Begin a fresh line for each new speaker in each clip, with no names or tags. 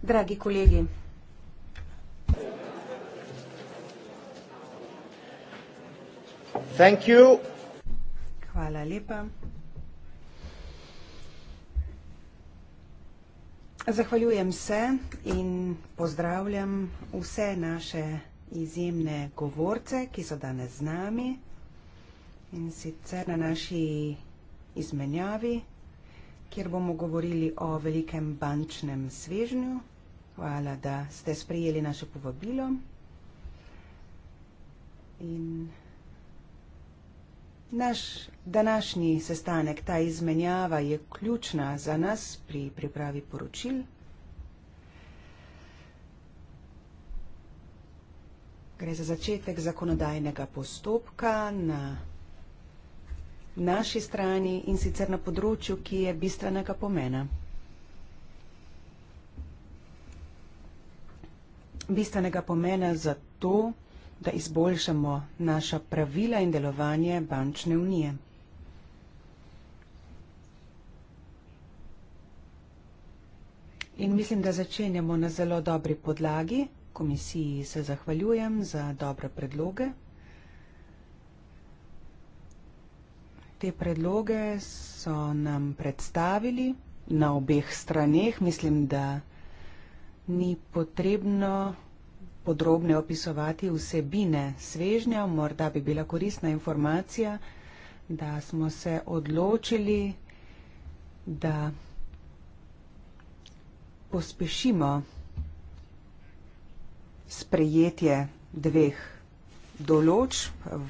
Dragi kolegi, Thank you. hvala lepa. Zahvaljujem se in pozdravljam vse naše izjemne govorce, ki so danes z nami in sicer na naši izmenjavi kjer bomo govorili o velikem bančnem svežnju. Hvala, da ste sprejeli naše povabilo. In naš današnji sestanek, ta izmenjava je ključna za nas pri pripravi poročil. Gre za začetek zakonodajnega postopka na naši strani in sicer na področju, ki je bistvenega pomena. Bistvenega pomena za to, da izboljšamo naša pravila in delovanje bančne unije. In mislim, da začenjamo na zelo dobri podlagi. Komisiji se zahvaljujem za dobre predloge. Te predloge so nam predstavili na obeh straneh. Mislim, da ni potrebno podrobne opisovati vsebine svežnja. Morda bi bila korisna informacija, da smo se odločili, da pospešimo sprejetje dveh določb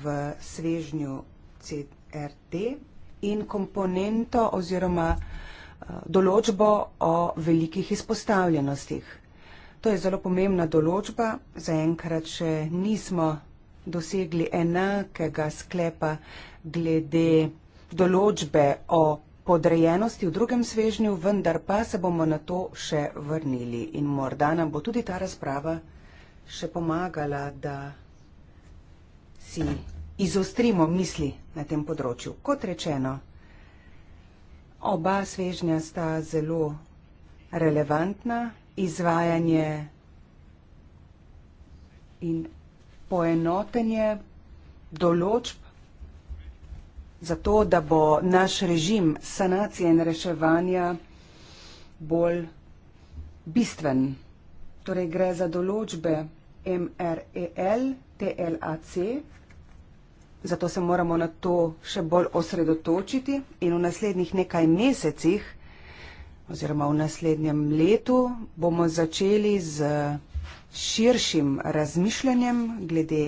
v svežnju CT. RT in komponento oziroma eh, določbo o velikih izpostavljenostih. To je zelo pomembna določba, zaenkrat še nismo dosegli enakega sklepa glede določbe o podrejenosti v drugem svežnju, vendar pa se bomo na to še vrnili in morda nam bo tudi ta razprava še pomagala, da si izostrimo misli na tem področju. Kot rečeno, oba svežnja sta zelo relevantna, izvajanje in poenotenje določb za to, da bo naš režim sanacije in reševanja bolj bistven. Torej gre za določbe MREL, TLAC, Zato se moramo na to še bolj osredotočiti in v naslednjih nekaj mesecih oziroma v naslednjem letu bomo začeli z širšim razmišljanjem glede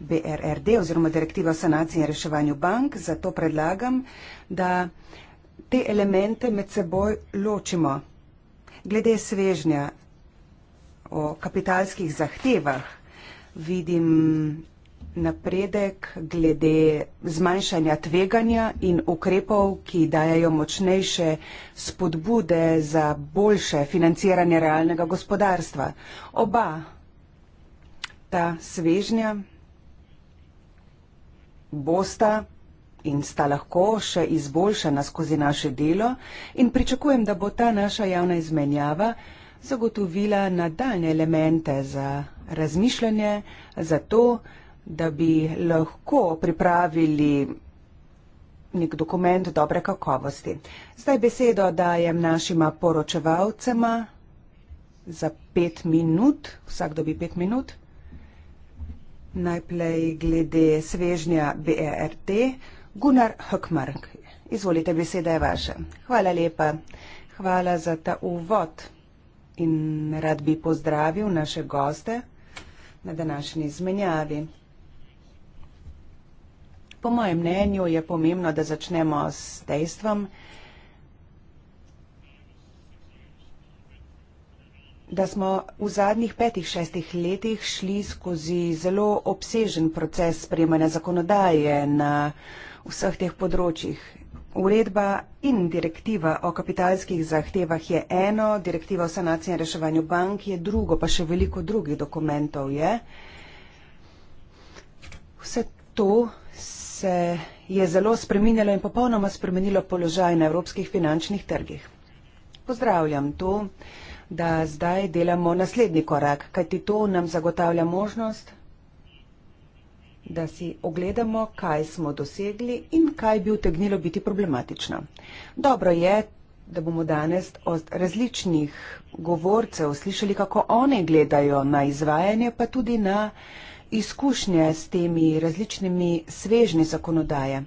BRRD oziroma direktiva o sanaciji in reševanju bank. Zato predlagam, da te elemente med seboj ločimo. Glede svežnja o kapitalskih zahtevah vidim napredek glede zmanjšanja tveganja in ukrepov, ki dajajo močnejše spodbude za boljše financiranje realnega gospodarstva. Oba ta svežnja bosta in sta lahko še izboljšana skozi naše delo in pričakujem, da bo ta naša javna izmenjava zagotovila nadaljne elemente za razmišljanje, za to, da bi lahko pripravili nek dokument dobre kakovosti. Zdaj besedo dajem našima poročevalcema za pet minut, vsak dobi pet minut. Najprej glede svežnja BRT, e Gunnar Hökmark. Izvolite, beseda je vaša. Hvala lepa. Hvala za ta uvod in rad bi pozdravil naše goste na današnji izmenjavi. Po mojem mnenju je pomembno, da začnemo s dejstvom, da smo v zadnjih petih, šestih letih šli skozi zelo obsežen proces sprejemanja zakonodaje na vseh teh področjih. Uredba in direktiva o kapitalskih zahtevah je eno, direktiva o sanaciji in reševanju bank je drugo, pa še veliko drugih dokumentov je. Vse to se je zelo spreminjalo in popolnoma spremenilo položaj na evropskih finančnih trgih. Pozdravljam to, da zdaj delamo naslednji korak, kajti to nam zagotavlja možnost, da si ogledamo, kaj smo dosegli in kaj bi utegnilo biti problematično. Dobro je, da bomo danes od različnih govorcev slišali, kako oni gledajo na izvajanje, pa tudi na izkušnje s temi različnimi svežnji zakonodaje?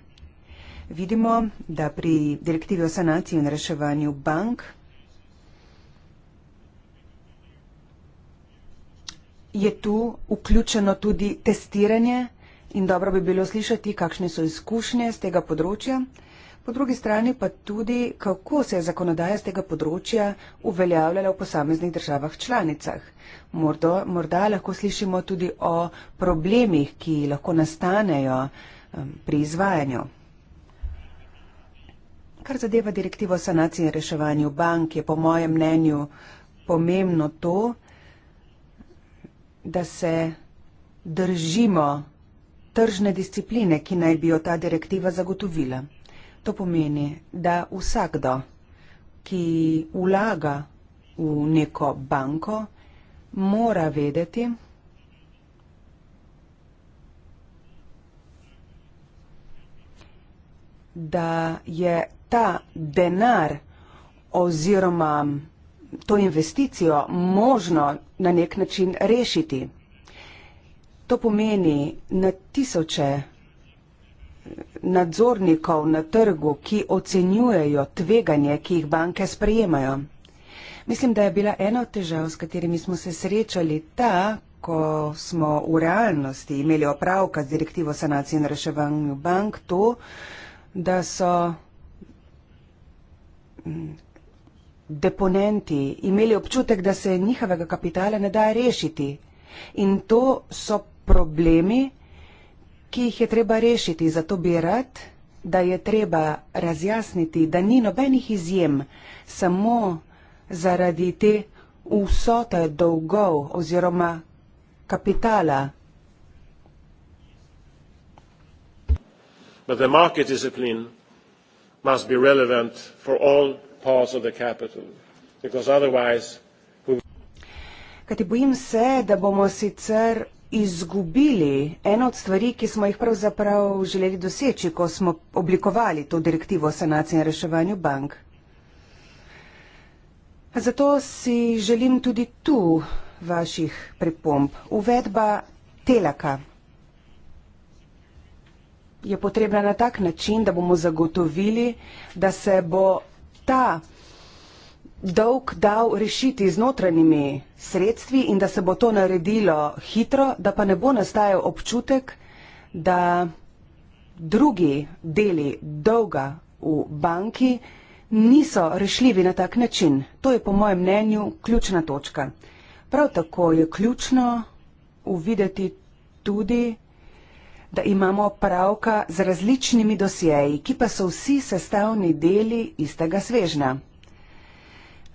Vidimo, da pri direktivi o sanaciji in reševanju bank je tu vključeno tudi testiranje in dobro bi bilo slišati, kakšne so izkušnje z tega področja po drugi strani pa tudi, kako se je zakonodaja z tega področja uveljavljala v posameznih državah članicah. Morda, morda lahko slišimo tudi o problemih, ki lahko nastanejo pri izvajanju. Kar zadeva direktivo o sanaciji in reševanju bank, je po mojem mnenju pomembno to, da se držimo tržne discipline, ki naj bi jo ta direktiva zagotovila. To pomeni, da vsakdo, ki vlaga v neko banko, mora vedeti, da je ta denar oziroma to investicijo možno na nek način rešiti. To pomeni na tisoče nadzornikov na trgu, ki ocenjujejo tveganje, ki jih banke sprejemajo. Mislim, da je bila ena od težav, s katerimi smo se srečali, ta, ko smo v realnosti imeli opravka z direktivo sanacije in reševanju bank, to, da so mm, deponenti imeli občutek, da se njihovega kapitala ne da rešiti. In to so problemi, ki jih je treba rešiti, zato bi rad, da je treba razjasniti, da ni nobenih izjem, samo zaradi te vsote dolgov oziroma kapitala.
But the market discipline must be relevant for all parts of the capital, because otherwise. Kajti
bojim se, da bomo sicer izgubili eno od stvari, ki smo jih pravzaprav želeli doseči, ko smo oblikovali to direktivo o sanaciji in reševanju bank. Zato si želim tudi tu vaših pripomb. Uvedba telaka je potrebna na tak način, da bomo zagotovili, da se bo ta dolg dal rešiti z notranjimi sredstvi in da se bo to naredilo hitro, da pa ne bo nastajal občutek, da drugi deli dolga v banki niso rešljivi na tak način. To je po mojem mnenju ključna točka. Prav tako je ključno uvideti tudi, da imamo pravka z različnimi dosjeji, ki pa so vsi sestavni deli istega svežna.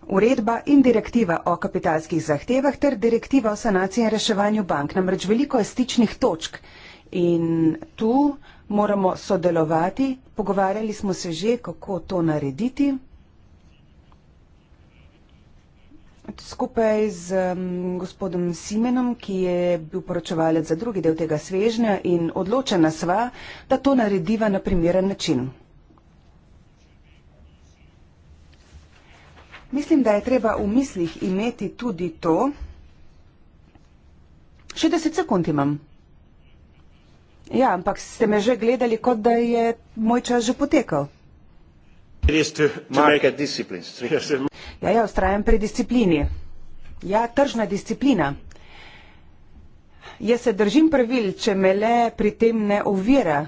Uredba in direktiva o kapitalskih zahtevah ter direktiva o sanaciji in reševanju bank. Namreč veliko je stičnih točk in tu moramo sodelovati. Pogovarjali smo se že, kako to narediti. Skupaj z um, gospodom Simenom, ki je bil poročevalec za drugi del tega svežnja in odločena sva, da to narediva na primeren način. Mislim, da je treba v mislih imeti tudi to. Še deset sekund imam. Ja, ampak ste me že gledali, kot da je moj čas že potekal. Ja, ja, ustrajam pri disciplini. Ja, tržna disciplina. Jaz se držim pravil, če me le pri tem ne ovira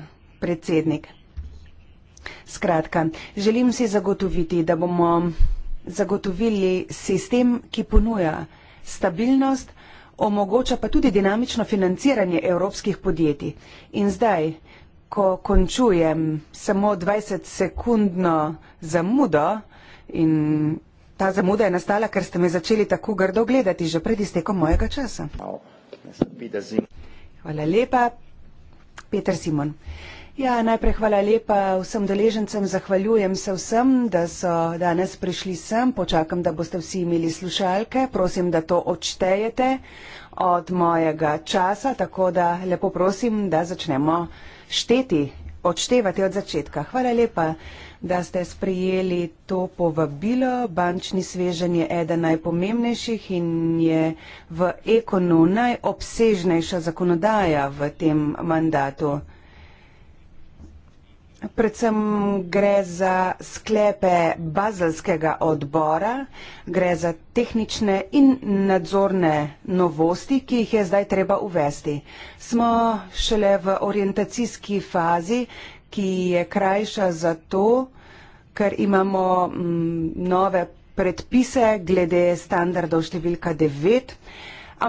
predsednik. Skratka, želim si zagotoviti, da bomo zagotovili sistem, ki ponuja stabilnost, omogoča pa tudi dinamično financiranje evropskih podjetij. In zdaj, ko končujem samo 20 sekundno zamudo in ta zamuda je nastala, ker ste me začeli tako grdo gledati že pred iztekom mojega časa. Hvala lepa, Peter Simon. Ja, najprej hvala lepa vsem deležencem, zahvaljujem se vsem, da so danes prišli sem, počakam, da boste vsi imeli slušalke, prosim, da to odštejete od mojega časa, tako da lepo prosim, da začnemo šteti, odštevati od začetka. Hvala lepa, da ste sprijeli to povabilo. Bančni svežen je eden najpomembnejših in je v ekonu najobsežnejša zakonodaja v tem mandatu. Predvsem gre za sklepe bazalskega odbora, gre za tehnične in nadzorne novosti, ki jih je zdaj treba uvesti. Smo šele v orientacijski fazi, ki je krajša zato, ker imamo mm, nove predpise glede standardov številka 9,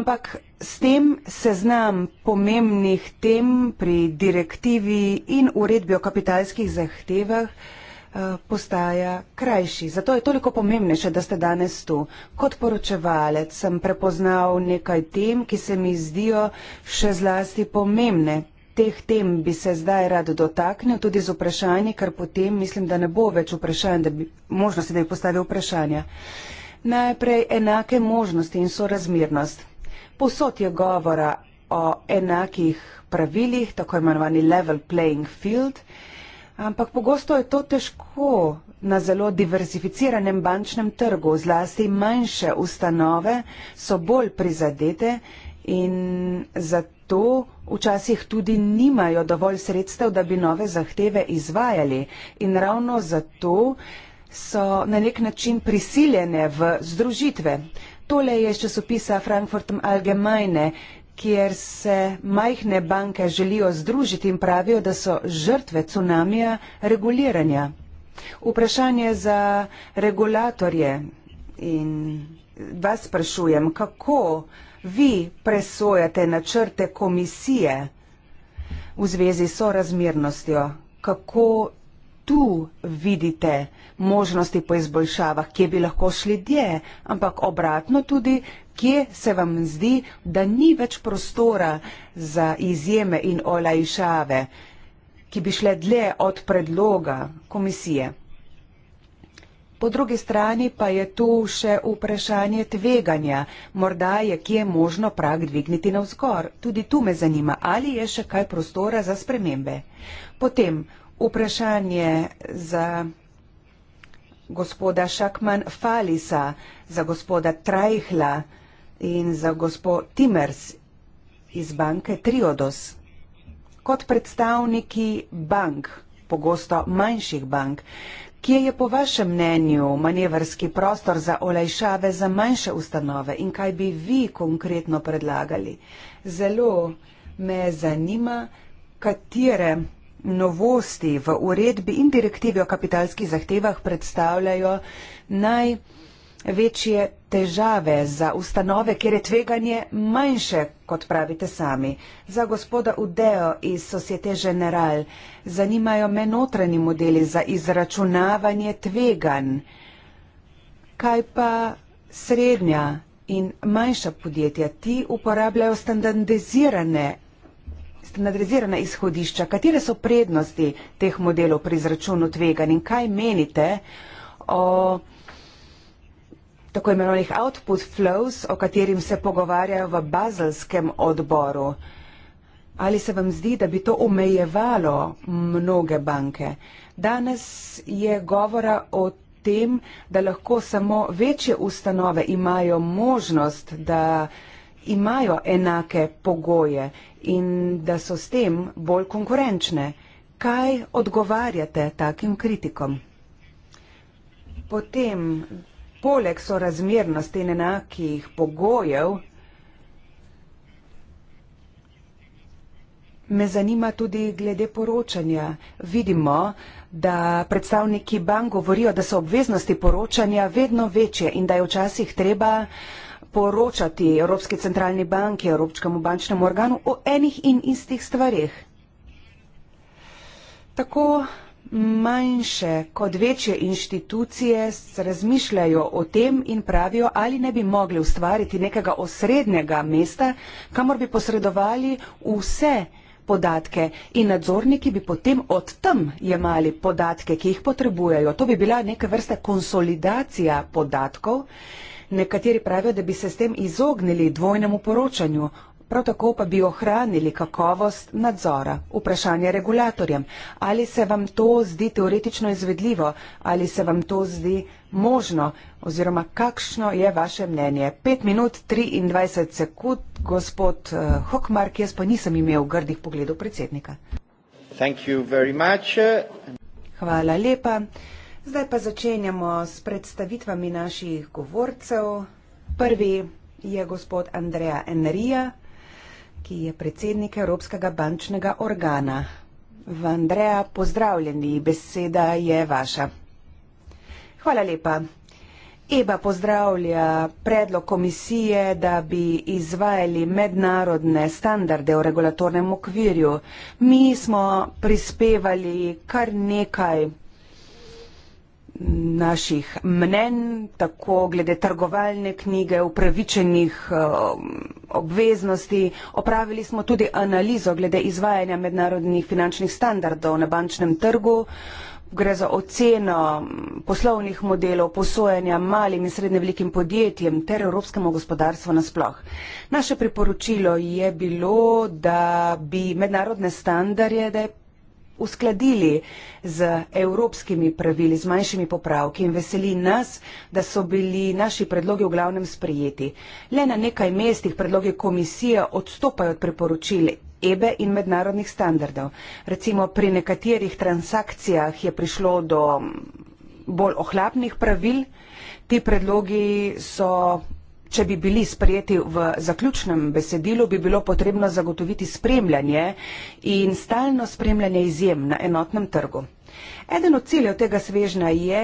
ampak S tem seznam pomembnih tem pri direktivi in uredbi o kapitalskih zahtevah eh, postaja krajši. Zato je toliko pomembnejše, da ste danes tu. Kot poročevalec sem prepoznal nekaj tem, ki se mi zdijo še zlasti pomembne. Teh tem bi se zdaj rad dotaknil tudi z vprašanji, ker potem mislim, da ne bo več vprašanj, da bi možnosti, da bi postavil vprašanja. Najprej enake možnosti in sorazmirnost. Posod je govora o enakih pravilih, tako imenovani level playing field, ampak pogosto je to težko na zelo diverzificiranem bančnem trgu, zlasti manjše ustanove so bolj prizadete in zato včasih tudi nimajo dovolj sredstev, da bi nove zahteve izvajali in ravno zato so na nek način prisiljene v združitve. Tole je iz časopisa Frankfurt Allgemeine, kjer se majhne banke želijo združiti in pravijo, da so žrtve cunamija reguliranja. Vprašanje za regulatorje in vas sprašujem, kako vi presojate načrte komisije v zvezi s sorazmernostjo, kako tu vidite, možnosti po izboljšavah, kje bi lahko šli dje, ampak obratno tudi, kje se vam zdi, da ni več prostora za izjeme in olajšave, ki bi šle dlje od predloga komisije. Po drugi strani pa je tu še vprašanje tveganja. Morda je kje možno prag dvigniti navzgor. Tudi tu me zanima, ali je še kaj prostora za spremembe. Potem vprašanje za gospoda Šakman Falisa, za gospoda Trajhla in za gospod Timers iz banke Triodos. Kot predstavniki bank, pogosto manjših bank, kje je po vašem mnenju manevrski prostor za olajšave za manjše ustanove in kaj bi vi konkretno predlagali? Zelo me zanima, katere novosti v uredbi in direktivi o kapitalskih zahtevah predstavljajo največje težave za ustanove, kjer je tveganje manjše, kot pravite sami. Za gospoda Udeo iz Societe General zanimajo me notranji modeli za izračunavanje tveganj. Kaj pa srednja in manjša podjetja? Ti uporabljajo standardizirane standardizirana izhodišča, katere so prednosti teh modelov pri izračunu tveganj in kaj menite o tako imenovanih output flows, o katerim se pogovarjajo v bazalskem odboru. Ali se vam zdi, da bi to omejevalo mnoge banke? Danes je govora o tem, da lahko samo večje ustanove imajo možnost, da imajo enake pogoje in da so s tem bolj konkurenčne. Kaj odgovarjate takim kritikom? Potem, poleg so razmernosti in enakih pogojev, me zanima tudi glede poročanja. Vidimo, da predstavniki bank govorijo, da so obveznosti poročanja vedno večje in da je včasih treba uh, poročati Evropski centralni banki, Evropskemu bančnemu organu o enih in istih stvarih. Tako manjše kot večje inštitucije razmišljajo o tem in pravijo, ali ne bi mogli ustvariti nekega osrednjega mesta, kamor bi posredovali vse podatke in nadzorniki bi potem od tam jemali podatke, ki jih potrebujejo. To bi bila neka vrsta konsolidacija podatkov. Nekateri pravijo, da bi se s tem izognili dvojnemu poročanju, prav tako pa bi ohranili kakovost nadzora. Vprašanje regulatorjem. Ali se vam to zdi teoretično izvedljivo, ali se vam to zdi možno, oziroma kakšno je vaše mnenje? 5 minut 23 sekund, gospod eh, Hokmark, jaz pa nisem imel grdih pogledov predsednika. Hvala lepa. Zdaj pa začenjamo s predstavitvami naših govorcev. Prvi je gospod Andreja Enrija, ki je predsednik Evropskega bančnega organa. V Andreja pozdravljeni, beseda je vaša. Hvala lepa. EBA pozdravlja predlog komisije, da bi izvajali mednarodne standarde v regulatornem okvirju. Mi smo prispevali kar nekaj naših mnen, tako glede trgovalne knjige, upravičenih um, obveznosti. Opravili smo tudi analizo glede izvajanja mednarodnih finančnih standardov na bančnem trgu. Gre za oceno um, poslovnih modelov posojanja malim in srednje velikim podjetjem ter evropskemu gospodarstvu nasploh. Naše priporočilo je bilo, da bi mednarodne standarde uskladili z evropskimi pravili, z manjšimi popravki in veseli nas, da so bili naši predlogi v glavnem sprejeti. Le na nekaj mestih predloge komisije odstopajo od priporočil EBE e in mednarodnih standardov. Recimo pri nekaterih transakcijah je prišlo do bolj ohlapnih pravil. Ti predlogi so Če bi bili sprejeti v zaključnem besedilu, bi bilo potrebno zagotoviti spremljanje in stalno spremljanje izjem na enotnem trgu. Eden od ciljev tega svežna je,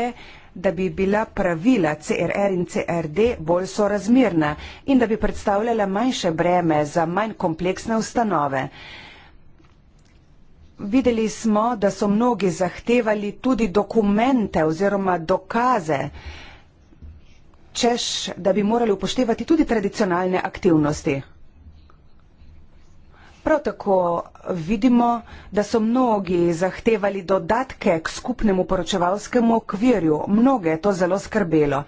da bi bila pravila CRR in CRD bolj sorazmerna in da bi predstavljala manjše breme za manj kompleksne ustanove. Videli smo, da so mnogi zahtevali tudi dokumente oziroma dokaze, češ, da bi morali upoštevati tudi tradicionalne aktivnosti. Prav tako vidimo, da so mnogi zahtevali dodatke k skupnemu poročevalskemu okvirju. Mnoge je to zelo skrbelo.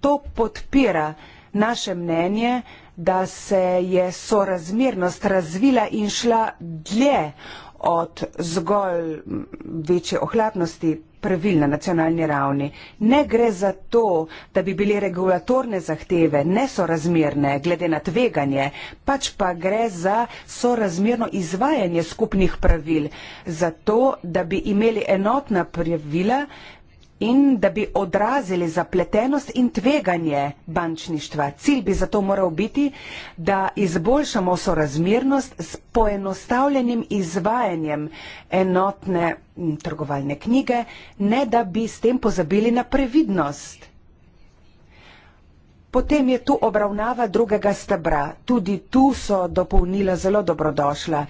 To podpira naše mnenje, da se je sorazmernost razvila in šla dlje od zgolj večje ohlapnosti pravil na nacionalni ravni. Ne gre za to, da bi bile regulatorne zahteve nesorazmerne glede na tveganje, pač pa gre za sorazmerno izvajanje skupnih pravil, zato da bi imeli enotna pravila, in da bi odrazili zapletenost in tveganje bančništva. Cilj bi zato moral biti, da izboljšamo sorazmernost s poenostavljenim izvajanjem enotne trgovalne knjige, ne da bi s tem pozabili na previdnost. Potem je tu obravnava drugega stebra. Tudi tu so dopolnila zelo dobrodošla.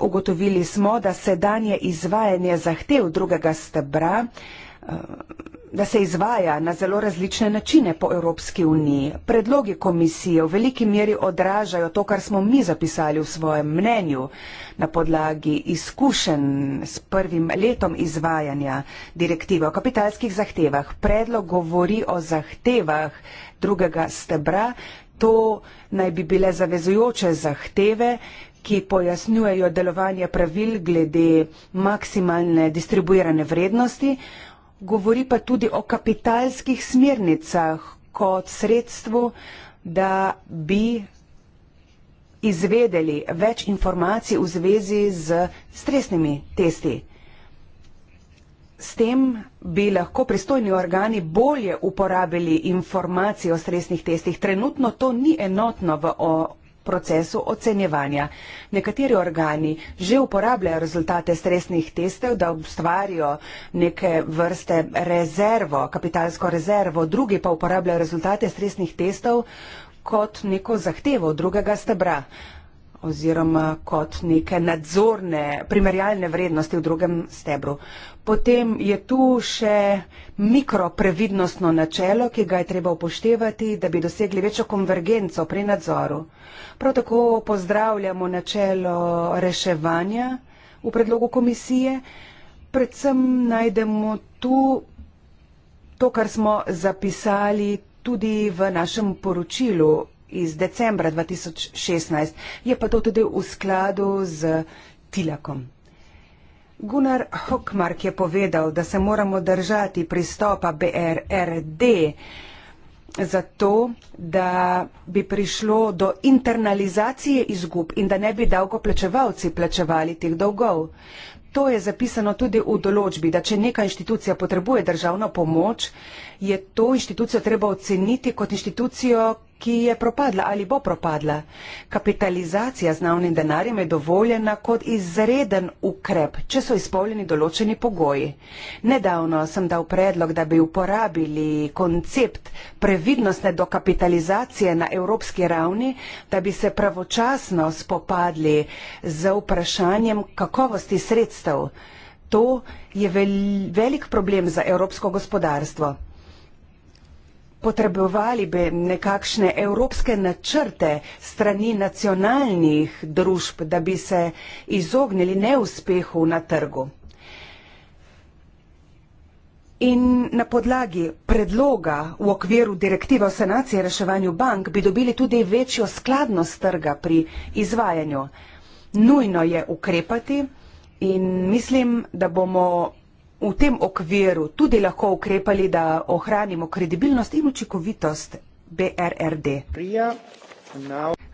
Ugotovili smo, da sedanje izvajanje zahtev drugega stebra Eh, da se izvaja na zelo različne načine po Evropski uniji. Predlogi komisije v veliki meri odražajo to, kar smo mi zapisali v svojem mnenju na podlagi izkušenj s prvim letom izvajanja direktive o kapitalskih zahtevah. Predlog govori o zahtevah drugega stebra. To naj bi bile zavezujoče zahteve ki pojasnjujejo delovanje pravil glede maksimalne distribuirane vrednosti, govori pa tudi o kapitalskih smernicah kot sredstvu, da bi izvedeli več informacij v zvezi z stresnimi testi. S tem bi lahko pristojni organi bolje uporabili informacije o stresnih testih. Trenutno to ni enotno v procesu ocenjevanja. Nekateri organi že uporabljajo rezultate stresnih testov, da ustvarijo neke vrste rezervo, kapitalsko rezervo, drugi pa uporabljajo rezultate stresnih testov kot neko zahtevo drugega stebra oziroma kot neke nadzorne, primerjalne vrednosti v drugem stebru. Potem je tu še mikroprevidnostno načelo, ki ga je treba upoštevati, da bi dosegli večjo konvergenco pri nadzoru. Prav tako pozdravljamo načelo reševanja v predlogu komisije. Predvsem najdemo tu to, kar smo zapisali tudi v našem poročilu iz decembra 2016, je pa to tudi v skladu z Tilakom. Gunnar Hokmark je povedal, da se moramo držati pristopa BRRD zato, da bi prišlo do internalizacije izgub in da ne bi davkoplačevalci plačevali teh dolgov. To je zapisano tudi v določbi, da če neka inštitucija potrebuje državno pomoč, je to inštitucijo treba oceniti kot inštitucijo, ki je propadla ali bo propadla. Kapitalizacija z navnim denarjem je dovoljena kot izreden ukrep, če so izpolnjeni določeni pogoji. Nedavno sem dal predlog, da bi uporabili koncept previdnostne dokapitalizacije na evropski ravni, da bi se pravočasno spopadli z vprašanjem kakovosti sredstev. To je vel velik problem za evropsko gospodarstvo potrebovali bi nekakšne evropske načrte strani nacionalnih družb, da bi se izognili neuspehu na trgu. In na podlagi predloga v okviru direktive o sanaciji in reševanju bank bi dobili tudi večjo skladnost trga pri izvajanju. Nujno je ukrepati in mislim, da bomo v tem okviru tudi lahko ukrepali, da ohranimo kredibilnost in učinkovitost BRRD?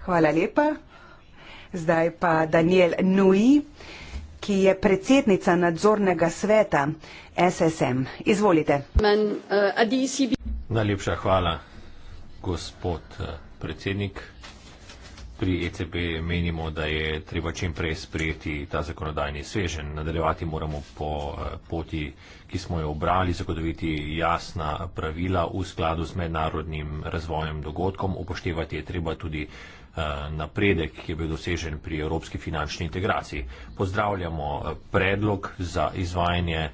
Hvala lepa. Zdaj pa Daniel Nui, ki je predsednica nadzornega sveta SSM. Izvolite.
Najlepša hvala, gospod eh, predsednik pri ECB menimo, da je treba čim prej sprejeti ta zakonodajni svežen. Nadaljevati moramo po eh, poti, ki smo jo obrali, zagotoviti jasna pravila v skladu z mednarodnim razvojem dogodkom. Upoštevati je treba tudi eh, napredek, ki je bil dosežen pri evropski finančni integraciji. Pozdravljamo eh, predlog za izvajanje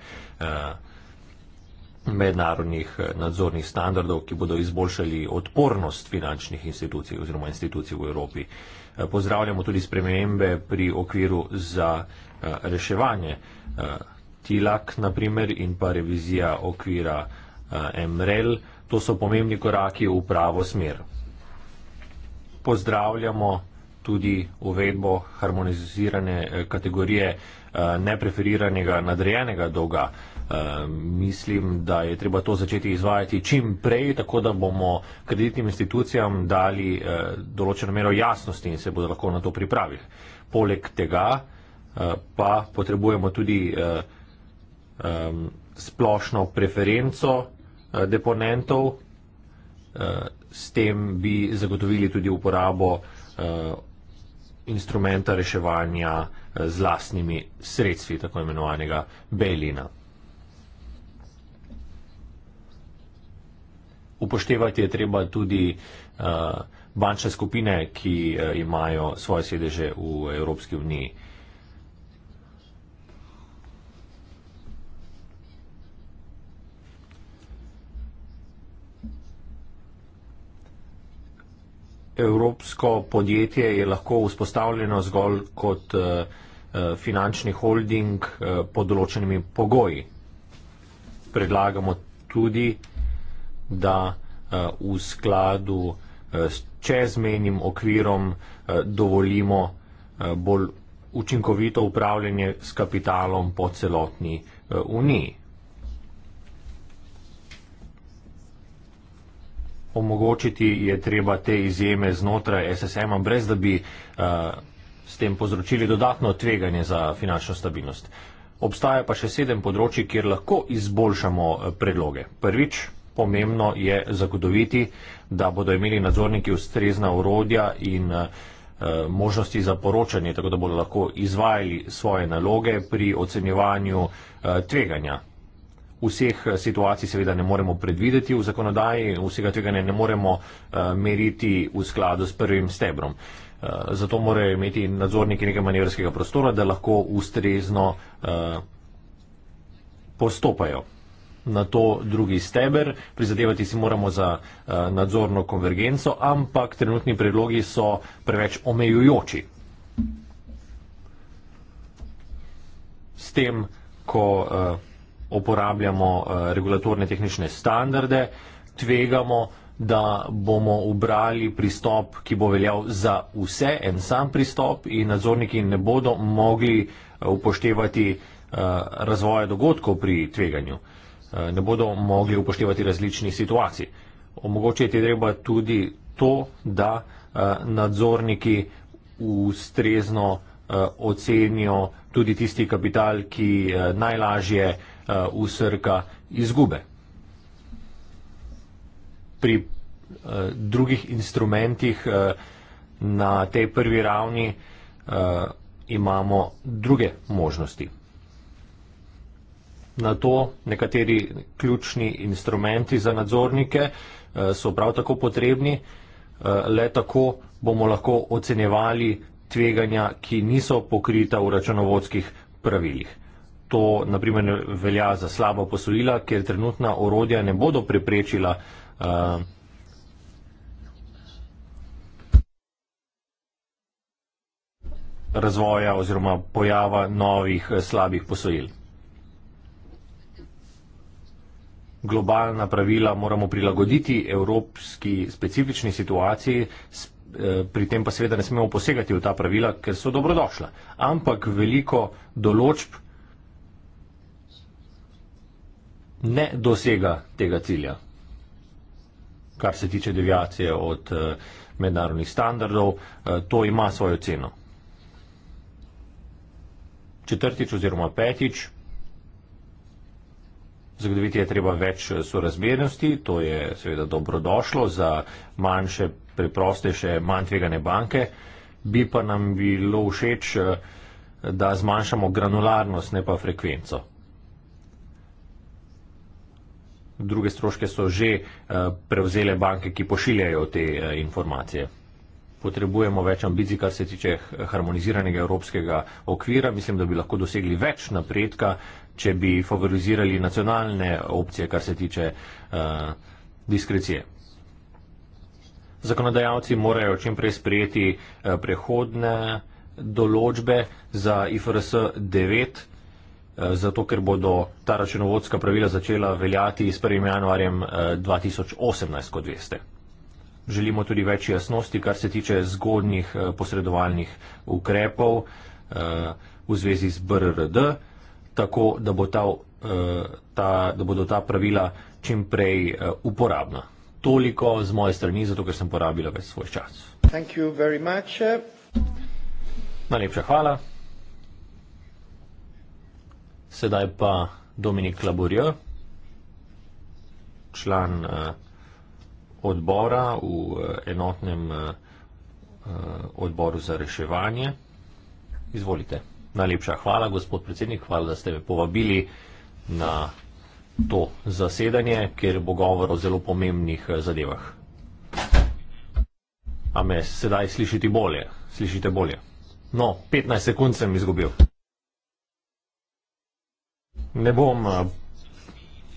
mednarodnih eh, nadzornih standardov, ki bodo izboljšali odpornost finančnih institucij oziroma institucij v Evropi. Eh, pozdravljamo tudi spremembe pri okviru za eh, reševanje TILAK, naprimer, in pa revizija okvira MREL. To so pomembni koraki v pravo smer. Pozdravljamo tudi uvedbo harmonizirane kategorije nepreferiranega nadrejenega dolga mislim, da je treba to začeti izvajati čim prej, tako da bomo kreditnim institucijam dali eh, določeno mero jasnosti in se bodo lahko na to pripravili. Poleg tega eh, pa potrebujemo tudi eh, splošno preferenco deponentov, s tem bi zagotovili tudi uporabo instrumenta reševanja z lastnimi sredstvi, tako imenovanega Belina. upoštevati je treba tudi uh, bančne skupine, ki uh, imajo svoje sedeže v Evropski uniji. Evropsko podjetje je lahko vzpostavljeno zgolj kot uh, finančni holding uh, pod določenimi pogoji. Predlagamo tudi, da eh, v skladu eh, s čezmenim okvirom eh, dovolimo bolj učinkovito upravljanje s kapitalom po celotni uniji. Omogočiti je treba te izjeme znotraj SSM-a, brez da bi uh, s tem povzročili dodatno tveganje za finančno stabilnost. Obstaja pa še sedem področji, kjer lahko izboljšamo predloge. Prvič, pomembno je zagotoviti, da bodo imeli nadzorniki ustrezna urodja in eh, možnosti za poročanje, tako da bodo lahko izvajali svoje naloge pri ocenjevanju eh, tveganja. Vseh eh, situacij seveda ne moremo predvideti v zakonodaji, vsega tveganja ne moremo meriti v skladu s prvim stebrom. Zato morajo imeti nadzorniki nekaj manevrskega prostora, da lahko ustrezno postopajo na to drugi steber, prizadevati si moramo za eh, nadzorno konvergenco, ampak trenutni predlogi so preveč omejujoči. S tem, ko eh, uporabljamo eh, regulatorne tehnične standarde, tvegamo, da bomo ubrali pristop, ki bo veljal za vse, en sam pristop in nadzorniki ne bodo mogli upoštevati razvoja dogodkov pri tveganju. Eh, ne bodo mogli upoštevati različnih situacij. Omogočiti je treba tudi to, da eh, nadzorniki ustrezno eh, ocenijo tudi tisti kapital, ki najlažje usrka izgube. Pri drugih instrumentih na tej prvi ravni imamo druge možnosti na to. Nekateri ključni instrumenti za nadzornike eh, so prav tako potrebni, eh, le tako bomo lahko ocenjevali tveganja, ki niso pokrita v računovodskih pravilih. To naprimer velja za slaba posojila, ker trenutna orodja ne bodo preprečila eh, razvoja oziroma pojava novih slabih posojil. globalna pravila moramo prilagoditi evropski specifični situaciji, eh, pri tem pa seveda ne smemo posegati v ta pravila, ker so dobrodošla. Ampak veliko določb ne dosega tega cilja, kar se tiče deviacije od eh, mednarodnih standardov, eh, to ima svojo ceno. Četrtič oziroma petič zagotoviti je treba več eh, sorazmernosti, to je seveda dobrodošlo za manjše, preprostejše, manj tvegane banke, bi pa nam bilo všeč, eh, da zmanjšamo granularnost, ne pa frekvenco. Druge stroške so že eh, prevzele banke, ki pošiljajo te informacije. Potrebujemo več ambicij, kar se tiče harmoniziranega evropskega okvira. Mislim, da bi lahko dosegli več napredka, če bi favorizirali nacionalne opcije, kar se tiče uh, diskrecije. Zakonodajalci morajo čim prej sprejeti uh, prehodne določbe za IFRS 9, uh, eh, zato ker bodo ta računovodska pravila začela veljati s 1. januarjem uh, 2018, kot veste. Želimo tudi več jasnosti, kar se tiče zgodnih uh, posredovalnih ukrepov uh, v zvezi z BRRD. Uh, tako, da, bo ta, eh, ta, da bodo ta pravila čim prej eh, uporabna. Toliko z moje strani, zato ker sem porabila ves svoj čas. Najlepša hvala. Sedaj pa Dominik Laborio, član eh, odbora v enotnem odboru za reševanje. Izvolite. Najlepša hvala, gospod predsednik, hvala, da ste me povabili na to zasedanje, kjer bo govor o zelo pomembnih eh, zadevah. A me sedaj slišite bolje? Slišite bolje? No, 15 sekund sem izgubil. Ne bom eh,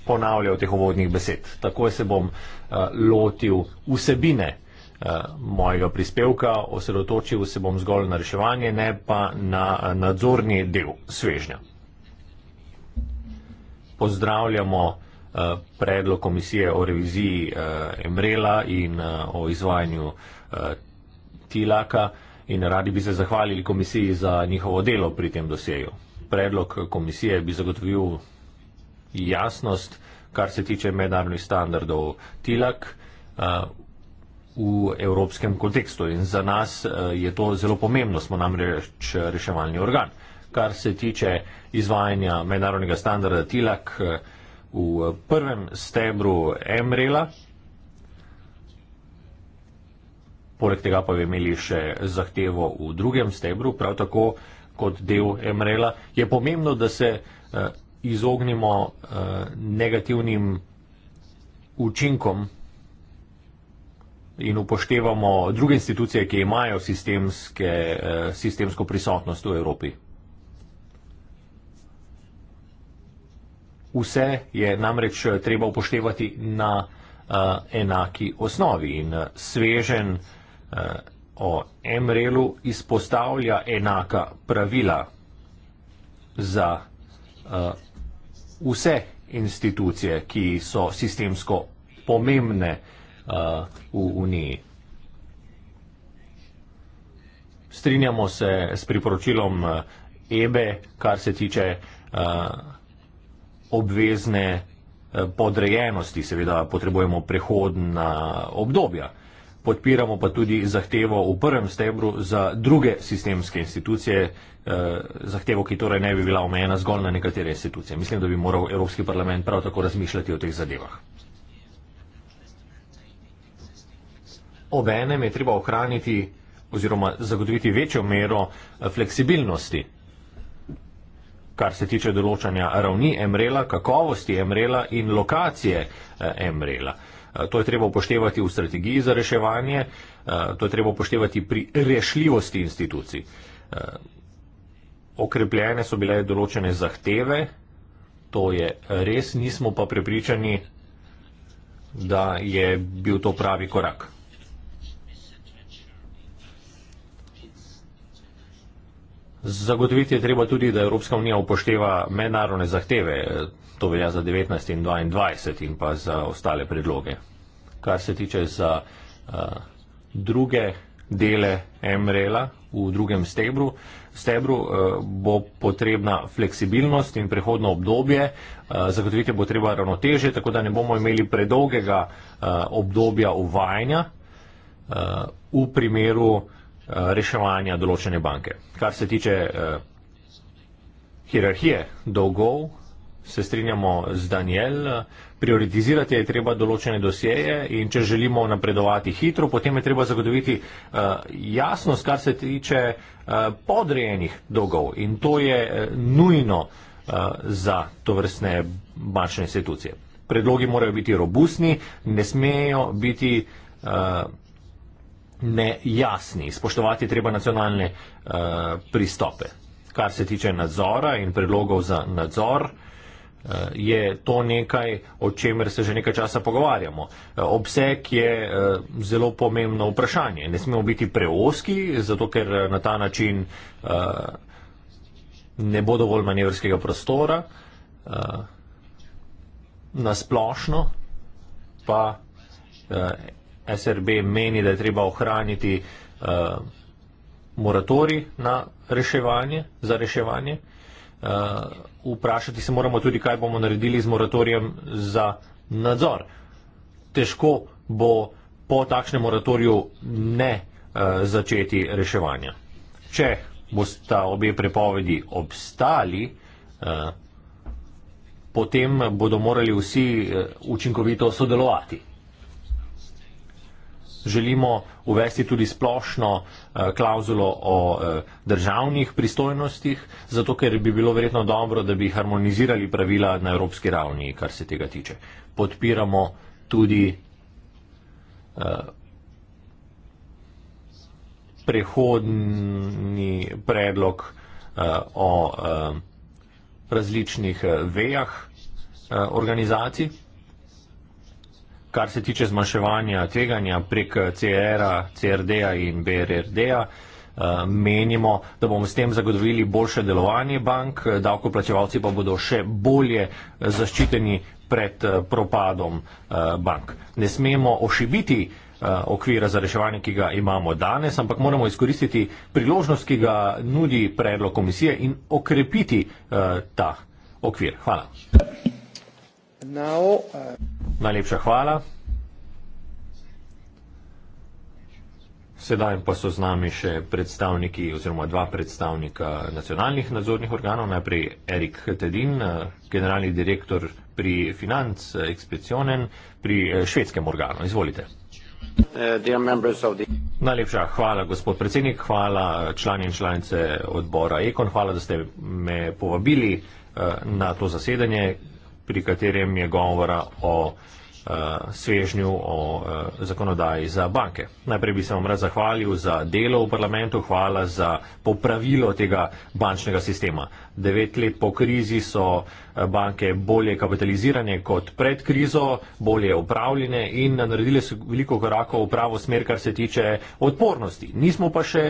ponavljal teh uvodnih besed. Takoj se bom eh, lotil vsebine Eh, mojega prispevka, osredotočil se bom zgolj na reševanje, ne pa na eh, nadzorni del svežnja. Pozdravljamo eh, predlog komisije o reviziji Emrela in o izvajanju Tilaka in radi bi se zahvalili komisiji za njihovo delo pri tem dosjeju. Predlog komisije bi zagotovil jasnost, kar se tiče mednarodnih standardov Tilak v evropskem kontekstu in za nas eh, je to zelo pomembno, smo namreč reševalni organ. Kar se tiče izvajanja mednarodnega standarda TILAK eh, v prvem stebru MREL-a, poleg tega pa bi imeli še zahtevo v drugem stebru, prav tako kot del MREL-a, je pomembno, da se eh, izognimo negativnim učinkom in upoštevamo druge institucije, ki imajo sistemske, eh, sistemsko prisotnost v Evropi. Vse je namreč eh, treba upoštevati na eh, enaki osnovi in svežen o MRL-u izpostavlja enaka pravila za vse institucije, ki so sistemsko pomembne uh, v Uniji. Strinjamo se s priporočilom eh, EBE, kar se tiče uh, obvezne eh, podrejenosti, seveda potrebujemo prehodna obdobja. Podpiramo pa tudi zahtevo v prvem stebru za druge sistemske institucije, eh, zahtevo, ki torej ne bi bila omejena zgolj na nekatere institucije. Mislim, da bi moral Evropski parlament prav tako razmišljati o teh zadevah. obenem je treba ohraniti oziroma zagotoviti večjo mero eh, fleksibilnosti, kar se tiče določanja ravni emrela, kakovosti emrela in lokacije eh, emrela. Eh, to je treba upoštevati v strategiji za reševanje, to je treba upoštevati pri rešljivosti institucij. Okrepljene so bile določene zahteve, to je res, nismo pa prepričani, da je bil to pravi korak. Zagotoviti je treba tudi, da Evropska unija upošteva mednarodne zahteve, to velja za 19 in 22 in pa za ostale predloge. Kar se tiče za uh, druge dele MRL-a e v drugem stebru, stebru uh, bo potrebna fleksibilnost in prehodno obdobje, uh, zagotoviti bo treba ravnoteže, tako da ne bomo imeli predolgega uh, obdobja uvajanja uh, v primeru uh, Eh, reševanja določene banke. Kar se tiče eh, hierarhije dolgov, se strinjamo z Daniel, prioritizirati je treba določene dosjeje in če želimo napredovati hitro, potem je treba zagotoviti eh, jasnost, kar se tiče podrejenih dolgov in to je nujno za to vrstne bančne institucije. Predlogi morajo biti robustni, ne smejo biti nejasni. Spoštovati treba nacionalne uh, pristope. Kar se tiče nadzora in predlogov za nadzor, uh, je to nekaj, o čemer se že nekaj časa pogovarjamo. Uh, obseg je uh, zelo pomembno vprašanje. Ne smemo biti preoski, zato ker na ta način uh, ne bo dovolj manevrskega prostora. Uh, Nasplošno pa SRB meni, da je treba ohraniti uh, eh, moratori na reševanje, za reševanje. Uh, vprašati se moramo tudi, kaj bomo naredili z moratorijem za nadzor. Težko bo po takšnem moratoriju ne uh, začeti reševanja. Če bosta obe prepovedi obstali, uh, potem bodo morali vsi uh, učinkovito sodelovati želimo uvesti tudi splošno eh, klauzulo o eh, državnih pristojnostih, zato ker bi bilo verjetno dobro, da bi harmonizirali pravila na evropski ravni, kar se tega tiče. Podpiramo tudi eh, prehodni predlog o različnih vejah organizacij kar se tiče zmanjševanja tveganja prek CR-a, CRD-a in BRRD-a. Eh, menimo, da bomo s tem zagotovili boljše delovanje bank, davkoplačevalci pa bodo še bolje zaščiteni pred eh, propadom eh, bank. Ne smemo ošibiti okvira za reševanje, ki ga imamo danes, ampak moramo izkoristiti priložnost, ki ga nudi predlog komisije in okrepiti ta okvir. Hvala. Now, uh... Najlepša hvala. Sedaj pa so z nami še predstavniki oziroma dva predstavnika nacionalnih nadzornih organov. Najprej Erik Tedin, eh, generalni direktor pri Financ Expedicionen pri eh, švedskem organu. Izvolite. Eh, Najlepša hvala, gospod predsednik, hvala člani in članice odbora Ekon, hvala, da ste me povabili na to zasedanje, pri katerem je govora o uh, svežnju, o uh, zakonodaji za banke. Najprej bi se vam rad zahvalil za delo v parlamentu, hvala za popravilo tega bančnega sistema. Devet let po krizi so eh, banke bolje kapitalizirane kot pred krizo, bolje upravljene in naredile so veliko korakov v pravo smer, kar se tiče odpornosti. Nismo pa še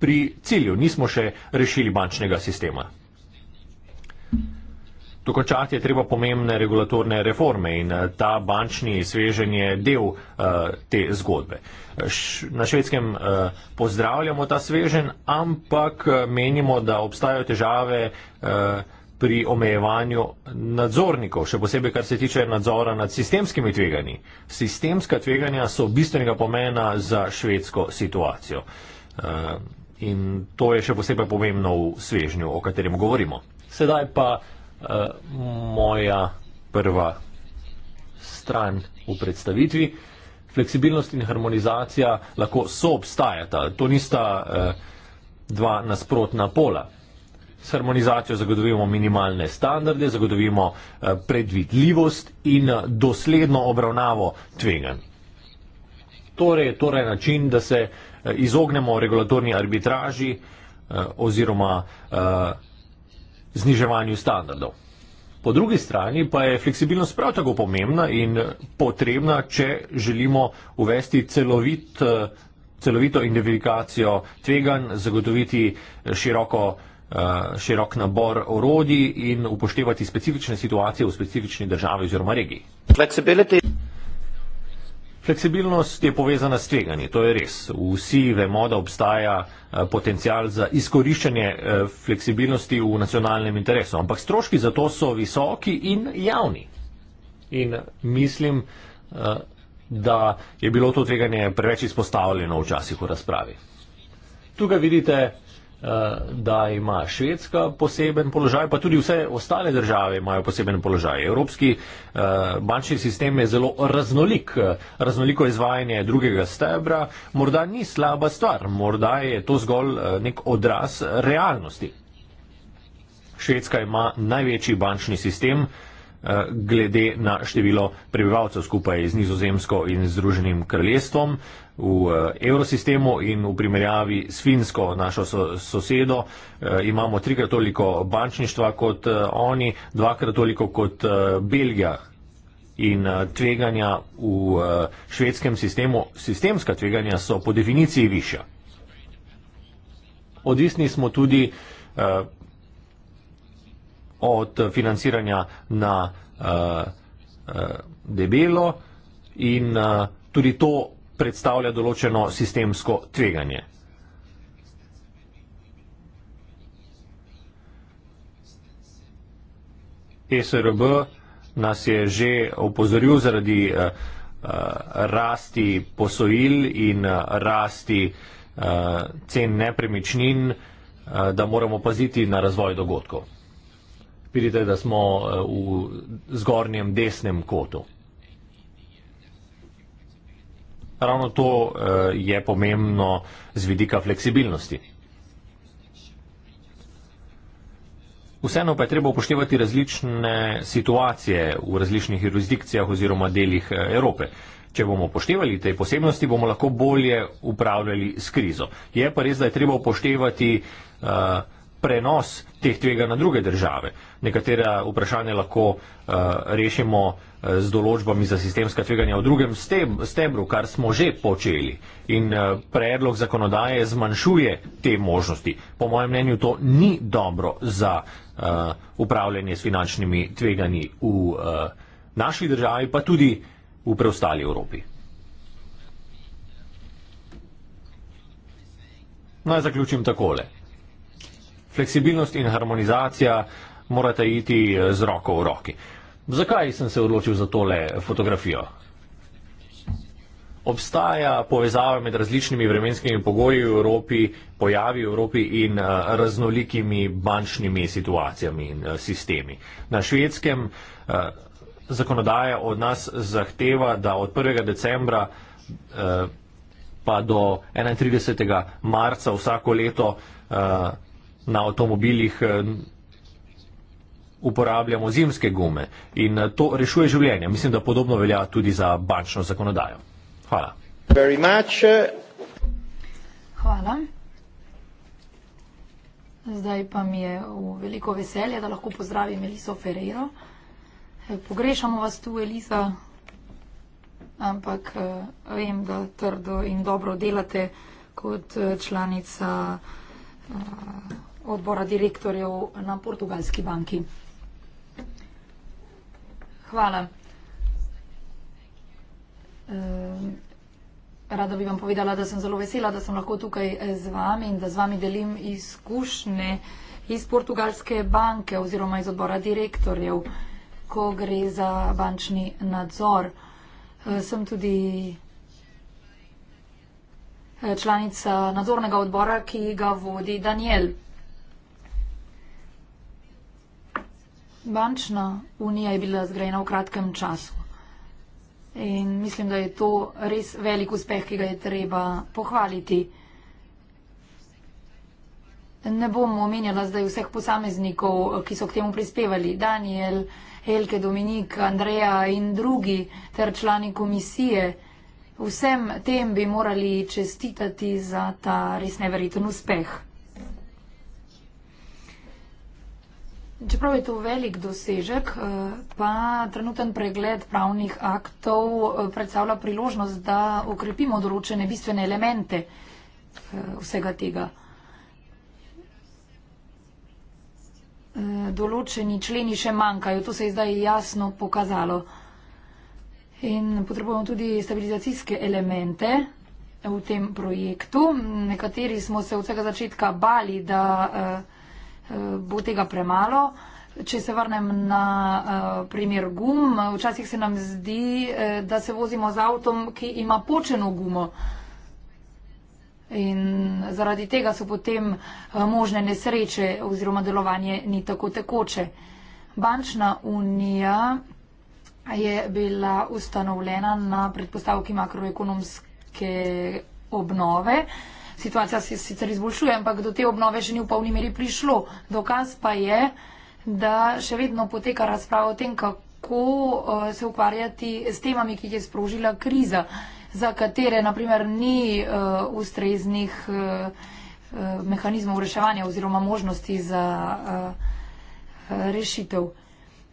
pri cilju, nismo še rešili bančnega sistema. Dokončati je treba pomembne regulatorne reforme in eh, ta bančni sveženje je del uh, te zgodbe. Š na švedskem uh, pozdravljamo ta svežen, ampak menimo, da obstajajo težave uh, pri omejevanju nadzornikov, še posebej kar se tiče nadzora nad sistemskimi tveganji. Sistemska tveganja so bistvenega pomena za švedsko situacijo. Uh, in to je še posebej pomembno v svežnju, o katerem govorimo. Sedaj pa moja prva stran v predstavitvi. Fleksibilnost in harmonizacija lahko soobstajata, to nista uh, dva nasprotna pola. S harmonizacijo zagotovimo minimalne standarde, zagotovimo uh, predvidljivost in eh, dosledno obravnavo tvegan. Torej je torej način, da se uh, izognemo regulatorni arbitraži uh, oziroma uh, zniževanju standardov. Po drugi strani pa je fleksibilnost prav tako pomembna in potrebna, če želimo uvesti celovit, celovito identifikacijo tvegan, zagotoviti široko, eh, širok nabor orodij in upoštevati specifične situacije v specifični državi oziroma regiji. Flexibility. Fleksibilnost je povezana s tveganji, to je res. Vsi vemo, da obstaja eh, potencial za izkoriščanje eh, fleksibilnosti v nacionalnem interesu, ampak stroški za to so visoki in javni. In mislim, eh, da je bilo to tveganje preveč izpostavljeno včasih v razpravi. Tukaj vidite Eh, da ima Švedska poseben položaj, pa tudi vse ostale države imajo poseben položaj. Evropski eh, bančni sistem je zelo raznolik, eh, raznoliko izvajanje drugega stebra morda ni slaba stvar, morda je to zgolj nek odraz realnosti. Švedska ima največji bančni sistem, Eh, glede na število prebivalcev skupaj z Nizozemsko in Združenim kraljestvom v eh, evrosistemu in v primerjavi s Finsko, našo sosedo, eh, imamo trikrat toliko bančništva kot oni, dvakrat toliko kot Belgija in tveganja v švedskem sistemu, sistemska tveganja so po definiciji višja. Odvisni smo tudi od financiranja na uh, uh, debelo in uh, tudi to predstavlja določeno sistemsko tveganje. E SRB nas je že opozoril zaradi uh, uh, rasti posojil in uh, rasti uh, cen nepremičnin, uh, da moramo paziti na razvoj dogodkov. Vidite, da smo eh, v zgornjem desnem kotu. Ravno to eh, je pomembno z vidika fleksibilnosti. Vseeno pa je treba upoštevati različne situacije v različnih jurisdikcijah oziroma delih eh, Evrope. Če bomo upoštevali te posebnosti, bomo lahko bolje upravljali s krizo. Je pa res, da je treba upoštevati uh, prenos teh tvega na druge države. Nekatera vprašanja lahko uh, rešimo eh, z določbami za sistemska tveganja v drugem stebru, kar smo že počeli. In eh, predlog zakonodaje zmanjšuje te možnosti. Po mojem mnenju to ni dobro za uh, upravljanje s finančnimi tveganji v uh, naši državi, pa tudi v preostali Evropi. Naj zaključim takole fleksibilnost in harmonizacija morata iti eh, z roko v roki. Zakaj sem se odločil za tole fotografijo? Obstaja povezava med različnimi vremenskimi pogoji v Evropi, pojavi v Evropi in eh, raznolikimi bančnimi situacijami in eh, sistemi. Na švedskem zakonodaja od nas zahteva, da od 1. decembra pa do 31. marca vsako leto na avtomobilih eh, uporabljamo zimske gume in eh, to rešuje življenje. Mislim, da podobno velja tudi za bančno zakonodajo. Hvala.
Hvala. Zdaj pa mi je v veliko veselje, da lahko pozdravim Eliso Ferreiro. Eh, pogrešamo vas tu, Elisa, ampak vem, da trdo in dobro delate kot članica odbora direktorjev na portugalski banki. Hvala. Ehm, rada bi vam povedala, da sem zelo vesela, da sem lahko tukaj eh, z vami in da z vami delim izkušnje iz portugalske banke oziroma iz odbora direktorjev, ko gre za bančni nadzor. Eh, sem tudi eh, članica nadzornega odbora, ki ga vodi Daniel. Bančna unija je bila zgrajena v kratkem času. In mislim, da je to res velik uspeh, ki ga je treba pohvaliti. Ne bom omenjala zdaj vseh posameznikov, ki so k temu prispevali. Daniel, Elke, Dominik, Andreja in drugi ter člani komisije. Vsem tem bi morali čestitati za ta res neverjeten uspeh. Čeprav je to velik dosežek, eh, pa trenuten pregled pravnih aktov eh, predstavlja priložnost, da okrepimo določene bistvene elemente eh, vsega tega. Določeni členi še manjkajo, to se je zdaj jasno pokazalo. In potrebujemo tudi stabilizacijske elemente v tem projektu. Nekateri smo se od vsega začetka bali, da uh, Eh, bo tega premalo. Če se vrnem na eh, primer gum, včasih se nam zdi, eh, da se vozimo z avtom, ki ima počeno gumo. In zaradi tega so potem možne nesreče oziroma delovanje ni tako tekoče. Bančna unija je bila ustanovljena na predpostavki makroekonomske obnove. Uh, situacija se sicer izboljšuje, ampak do te obnove še ni v polni meri prišlo. Dokaz pa je, da še vedno poteka razprava o tem, kako uh, se ukvarjati s temami, ki jih je sprožila kriza, za katere naprimer ni uh, ustreznih uh, mehanizmov reševanja oziroma možnosti za uh, rešitev.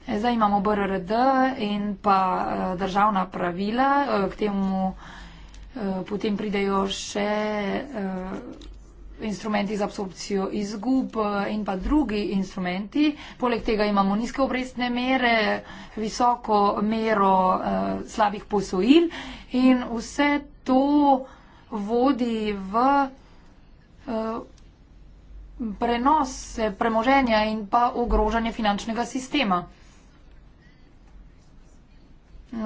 Zdaj imamo BRRD in pa uh, državna pravila uh, k temu. Eh, potem pridejo še eh, instrumenti za absorpcijo izgub eh, in pa drugi instrumenti. Poleg tega imamo nizke obrestne mere, visoko mero slabih posojil in vse to vodi v prenos premoženja in pa ogrožanje finančnega sistema.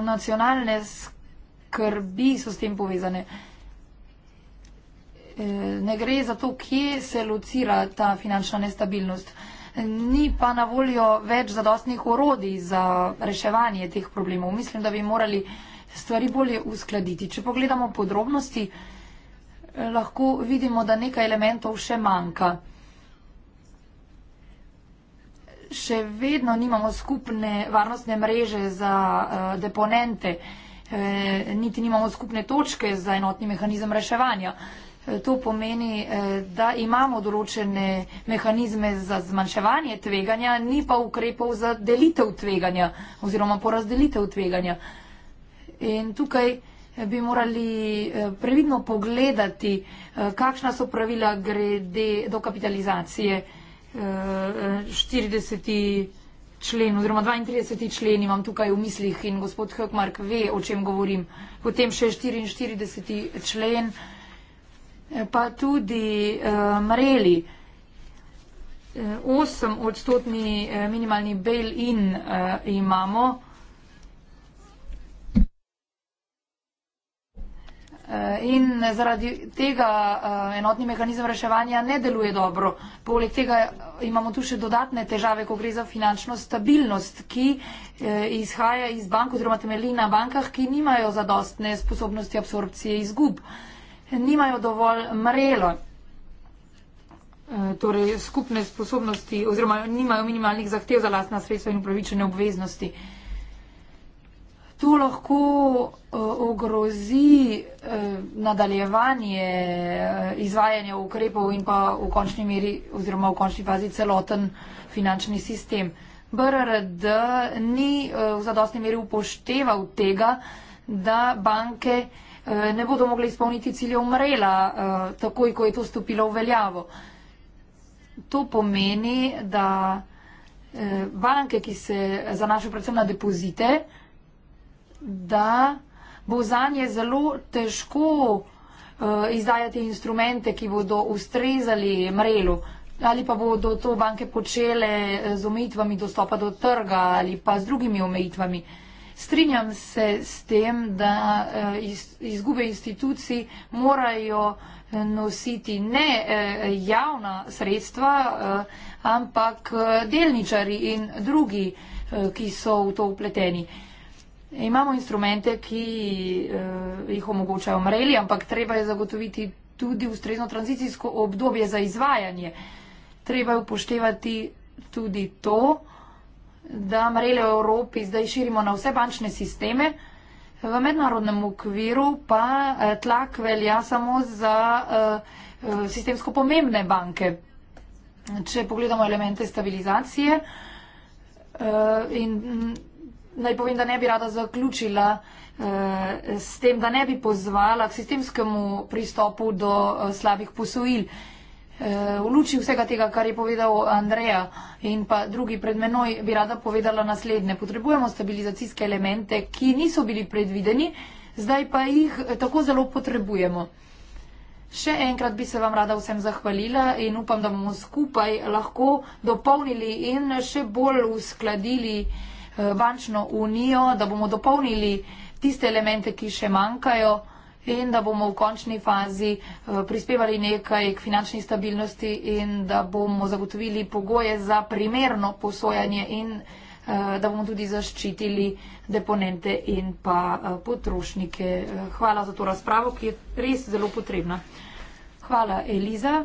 Nacionalne skupine skrbi so s tem povezane. E, ne gre za to, kje se locira ta finančna nestabilnost. Ni pa na voljo več zadostnih orodij za reševanje teh problemov. Mislim, da bi morali stvari bolje uskladiti. Če pogledamo podrobnosti, lahko vidimo, da nekaj elementov še manjka. Še vedno nimamo skupne varnostne mreže za e, deponente. E, niti nimamo skupne točke za enotni mehanizem reševanja. E, to pomeni, e, da imamo določene mehanizme za zmanjševanje tveganja, ni pa ukrepov za delitev tveganja oziroma porazdelitev tveganja. In tukaj bi morali previdno pogledati, kakšna so pravila grede dokapitalizacije 40 člen oziroma 32. člen imam tukaj v mislih in gospod Hökmark ve, o čem govorim. Potem še 44. člen, eh, pa tudi uh, eh, mreli. 8 eh, odstotni minimalni bail-in uh, imamo. Eh, in zaradi tega eh, enotni mehanizem reševanja ne deluje dobro. Poleg tega imamo tu še dodatne težave, ko gre za finančno stabilnost, ki eh, izhaja iz bank oziroma temelji na bankah, ki nimajo zadostne sposobnosti absorpcije izgub. Nimajo dovolj mrelo, torej skupne sposobnosti oziroma nimajo minimalnih zahtev za lastna sredstva in upravičene obveznosti to lahko uh, ogrozi uh, nadaljevanje uh, izvajanja ukrepov in pa v končni meri oziroma v končni fazi celoten finančni sistem. BRRD ni uh, v zadostni meri upošteval tega, da banke uh, ne bodo mogle izpolniti ciljev mrela uh, takoj, ko je to stopilo v veljavo. To pomeni, da uh, banke, ki se zanašajo predvsem na depozite, uh, da bo za nje zelo težko eh, izdajati instrumente, ki bodo ustrezali mrelu. Ali pa bodo to banke počele eh, z omejitvami dostopa do trga ali pa z drugimi omejitvami. Strinjam se s tem, da eh, izgube institucij morajo nositi ne javna sredstva, ampak delničari in drugi, ki so v to upleteni. Imamo instrumente, ki uh, jih omogočajo mreli, ampak treba je zagotoviti tudi ustrezno tranzicijsko obdobje za izvajanje. Treba je upoštevati tudi to, da mrele v Evropi zdaj širimo na vse bančne sisteme, v mednarodnem okviru pa eh, tlak velja samo za uh, sistemsko pomembne banke. Če pogledamo elemente stabilizacije uh, in naj povem, da ne bi rada zaključila eh, s tem, da ne bi pozvala k sistemskemu pristopu do eh, slabih posojil. Eh, v luči vsega tega, kar je povedal Andreja in pa drugi pred menoj, bi rada povedala naslednje. Potrebujemo stabilizacijske elemente, ki niso bili predvideni, zdaj pa jih tako zelo potrebujemo. Še enkrat bi se vam rada vsem zahvalila in upam, da bomo skupaj lahko dopolnili in še bolj uskladili uh, Eh, bančno unijo, da bomo dopolnili tiste elemente, ki še manjkajo in da bomo v končni fazi eh, prispevali nekaj k finančni stabilnosti in da bomo zagotovili pogoje za primerno posojanje in eh, da bomo tudi zaščitili deponente in pa potrošnike. Hvala za to razpravo, ki je res zelo potrebna. Hvala, Eliza.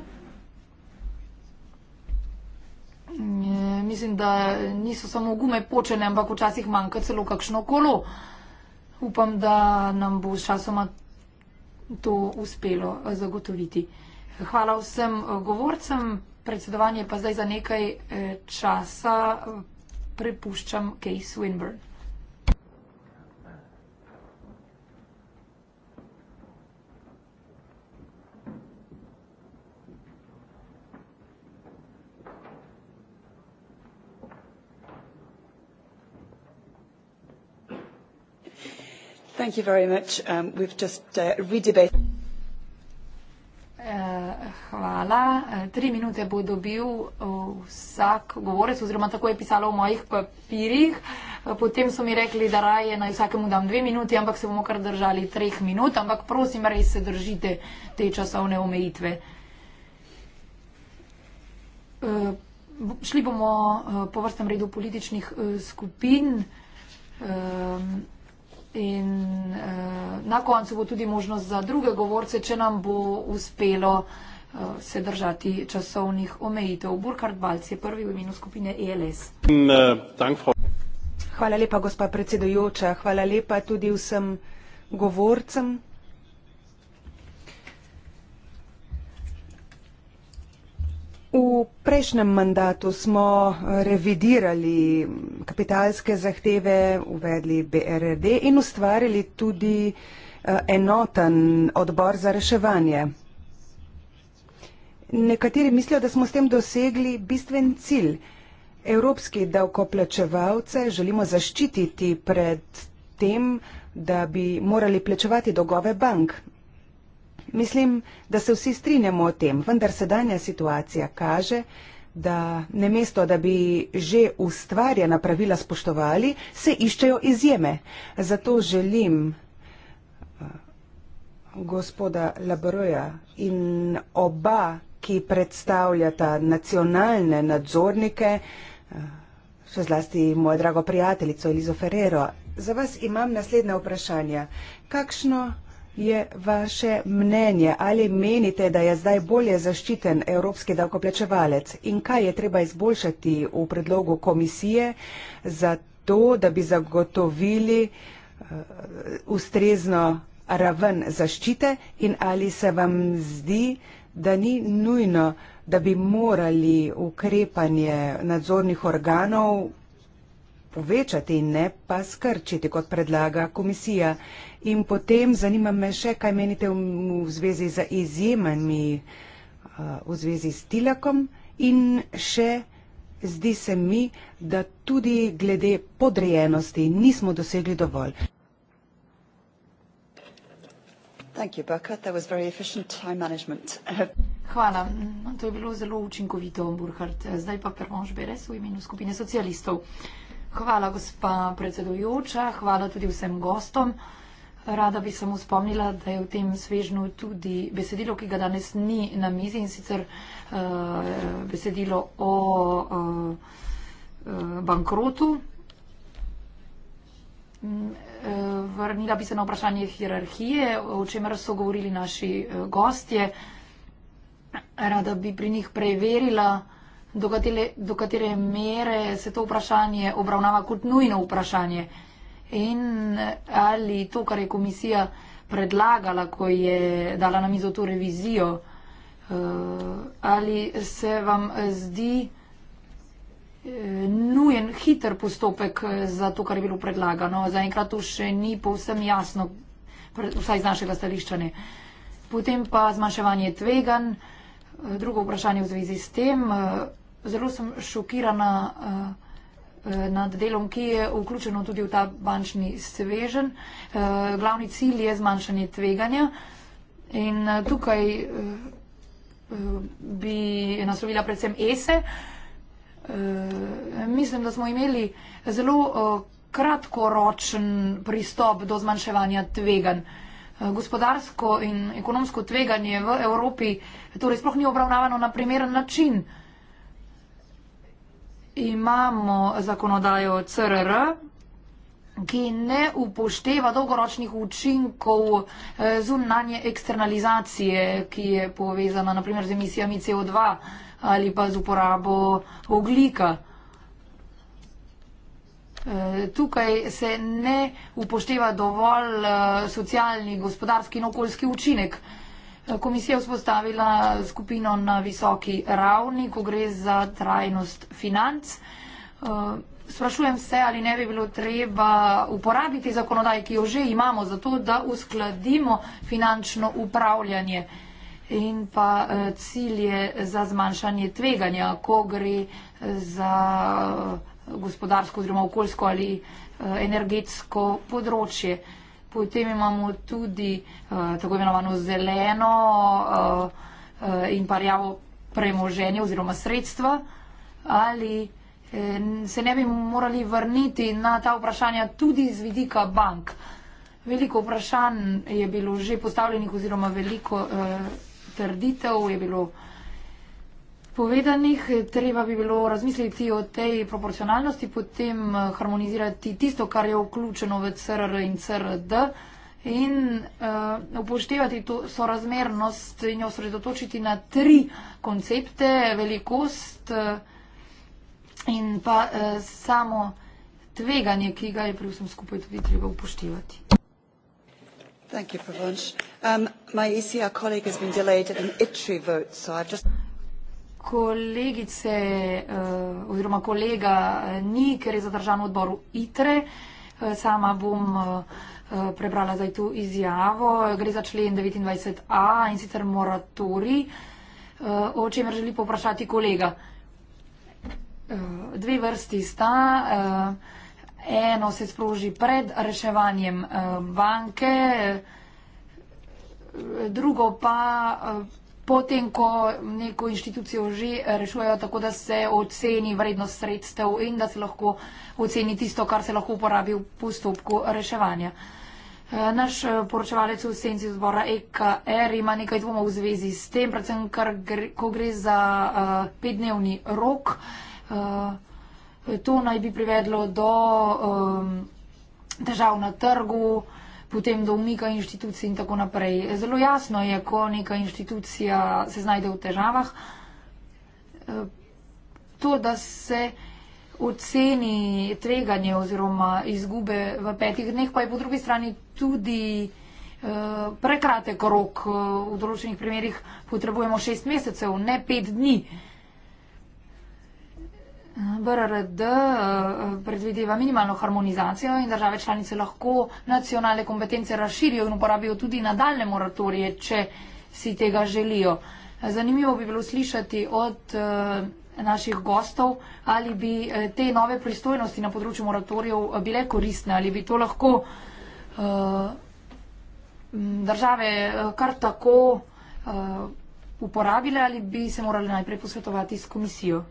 Mm, mislim, da niso samo gume počene, ampak včasih manjka celo kakšno kolo. Upam, da nam bo s časoma to uspelo eh, zagotoviti. Hvala vsem eh, govorcem. Predsedovanje pa zdaj za nekaj eh, časa prepuščam Kay Swinburne.
Thank you very much. Um, we've just uh, redebated.
Uh, hvala. Uh, tri minute bo dobil eh, vsak govorec, oziroma tako je pisalo v mojih papirjih. Uh, potem so mi rekli, da raje naj vsakemu dam dve minuti, ampak se bomo kar držali treh minut, ampak prosim, res se držite te časovne omejitve. Uh, šli bomo uh, po vrstem redu političnih uh, skupin. Uh, in uh, na koncu bo tudi možnost za druge govorce, če nam bo uspelo uh, se držati
časovnih omejitev. Burkhard Balc je prvi v imenu skupine ELS.
Eh,
Hvala lepa, gospa predsedujoča. Hvala lepa tudi vsem govorcem. V prejšnjem mandatu smo revidirali kapitalske zahteve, uvedli BRD in ustvarili tudi eh, enoten odbor za reševanje. Nekateri mislijo, da smo s tem dosegli bistven cilj. Evropski davkoplačevalce želimo zaščititi pred tem, da bi morali plačevati dolgove bank. Mislim, da se vsi strinjamo o tem, vendar sedanja situacija kaže, da ne mesto, da bi že ustvarjena pravila spoštovali, se iščejo izjeme. Zato želim eh, gospoda Labroja in oba, ki predstavljata nacionalne nadzornike, eh, še zlasti mojo drago prijateljico Elizo Ferrero, za vas imam naslednja vprašanja. Kakšno je vaše mnenje? Ali menite, da je zdaj bolje zaščiten evropski davkoplačevalec in kaj je treba izboljšati v predlogu komisije za to, da bi zagotovili uh, ustrezno raven zaščite in ali se vam zdi, da ni nujno, da bi morali ukrepanje nadzornih organov povečati in ne pa skrčiti, kot predlaga komisija. In potem zanima me še, kaj menite v zvezi z izjemami eh, v zvezi s Tilakom in še zdi se mi, da tudi glede podrejenosti nismo dosegli dovolj.
Hvala. To je bilo zelo učinkovito, Burhard. Zdaj pa Permož Beres v imenu skupine socialistov. Hvala, gospa predsedujoča, hvala tudi vsem gostom. Rada bi samo spomnila, da je v tem svežnju tudi besedilo, ki ga danes ni na mizi in sicer uh, besedilo o uh, uh, bankrotu. Mm, vrnila bi se na vprašanje hierarhije, o čemer so govorili naši gostje. Rada bi pri njih preverila, uh, do katere, do katere mere se to vprašanje obravnava kot nujno vprašanje in ali to, kar je komisija predlagala, ko je dala na mizo to revizijo, eh, ali se vam zdi eh, nujen, hiter postopek eh, za to, kar je bilo predlagano. Zaenkrat to še ni povsem jasno, vsaj iz našega stališča ne. Potem pa zmanjševanje tveganj. Drugo vprašanje v zvezi s tem. Eh, zelo sem šokirana eh, eh, nad delom, ki je vključeno tudi v ta bančni svežen. Glavni cilj je zmanjšanje tveganja. In tukaj bi naslovila predvsem ESE. Mislim, da smo imeli zelo kratkoročen pristop do zmanjševanja tveganj. Eh, gospodarsko in ekonomsko tveganje v Evropi torej sploh ni obravnavano na primeren način. Imamo zakonodajo CRR, ki ne upošteva dolgoročnih učinkov eh, zunanje eksternalizacije, ki je povezana naprimer z emisijami CO2 ali pa z uporabo oglika. Eh, tukaj se ne upošteva dovolj eh, socialni, gospodarski in okoljski učinek. Eh, komisija je vzpostavila skupino na visoki ravni, ko gre za trajnost financ. Sprašujem se, ali ne bi bilo treba uporabiti zakonodaj, ki jo že imamo, zato da uskladimo finančno upravljanje in pa cilje za zmanjšanje tveganja, ko gre za gospodarsko oziroma okoljsko ali eh, energetsko področje. Potem imamo tudi eh, tako imenovano zeleno eh, in parjavo premoženje oziroma sredstva. Ali se ne bi morali vrniti na ta vprašanja tudi z vidika bank? Veliko vprašanj je bilo že postavljenih oziroma veliko trditev je bilo povedanih. Treba bi bilo razmisliti o tej proporcionalnosti, potem eh, harmonizirati tisto, kar je vključeno v CRR in CRD in uh, upoštevati to sorazmernost in jo sredotočiti na tri koncepte, velikost uh, in pa uh, samo tveganje, ki ga je pri vsem skupaj tudi treba upoštevati. Thank you, Pavanj.
Um, my ECR colleague has been delayed at an ITRI vote, so I've just
kolegice uh, oziroma kolega eh, ni, ker je zadržan v odboru ITRE. Eh, sama bom uh, prebrala zdaj tu izjavo. Gre za člen 29a in sicer moratori, uh, o čemer želi poprašati kolega. Uh, dve vrsti sta. Uh, eno se sproži pred reševanjem uh, banke, drugo pa. Uh, potem, ko neko inštitucijo že rešujejo tako, da se oceni vrednost sredstev in da se lahko oceni tisto, kar se lahko uporabi v postopku reševanja. E, naš e, poročevalec v senci odbora EKR ima nekaj dvomov v zvezi s tem, predvsem, kar, ko gre za uh, petdnevni rok. Uh, to naj bi privedlo do um, težav na trgu. Uh, potem do umika inštitucij in tako naprej. Zelo jasno je, ko neka inštitucija se znajde v težavah, eh, to, da se oceni tveganje oziroma izgube v petih dneh, pa je po drugi strani tudi eh, prekratek rok. Eh, v določenih primerjih potrebujemo šest mesecev, ne pet dni. BRRD eh, predvideva minimalno harmonizacijo in države članice lahko nacionalne kompetence razširijo in uporabijo tudi nadaljne moratorije, če si tega želijo. Zanimivo bi bilo slišati od eh, naših gostov, ali bi eh, te nove pristojnosti na področju moratorijev bile koristne, ali bi to lahko države kar tako uporabile ali bi se morali najprej posvetovati s komisijo.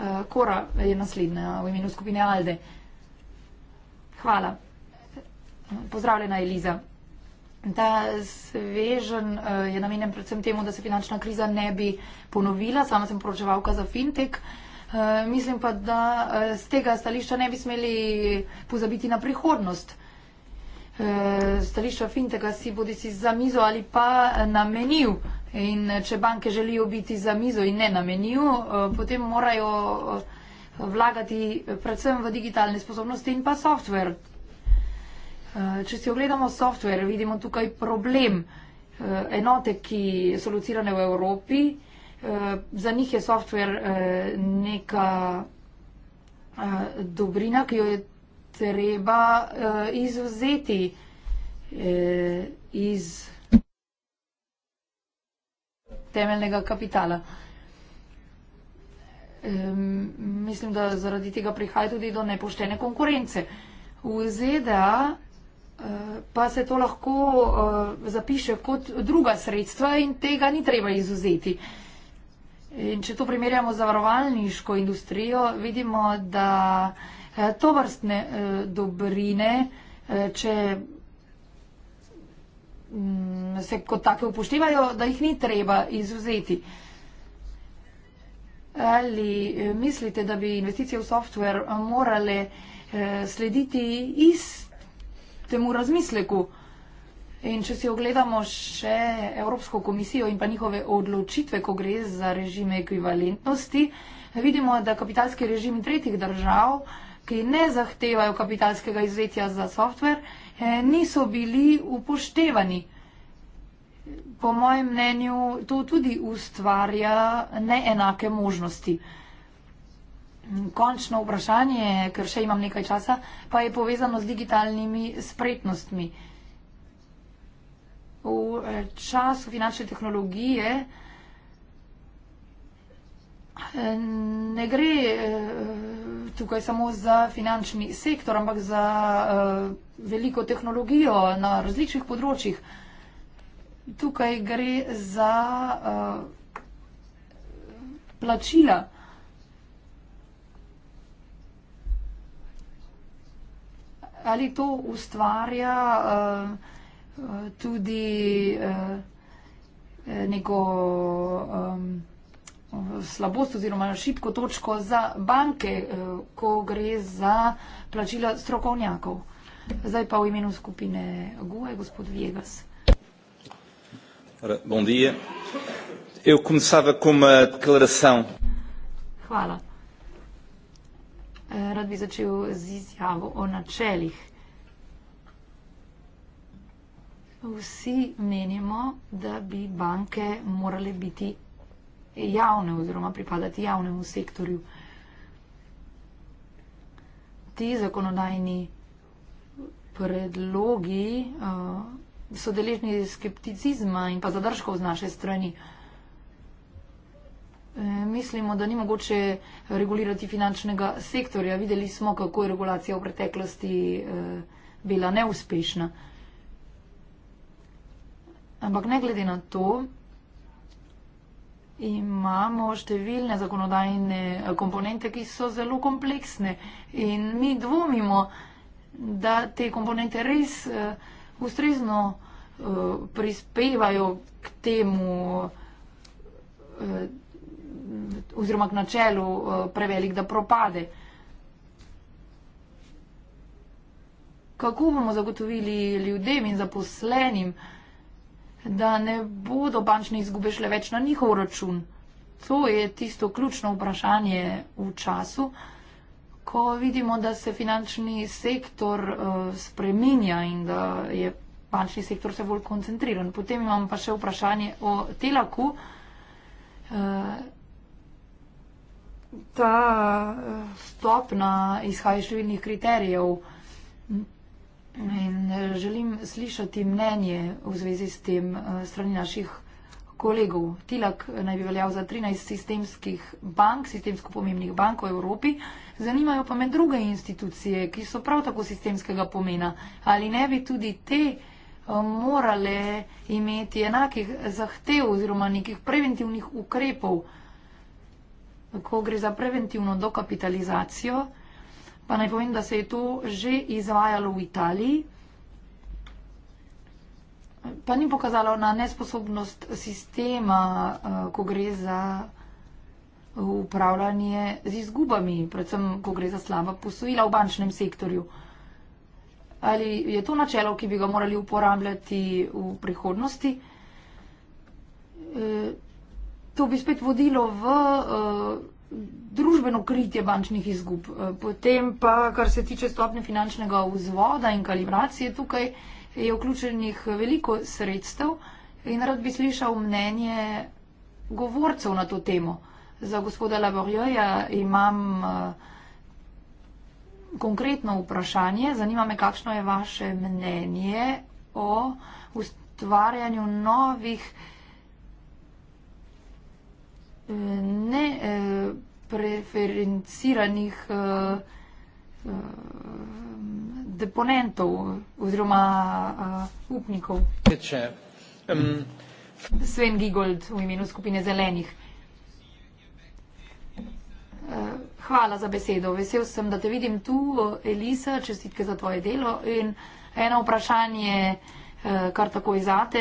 Eh, Kora je naslednja v imenu skupine Alde. Hvala. Pozdravljena, Eliza. Ta svežen eh, je namenjen predvsem temu, da se finančna kriza ne bi ponovila. Sama sem poročevalka za Fintech. Eh, mislim pa, da z tega stališča ne bi smeli pozabiti na prihodnost. Stališča Fintega si bodi si za mizo ali pa namenil. In eh, če banke želijo biti za mizo in ne na meniju, eh, potem morajo eh, vlagati predvsem v digitalne sposobnosti in pa software. Če si ogledamo software, vidimo tukaj problem enote, ki so locirane v Evropi. Za njih je software neka dobrina, ki jo je treba izvzeti iz temeljnega kapitala. Um, mislim, da zaradi tega prihaja tudi do nepoštene konkurence. V ZDA uh, eh, pa se to lahko uh, zapiše kot druga sredstva in tega ni treba izuzeti. In če to primerjamo z varovalniško industrijo, vidimo, da uh, eh, to vrstne uh, dobrine, uh, če Mm, se kot take upoštevajo, da jih ni treba izuzeti. Ali eh, mislite, da bi investicije v software morale eh, slediti istemu razmisleku? In če si ogledamo še Evropsko komisijo in pa njihove odločitve, ko gre za režime ekvivalentnosti, vidimo, da kapitalski režimi tretjih držav, ki ne zahtevajo kapitalskega izvetja za software, Eh, niso bili upoštevani. Po mojem mnenju to tudi ustvarja neenake možnosti. Končno vprašanje, ker še imam nekaj časa, pa je povezano z digitalnimi spretnostmi. V eh, času finančne tehnologije eh, ne gre tukaj samo za finančni sektor, ampak za uh, veliko tehnologijo na različnih področjih. Tukaj gre za uh, plačila. Ali to ustvarja uh, tudi uh, neko. Um, slabost oziroma šibko točko za banke, eh, ko gre za plačila strokovnjakov. Zdaj pa v imenu skupine GUE, gospod Viegas.
Bon dia. Eu começava com uma declaração.
Hvala. Eh, rad bi začel z izjavo o načelih. Vsi menimo, da bi banke morale biti javne oziroma pripadati javnemu sektorju. Ti zakonodajni predlogi uh, so deležni skepticizma in pa zadržkov z naše strani. Eh, mislimo, da ni mogoče regulirati finančnega sektorja. Videli smo, kako je regulacija v preteklosti eh, bila neuspešna. Ampak ne glede na to, imamo številne zakonodajne komponente, ki so zelo kompleksne in mi dvomimo, da te komponente res uh, ustrezno uh, prispevajo k temu uh, oziroma k načelu uh, prevelik, da propade. Kako bomo zagotovili ljudem in zaposlenim, uh, da ne bodo bančne izgube šle več na njihov račun. To je tisto ključno vprašanje v času, ko vidimo, da se finančni sektor uh, spreminja in da je bančni sektor vse bolj koncentriran. Potem imam pa še vprašanje o telaku. Uh, ta eh, stopna izhaja iz številnih kriterijev. In eh, želim slišati mnenje v zvezi s tem eh, strani naših kolegov. Tilak eh, naj bi veljal za 13 sistemskih bank, sistemsko pomembnih bank v Evropi. Zanimajo pa me druge institucije, ki so prav tako sistemskega pomena. Ali ne bi tudi te morale imeti enakih zahtev oziroma nekih preventivnih ukrepov, ko gre za preventivno dokapitalizacijo? Pa naj povem, da se je to že izvajalo v Italiji, pa ni pokazalo na nesposobnost sistema, eh, ko gre za upravljanje z izgubami, predvsem ko gre za slaba posojila v bančnem sektorju. Ali je to načelo, ki bi ga morali uporabljati v prihodnosti? Eh, to bi spet vodilo v eh, družbeno kritje bančnih izgub. Eh, potem pa, kar se tiče stopne finančnega vzvoda in kalibracije, tukaj je vključenih veliko sredstev in rad bi slišal mnenje govorcev na to temo. Za gospoda Laborjoja imam eh, konkretno vprašanje. Zanima me, kakšno je vaše mnenje o ustvarjanju novih ne eh, preferenciranih eh, eh, deponentov oziroma upnikov.
Če, um,
Sven Gigold v imenu skupine Zelenih. Hvala za besedo. Vesel sem, da te vidim tu, Elisa, čestitke za tvoje delo. In eno vprašanje, kar tako izate,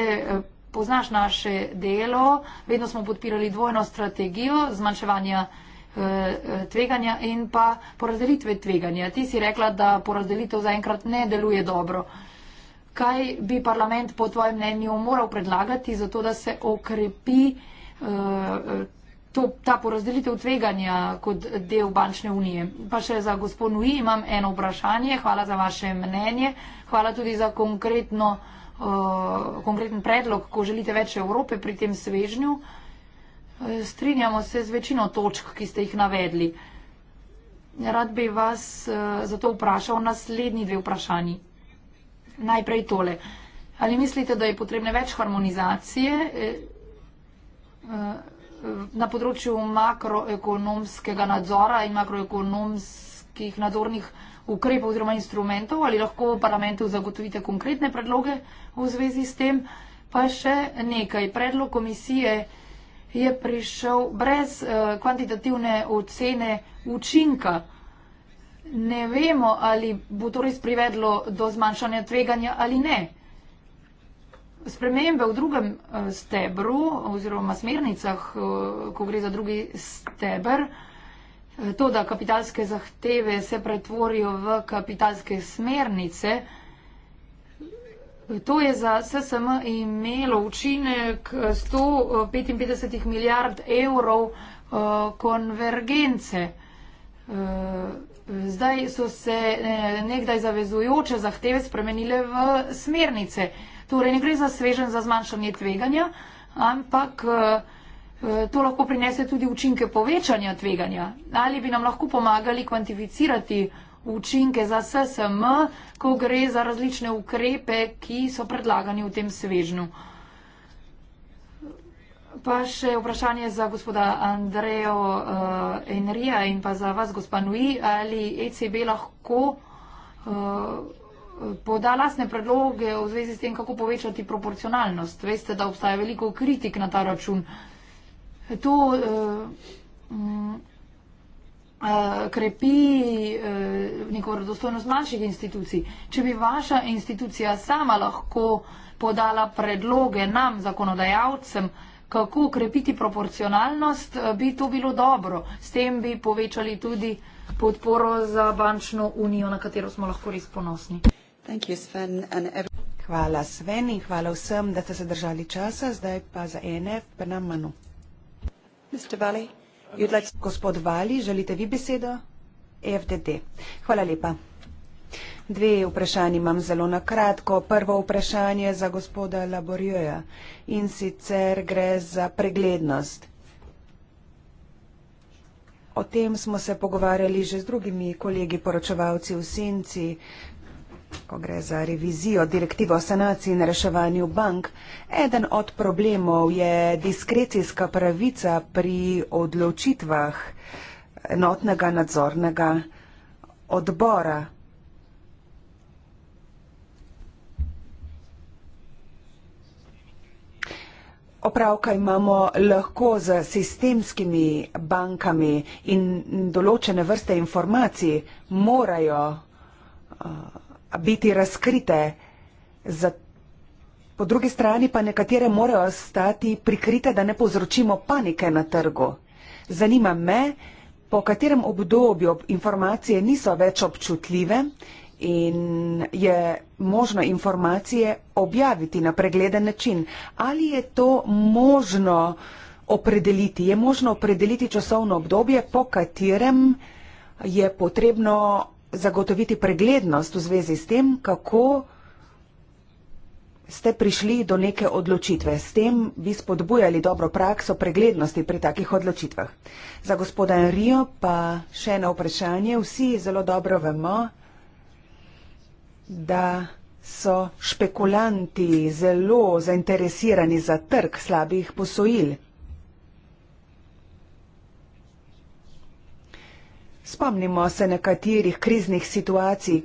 poznaš naše delo, vedno smo podpirali dvojno strategijo zmanjševanja eh, eh, tveganja in pa porazdelitve tveganja. Ti si rekla, da porazdelitev zaenkrat ne deluje dobro. Kaj bi parlament po tvojem mnenju moral predlagati, zato da se okrepi eh, to, ta porazdelitev tveganja kot del bančne unije? Pa še za gospod Nui imam eno vprašanje. Hvala za vaše mnenje. Hvala tudi za konkretno uh, konkreten predlog, ko želite več Evrope pri tem svežnju. Eh, strinjamo se z večino točk, ki ste jih navedli. Rad bi vas uh, eh, zato vprašal naslednji dve vprašanji. Najprej tole. Ali mislite, da je potrebne več harmonizacije eh, na področju makroekonomskega nadzora in makroekonomskih nadzornih ukrepov oziroma instrumentov, ali lahko v parlamentu zagotovite konkretne predloge v zvezi s tem. Pa še nekaj. Predlog komisije je prišel brez uh, kvantitativne ocene učinka. Ne vemo, ali bo to res privedlo do zmanjšanja tveganja ali ne. Spremembe v drugem eh, stebru oziroma smernicah, eh, ko gre za drugi steber, Eh, to, da kapitalske zahteve se pretvorijo v kapitalske smernice, to je za SSM imelo učinek 155 milijard evrov eh, konvergence. Eh, zdaj so se nekdaj zavezujoče zahteve spremenile v smernice. Torej ne gre za svežen za zmanjšanje tveganja, ampak Eh, to lahko prinese tudi učinke povečanja tveganja. Ali bi nam lahko pomagali kvantificirati učinke za SSM, ko gre za različne ukrepe, ki so predlagani v tem svežnju? Pa še vprašanje za gospoda Andrejo uh, Enrija in pa za vas, gospa Nui, ali ECB lahko uh, poda lasne predloge v zvezi s tem, kako povečati proporcionalnost. Veste, da obstaja veliko kritik na ta račun. Uh, to uh, uh, krepi uh, neko radostojnost naših institucij. Če bi vaša institucija sama lahko podala predloge nam, zakonodajalcem, kako krepiti proporcionalnost, bi to bilo dobro. S tem bi povečali tudi podporo za bančno
unijo, na katero smo lahko res ponosni. You, Sven, every... Hvala Sven in hvala vsem, da ste se držali časa. Zdaj pa za ENF, pa nam manj. Gospod Vali, želite vi besedo? E FDD. Hvala lepa. Dve vprašanji imam zelo na kratko. Prvo vprašanje za gospoda Laborjoja in sicer gre za preglednost. O tem smo se pogovarjali že z drugimi kolegi poročevalci v senci. Uh, ko gre za revizijo direktive o sanaciji in reševanju bank. Eden od problemov je diskrecijska pravica pri odločitvah enotnega nadzornega odbora. Opravka imamo lahko z sistemskimi bankami in določene vrste informacij morajo uh, biti razkrite. Po drugi strani pa nekatere morajo ostati prikrite, da ne povzročimo panike na trgu. Zanima me, po katerem obdobju informacije niso več občutljive in je možno informacije objaviti na pregleden način. Ali je to možno opredeliti? Je možno opredeliti časovno obdobje, po katerem je potrebno zagotoviti preglednost v zvezi s tem, kako ste prišli do neke odločitve. S tem bi spodbujali dobro prakso preglednosti pri takih odločitvah. Za gospoda Enrijo pa še eno vprašanje. Vsi zelo dobro vemo, da so špekulanti zelo zainteresirani za trg slabih posojil. Spomnimo se nekaterih kriznih situacij,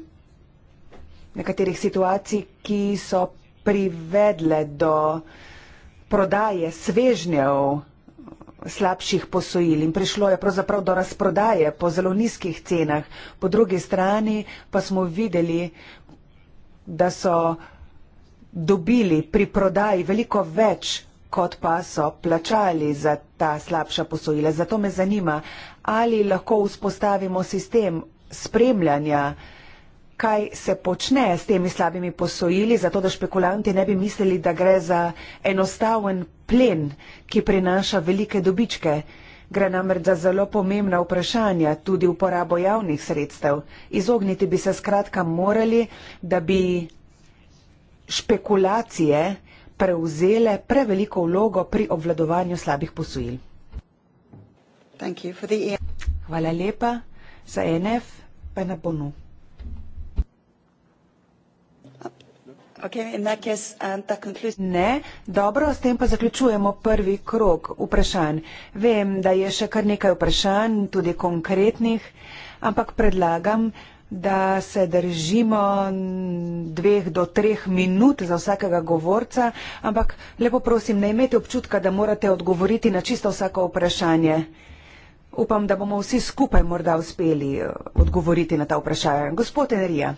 nekaterih situacij, ki so privedle do prodaje svežnjev slabših posojil in prišlo je pravzaprav do razprodaje po zelo nizkih cenah. Po drugi strani pa smo videli, da so dobili pri prodaji veliko več kot pa so plačali za ta slabša posojila. Zato me zanima, ali lahko vzpostavimo sistem spremljanja, kaj se počne s temi slabimi posojili, zato da špekulanti ne bi mislili, da gre za enostaven plen, ki prinaša velike dobičke. Gre namreč za zelo pomembna vprašanja, tudi uporabo javnih sredstev. Izogniti bi se skratka morali, da bi špekulacije, prevzele preveliko vlogo pri obvladovanju slabih posojil. E Hvala lepa za e NF, pa na bonu. Um, ne, dobro, s tem pa zaključujemo prvi krok vprašanj. Vem, da je še kar nekaj vprašanj, tudi konkretnih, ampak predlagam, da je še nekaj vprašanj, da se držimo dveh do treh minut za vsakega govorca, ampak lepo prosim, ne imejte občutka, da morate odgovoriti na čisto vsako vprašanje. Upam, da bomo vsi skupaj morda uspeli eh, odgovoriti na ta vprašanje. Gospod Enrija.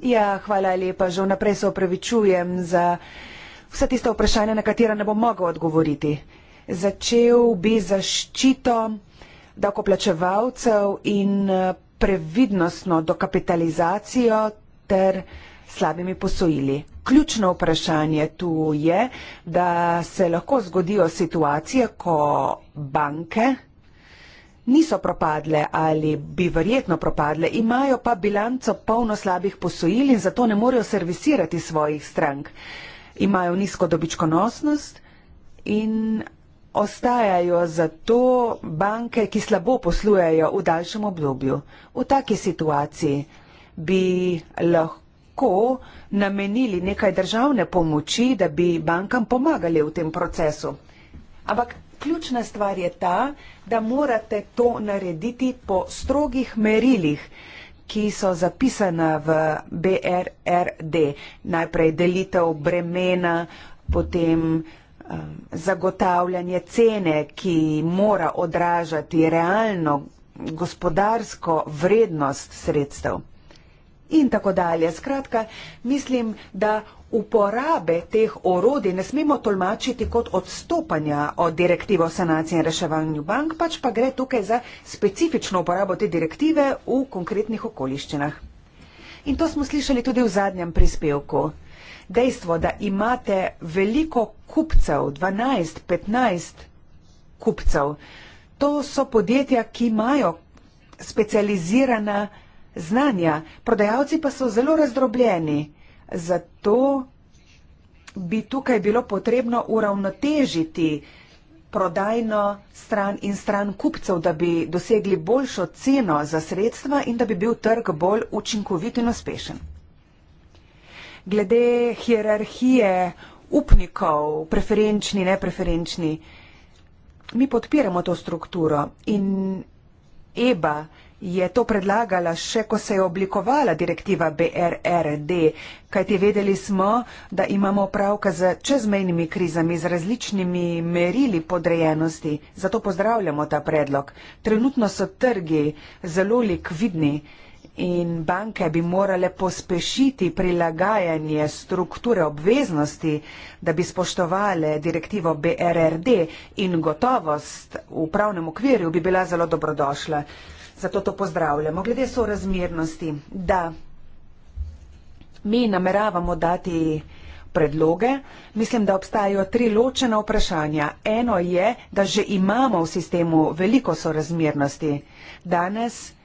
Ja, hvala lepa, že vnaprej se opravičujem za vsa tista vprašanja, na katera ne bom mogel odgovoriti. Začel bi zaščito davkoplačevalcev in eh, previdnostno dokapitalizacijo ter slabimi posojili. Ključno vprašanje tu je, da se lahko zgodijo situacije, ko banke niso propadle ali bi verjetno propadle, imajo pa bilanco polno slabih posojil in zato ne morejo servisirati svojih strank. Imajo nizko dobičkonosnost in ostajajo zato banke, ki slabo poslujejo v daljšem obdobju. V taki situaciji bi lahko namenili nekaj državne pomoči, da bi bankam pomagali v tem procesu. Ampak ključna stvar je ta, da morate to narediti po strogih merilih ki so zapisane v BRRD. Najprej delitev bremena, potem um, zagotavljanje cene, ki mora odražati realno gospodarsko vrednost sredstev in tako dalje. Skratka, mislim, da uporabe teh orodij ne smemo tolmačiti kot odstopanja od direktive o sanaciji in reševanju bank, pač pa gre tukaj za specifično uporabo te direktive v konkretnih okoliščinah. In to smo slišali tudi v zadnjem prispevku dejstvo, da imate veliko kupcev, 12-15 kupcev, to so podjetja, ki imajo specializirana znanja, prodajalci pa so zelo razdrobljeni. Zato bi tukaj bilo potrebno uravnotežiti prodajno stran in stran kupcev, da bi dosegli boljšo ceno za sredstva in da bi bil trg bolj učinkovit in uspešen glede hierarhije upnikov, preferenčni, nepreferenčni. Mi podpiramo to strukturo in EBA je to predlagala še, ko se je oblikovala direktiva BRRD, kajti vedeli smo, da imamo opravka z čezmejnimi krizami, z različnimi merili podrejenosti. Zato pozdravljamo ta predlog. Trenutno so trgi zelo likvidni in banke bi morale pospešiti prilagajanje strukture obveznosti, da bi spoštovale direktivo BRRD in gotovost v pravnem okvirju bi bila zelo dobrodošla. Zato to pozdravljamo. Glede sorazmernosti, da mi nameravamo dati predloge, mislim, da obstajajo tri ločena vprašanja. Eno je, da že imamo v sistemu veliko sorazmernosti. Danes je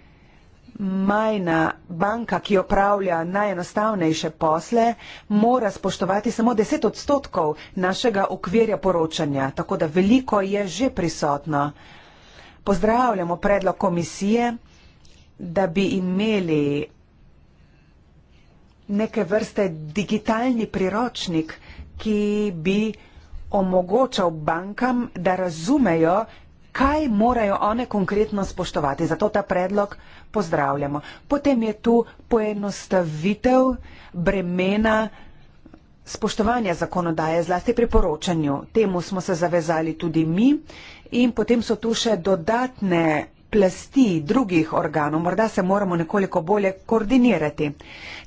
majna banka, ki opravlja najenostavnejše posle, mora spoštovati samo 10 odstotkov našega okvirja poročanja, tako da veliko je že prisotno. Pozdravljamo predlog komisije, da bi imeli neke vrste digitalni priročnik, ki bi omogočal bankam, da razumejo, kaj morajo one konkretno spoštovati. Zato ta predlog pozdravljamo. Potem je tu poenostavitev bremena spoštovanja zakonodaje, zlasti priporočanju. Temu smo se zavezali tudi mi. In potem so tu še dodatne plasti drugih organov, morda se moramo nekoliko bolje koordinirati.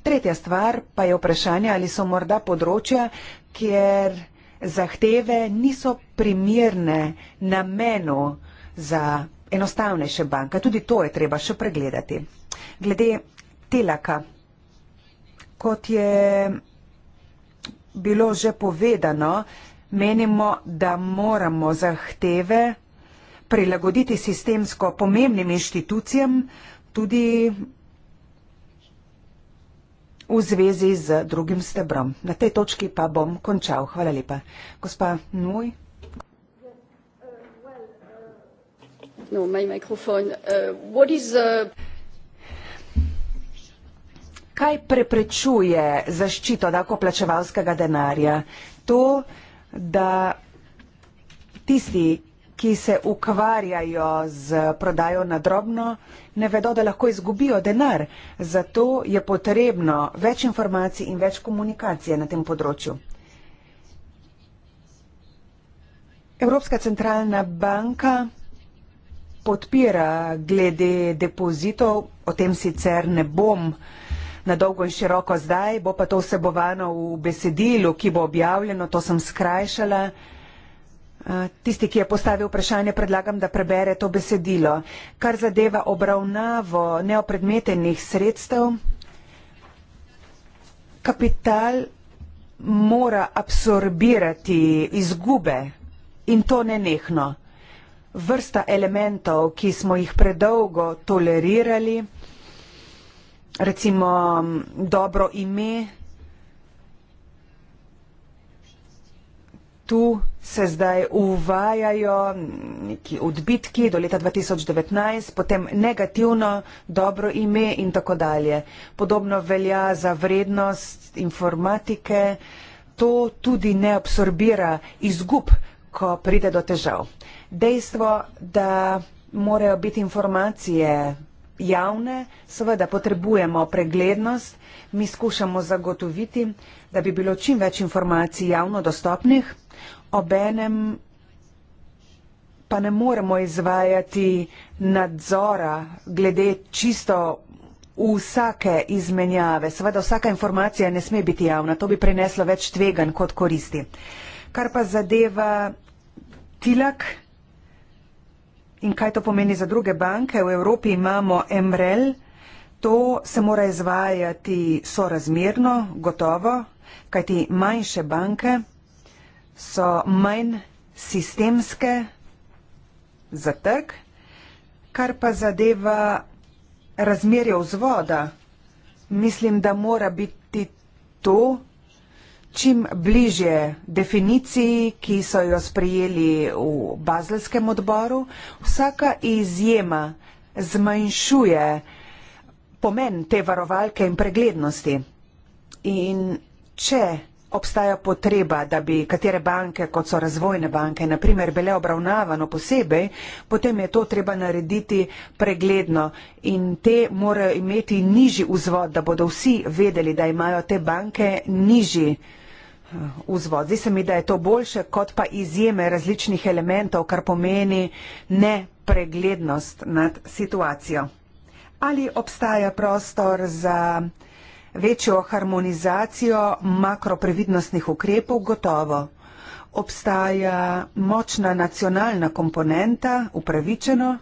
Tretja stvar pa je vprašanje, ali so morda področja, kjer zahteve niso primirne namenu za enostavnejše banke. Tudi to je treba še pregledati. Glede telaka, kot je bilo že povedano, menimo, da moramo zahteve prilagoditi sistemsko pomembnim inštitucijam, tudi v zvezi z drugim stebrom. Na tej točki pa bom končal. Hvala lepa. Gospa Nuj.
No, my microphone. Uh, what is, uh...
Kaj preprečuje zaščito davkoplačevalskega denarja? To, da tisti, ki se ukvarjajo z prodajo na drobno, ne vedo, da lahko izgubijo denar. Zato je potrebno več informacij in več komunikacije na tem področju. Evropska centralna banka podpira glede depozitov, o tem sicer ne bom na dolgo in široko zdaj, bo pa to vsebovano v besedilu, ki bo objavljeno, to sem skrajšala. Eh, tisti ki je postavil vprašanje predlagam da prebere to besedilo kar zadeva obravnavo neopredmetenih sredstev kapital mora absorbirati izgube in to nenehno vrsta elementov ki smo jih predolgo tolerirali recimo dobro ime tu se zdaj uvajajo neki odbitki do leta 2019, potem negativno, dobro ime in tako dalje. Podobno velja za vrednost informatike. To tudi ne absorbira izgub, ko pride do težav. Dejstvo, da morajo biti informacije javne, seveda potrebujemo preglednost, mi skušamo zagotoviti, da bi bilo čim več informacij javno dostopnih obenem pa ne moremo izvajati nadzora glede čisto vsake izmenjave. Seveda vsaka informacija ne sme biti javna, to bi preneslo več tvegan kot koristi. Kar pa zadeva tilak in kaj to pomeni za druge banke, v Evropi imamo MREL, to se mora izvajati sorazmerno, gotovo, kajti manjše banke so manj sistemske za trg, kar pa zadeva razmerje vzvoda. Mislim, da mora biti to čim bliže definiciji, ki so jo sprijeli v bazelskem odboru. Vsaka izjema zmanjšuje pomen te varovalke in preglednosti. In če obstaja potreba, da bi katere banke, kot so razvojne banke, naprimer, bile obravnavano posebej, potem je to treba narediti pregledno in te morajo imeti nižji vzvod, da bodo vsi vedeli, da imajo te banke nižji eh, vzvod. Zdi se mi, da je to boljše kot pa izjeme različnih elementov, kar pomeni nepreglednost nad situacijo. Ali obstaja prostor za Večjo harmonizacijo makroprevidnostnih ukrepov gotovo. Obstaja močna nacionalna komponenta, upravičeno,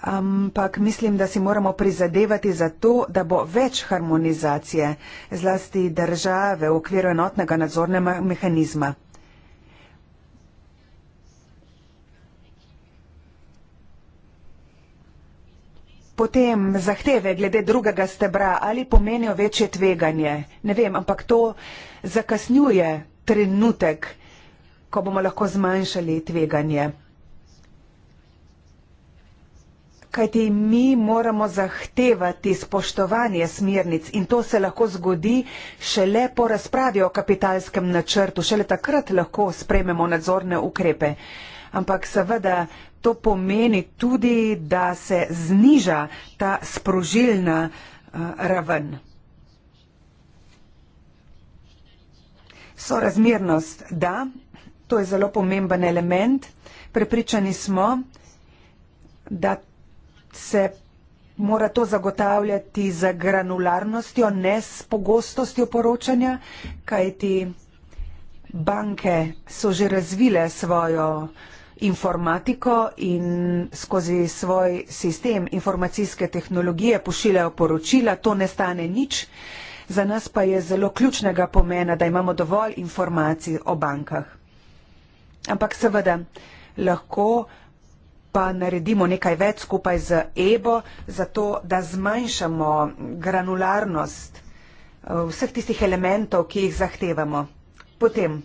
ampak mislim, da si moramo prizadevati za to, da bo več harmonizacije, zlasti države v okviru enotnega nadzornega mehanizma. Potem zahteve glede drugega stebra ali pomenijo večje tveganje. Ne vem, ampak to zakasnjuje trenutek, ko bomo lahko zmanjšali tveganje. Kajti mi moramo zahtevati spoštovanje smernic in to se lahko zgodi šele po razpravi o kapitalskem načrtu, šele takrat lahko sprememo nadzorne ukrepe. Ampak seveda to pomeni tudi, da se zniža ta sprožilna eh, raven. Sorazmernost, da, to je zelo pomemben element. Prepričani smo, da se mora to zagotavljati z granularnostjo, ne s pogostostjo poročanja, kajti banke so že razvile svojo uh, informatiko in skozi svoj sistem informacijske tehnologije pošiljajo poročila, to ne stane nič. Za nas pa je zelo ključnega pomena, da imamo dovolj informacij o bankah. Ampak seveda lahko pa naredimo nekaj več skupaj z EBO, zato da zmanjšamo granularnost eh, vseh tistih elementov, ki jih zahtevamo. Potem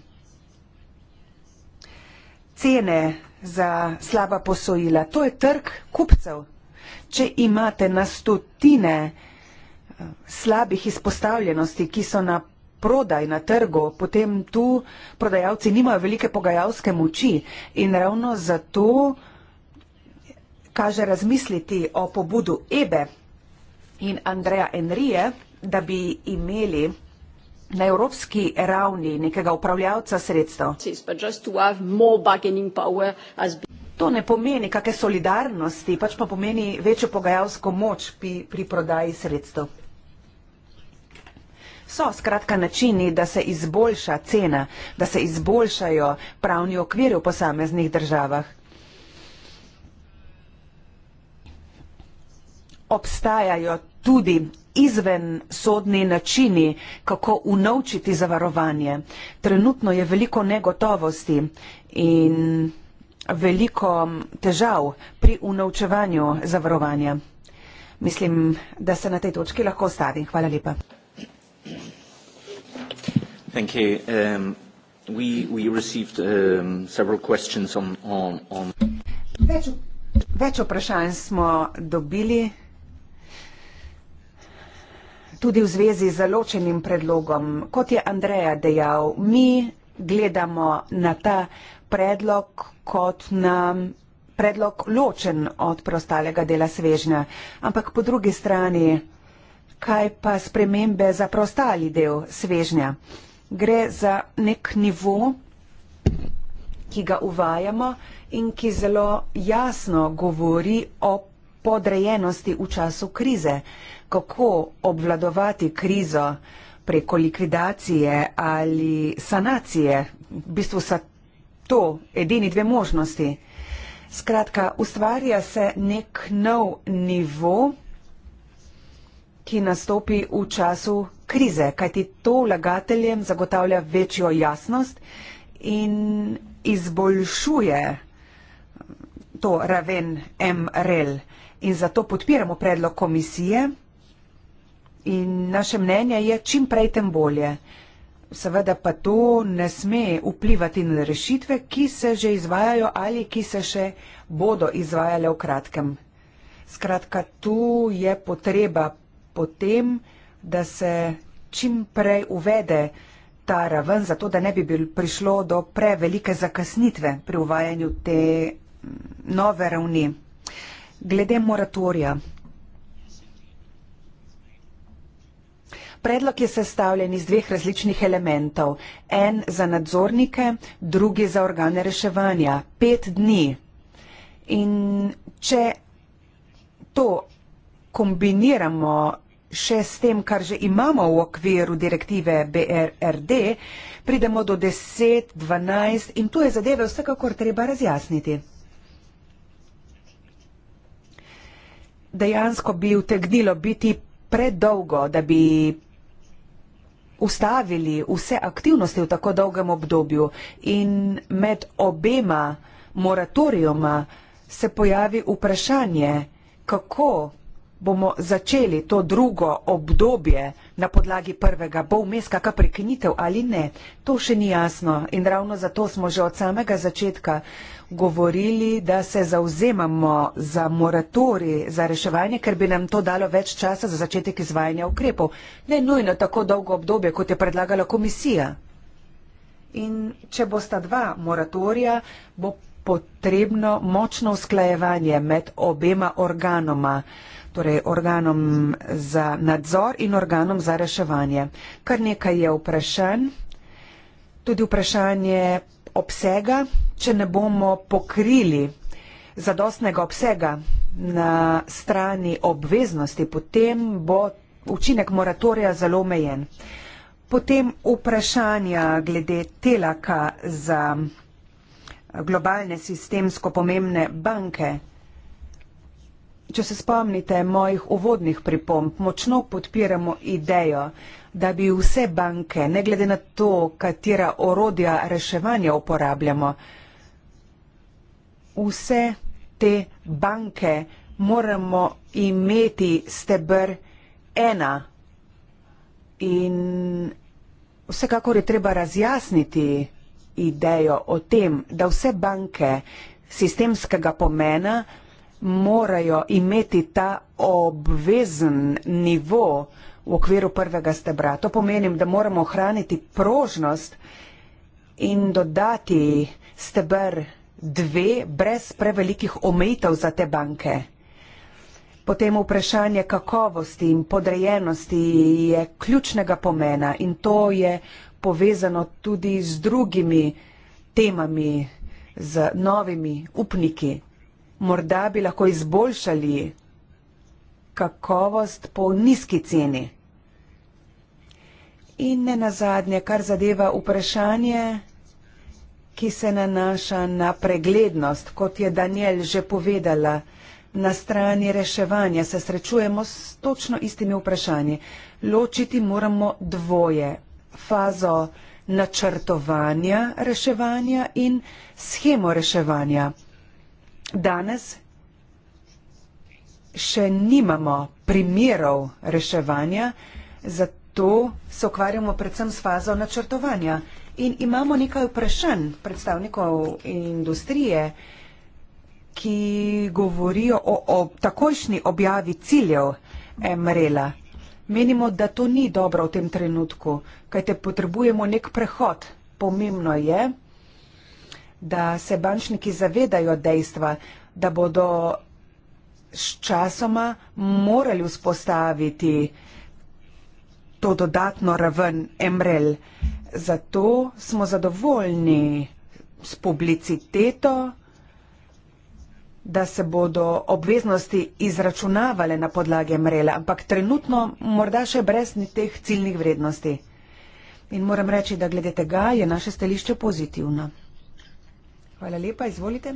cene za slaba posojila. To je trg kupcev. Če imate na stotine eh, slabih izpostavljenosti, ki so na prodaj na trgu, potem tu prodajalci nimajo velike pogajalske moči in ravno zato kaže razmisliti o pobudu Ebe in Andreja Enrije, da bi imeli na evropski ravni nekega upravljavca sredstev. To ne pomeni kakšne solidarnosti, pač pa pomeni večjo pogajalsko moč pri, pri prodaji sredstev. So skratka načini, da se izboljša cena, da se izboljšajo pravni okviri v posameznih državah. Obstajajo tudi izven sodni načini, kako unovčiti zavarovanje. Trenutno je veliko negotovosti in veliko težav pri unovčevanju zavarovanja. Mislim, da se na tej točki lahko ostavi. Hvala lepa.
Thank you. Um, we, we received um, several questions on... on, on...
Več, več vprašanj smo dobili tudi v zvezi z ločenim predlogom. Kot je Andreja dejal, mi gledamo na ta predlog kot na predlog ločen od preostalega dela svežnja. Ampak po drugi strani, kaj pa spremembe za preostali del svežnja? Gre za nek nivo, ki ga uvajamo in ki zelo jasno govori o podrejenosti v času krize kako obvladovati krizo preko likvidacije ali sanacije. V bistvu so to edini dve možnosti. Skratka, ustvarja se nek nov nivo, ki nastopi v času krize, kajti to vlagateljem zagotavlja večjo jasnost in izboljšuje to raven MRL. In zato podpiramo predlog komisije, In naše mnenje je, čim prej tem bolje. Seveda pa to ne sme vplivati na rešitve, ki se že izvajajo ali ki se še bodo izvajale v kratkem. Skratka, tu je potreba potem, da se čim prej uvede ta raven, zato da ne bi bil, prišlo do prevelike zakasnitve pri uvajanju te mm, nove ravni. Glede moratorija. Predlog je sestavljen iz dveh različnih elementov. En za nadzornike, drugi za organe reševanja. Pet dni. In če to kombiniramo še s tem, kar že imamo v okviru direktive BRRD, pridemo do 10, 12 in tu je zadeve vsekakor treba razjasniti. Dejansko bi utegnilo biti predolgo, da bi ustavili vse aktivnosti v tako dolgem obdobju in med obema moratorijoma se pojavi vprašanje, kako bomo začeli to drugo obdobje na podlagi prvega, bo vmes kakšna prekinitev ali ne, to še ni jasno. In ravno zato smo že od samega začetka govorili, da se zauzemamo za moratori, za reševanje, ker bi nam to dalo več časa za začetek izvajanja ukrepov. Ne nujno tako dolgo obdobje, kot je predlagala komisija. In če bosta dva moratorija, bo potrebno močno usklajevanje med obema organoma torej organom za nadzor in organom za reševanje. Kar nekaj je vprašanj, tudi vprašanje obsega, če ne bomo pokrili zadostnega obsega na strani obveznosti, potem bo učinek moratorija zelo omejen. Potem vprašanja glede telaka za globalne sistemsko pomembne banke, Če se spomnite mojih uvodnih pripomb, močno podpiramo idejo, da bi vse banke, ne glede na to, katera orodja reševanja uporabljamo, vse te banke moramo imeti stebr ena. In vsekakor je treba razjasniti idejo o tem, da vse banke sistemskega pomena morajo imeti ta obvezen nivo v okviru prvega stebra. To pomeni, da moramo ohraniti prožnost in dodati steber dve brez prevelikih omejitev za te banke. Potem vprašanje kakovosti in podrejenosti je ključnega pomena in to je povezano tudi z drugimi temami, z novimi upniki morda bi lahko izboljšali kakovost po nizki ceni. In ne nazadnje, kar zadeva vprašanje, ki se nanaša na preglednost, kot je Daniel že povedala, na strani reševanja se srečujemo s točno istimi vprašanji. Ločiti moramo dvoje, fazo načrtovanja reševanja in schemo reševanja. Danes še nimamo primerov reševanja, zato se ukvarjamo predvsem s fazo načrtovanja. In imamo nekaj vprašanj predstavnikov industrije, ki govorijo o, o takojšnji objavi ciljev MRL-a. E Menimo, da to ni dobro v tem trenutku, kajte potrebujemo nek prehod. Pomembno je, da se bančniki zavedajo dejstva, da bodo s časoma morali vzpostaviti to dodatno raven MRL. Zato smo zadovoljni s publiciteto, da se bodo obveznosti izračunavale na podlage MRL, ampak trenutno morda še brez teh ciljnih vrednosti. In moram reči, da glede tega je naše stališče pozitivno. Hvala lepa, izvolite.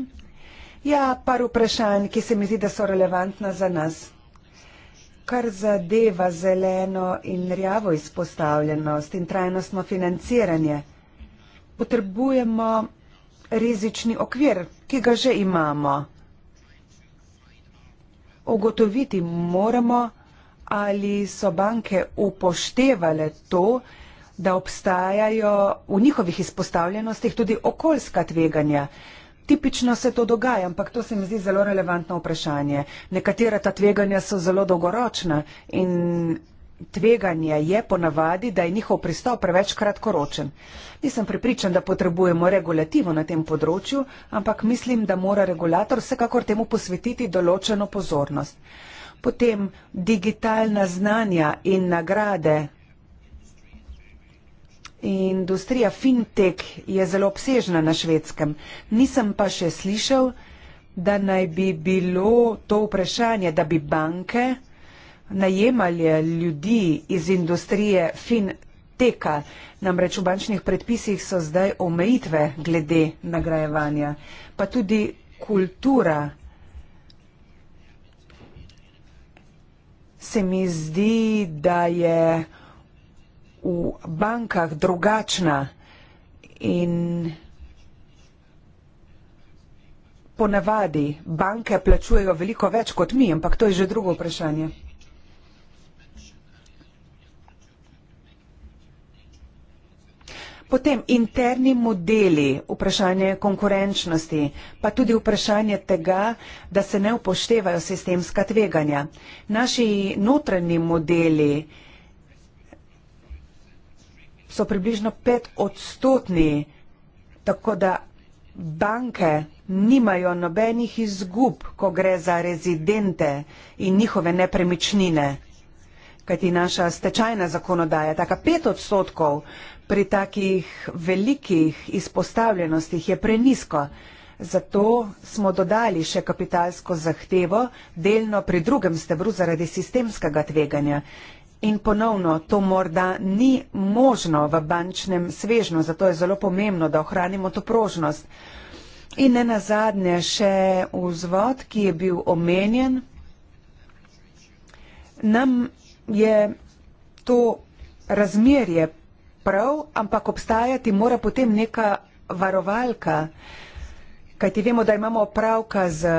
Ja, par vprašanj, ki se mi zdi, da so relevantna za nas. Kar zadeva zeleno in rjavo izpostavljenost in trajnostno financiranje, potrebujemo rizični okvir, ki ga že imamo. Ogotoviti moramo, ali so banke upoštevale to, da obstajajo v njihovih izpostavljenostih tudi okoljska tveganja. Tipično se to dogaja, ampak to se mi zdi zelo relevantno vprašanje. Nekatera ta tveganja so zelo dolgoročna in tveganje je ponavadi, da je njihov pristop preveč kratkoročen. Nisem pripričan, da potrebujemo regulativo na tem področju, ampak mislim, da mora regulator vsekakor temu posvetiti določeno pozornost. Potem digitalna znanja in nagrade Industrija fintech je zelo obsežna na švedskem. Nisem pa še slišal, da naj bi bilo to vprašanje, da bi banke najemali ljudi iz industrije finteka. Namreč v bančnih predpisih so zdaj omejitve glede nagrajevanja, pa tudi kultura. Se mi zdi, da je v bankah drugačna in ponavadi banke plačujejo veliko več kot mi, ampak to je že drugo vprašanje. Potem interni modeli, vprašanje konkurenčnosti, pa tudi vprašanje tega, da se ne upoštevajo sistemska tveganja. Naši notranji modeli, so približno pet odstotni, tako da banke nimajo nobenih izgub, ko gre za rezidente in njihove nepremičnine, kajti naša stečajna zakonodaja, taka pet odstotkov pri takih velikih izpostavljenostih je prenisko. Zato smo dodali še kapitalsko zahtevo, delno pri drugem stebru zaradi sistemskega tveganja. In ponovno, to morda ni možno v bančnem svežnju, zato je zelo pomembno, da ohranimo to prožnost. In ne nazadnje še vzvod, ki je bil omenjen, nam je to razmerje prav, ampak obstajati mora potem neka varovalka, kajti vemo, da imamo opravka z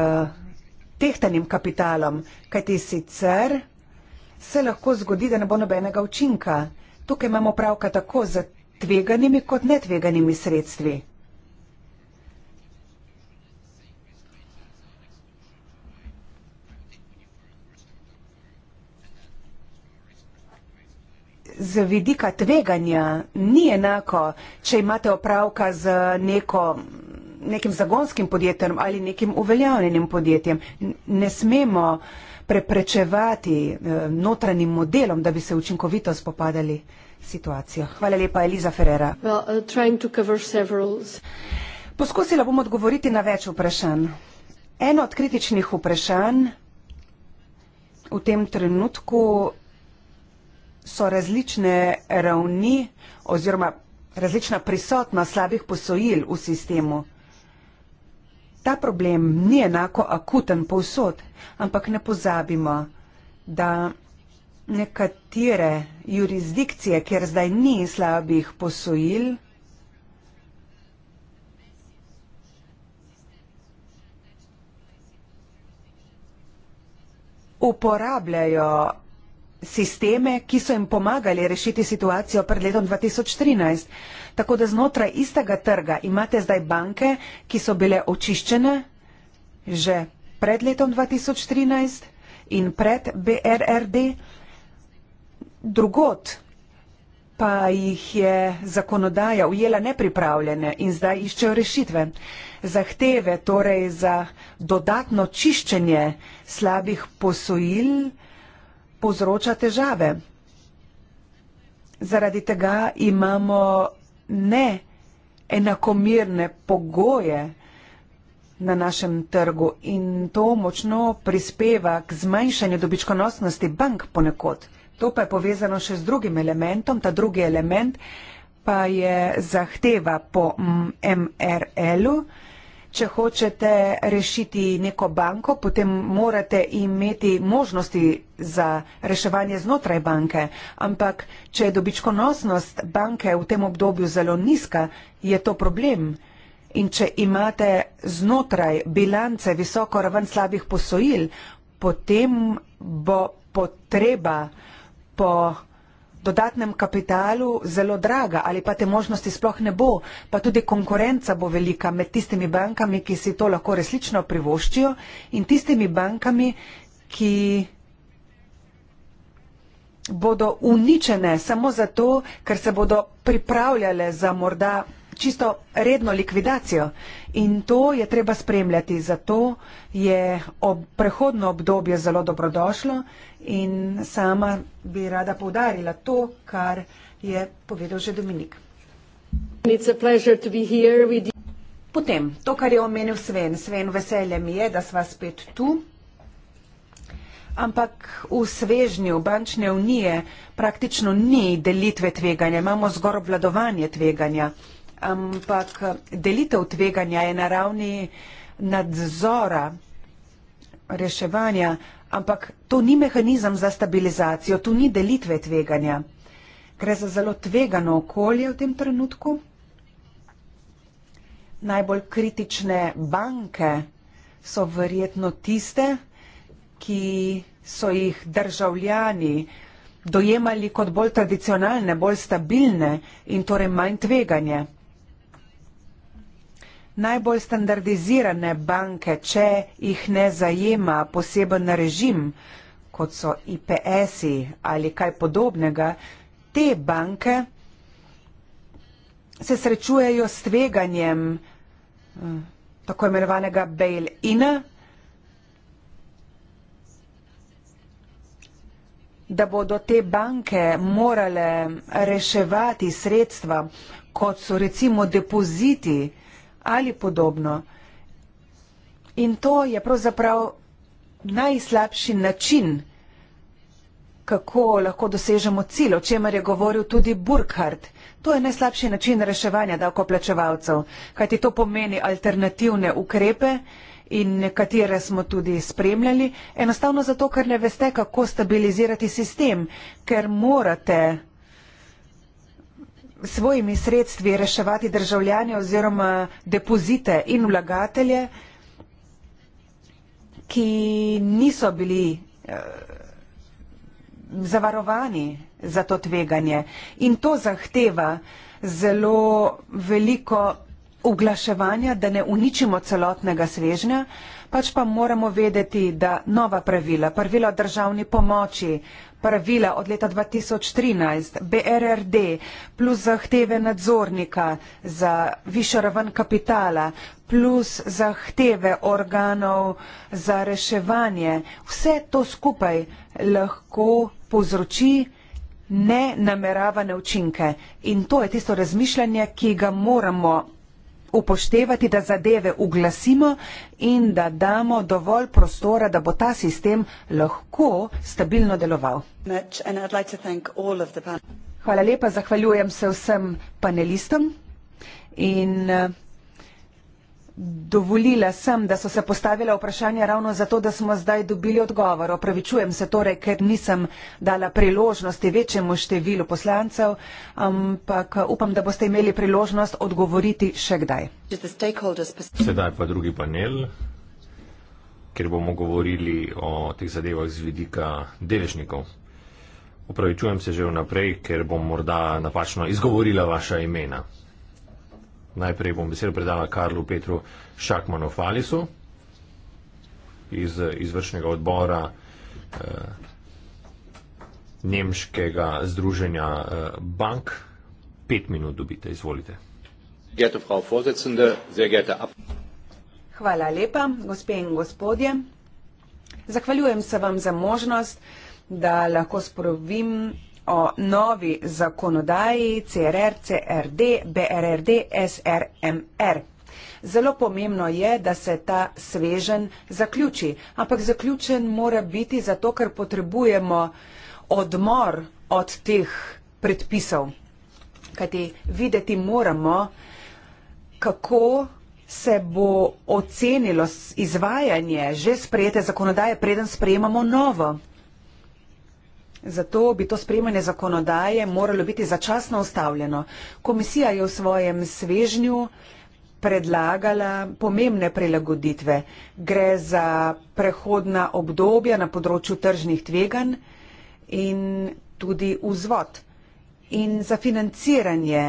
tehtanim kapitalom, kajti sicer se lahko zgodi, da ne bo nobenega učinka. Tukaj imamo pravka tako z tveganimi kot netveganimi sredstvi. Z vidika tveganja ni enako, če imate opravka z neko, nekim zagonskim podjetjem ali nekim uveljavljenim podjetjem. Ne smemo uh, preprečevati eh, notranjim modelom, da bi se učinkovito spopadali s situacijo. Hvala lepa, Eliza Ferrera. Well, uh, Poskusila bom odgovoriti na več vprašanj. Eno od kritičnih vprašanj v tem trenutku so različne ravni oziroma različna prisotnost slabih posojil v sistemu. Ta problem ni enako akuten povsod ampak ne pozabimo, da nekatere jurisdikcije, kjer zdaj ni slabih posojil, uporabljajo sisteme, ki so jim pomagali rešiti situacijo pred letom 2013. Tako da znotraj istega trga imate zdaj banke, ki so bile očiščene že pred letom 2013 in pred BRRD, drugot pa jih je zakonodaja ujela nepripravljene in zdaj iščejo rešitve. Zahteve torej za dodatno čiščenje slabih posojil povzroča težave. Zaradi tega imamo ne enakomirne pogoje na našem trgu in to močno prispeva k zmanjšanju dobičkonosnosti bank ponekod. To pa je povezano še z drugim elementom, ta drugi element pa je zahteva po MRL-u. Če hočete rešiti neko banko, potem morate imeti možnosti za reševanje znotraj banke, ampak če je dobičkonosnost banke v tem obdobju zelo nizka, je to problem. In če imate znotraj bilance visoko raven slabih posojil, potem bo potreba po dodatnem kapitalu zelo draga ali pa te možnosti sploh ne bo, pa tudi konkurenca bo velika med tistimi bankami, ki si to lahko resnično privoščijo in tistimi bankami, ki bodo uničene samo zato, ker se bodo pripravljale za morda čisto redno likvidacijo in to je treba spremljati. Zato je ob prehodno obdobje zelo dobrodošlo in sama bi rada povdarila to, kar je povedal že Dominik. Potem, to, kar je omenil Sven. Sven, veselje mi je, da sva spet tu. Ampak v svežnju bančne unije praktično ni delitve tveganja, imamo zgor obvladovanje tveganja ampak delitev tveganja je na ravni nadzora reševanja, ampak to ni mehanizem za stabilizacijo, tu ni delitve tveganja. Gre za zelo tvegano okolje v tem trenutku. Najbolj kritične banke so verjetno tiste, ki so jih državljani dojemali kot bolj tradicionalne, bolj stabilne in torej manj tveganje najbolj standardizirane banke, če jih ne zajema poseben režim, kot so IPS-i ali kaj podobnega, te banke se srečujejo s tveganjem eh, tako imenovanega bail-ina, da bodo te banke morale reševati sredstva, kot so recimo depoziti, ali podobno. In to je pravzaprav najslabši način, kako lahko dosežemo cilj, o čemer je govoril tudi Burkhardt. To je najslabši način reševanja davkoplačevalcev, kajti to pomeni alternativne ukrepe in nekatere smo tudi spremljali, enostavno zato, ker ne veste, kako stabilizirati sistem, ker morate svojimi sredstvi reševati državljane oziroma depozite in vlagatelje, ki niso bili eh, zavarovani za to tveganje. In to zahteva zelo veliko uglaševanja, da ne uničimo celotnega svežnja, eh, pač pa moramo vedeti, da nova pravila, pravila državni pomoči, pravila od leta 2013, BRRD plus zahteve nadzornika za višjo raven kapitala plus zahteve organov za reševanje, vse to skupaj lahko povzroči ne nameravane učinke. In to je tisto razmišljanje, ki ga moramo upoštevati, da zadeve uglasimo in da damo dovolj prostora, da bo ta sistem lahko stabilno deloval. Hvala lepa, zahvaljujem se vsem panelistom in eh, dovolila sem, da so se postavila vprašanja ravno zato, da smo zdaj dobili odgovor. Opravičujem se torej, ker nisem dala priložnosti večjemu številu poslancev, ampak upam, da boste imeli priložnost odgovoriti še
kdaj.
Sedaj
pa drugi panel, ker bomo govorili o teh zadevah z vidika deležnikov. Opravičujem se že vnaprej, ker bom morda napačno izgovorila vaša imena. Najprej bom besedo predala Karlu Petru Šakmanu Falisu iz izvršnega odbora eh, Nemškega združenja eh, bank. Pet minut dobite, izvolite.
Hvala lepa, gospe in gospodje. Zahvaljujem se vam za možnost, da lahko sprovim o novi zakonodaji CRR, CRD, BRRD, SRMR. Zelo pomembno je, da se ta svežen zaključi, ampak zaključen mora biti zato, ker potrebujemo odmor od teh predpisov. Kajti videti moramo, kako se bo ocenilo izvajanje že sprejete zakonodaje, preden sprejemamo novo. Zato bi to spremljanje zakonodaje moralo biti začasno ustavljeno. Komisija je v svojem svežnju predlagala pomembne prilagoditve. Gre za prehodna obdobja na področju tržnih tveganj in tudi vzvod. In za financiranje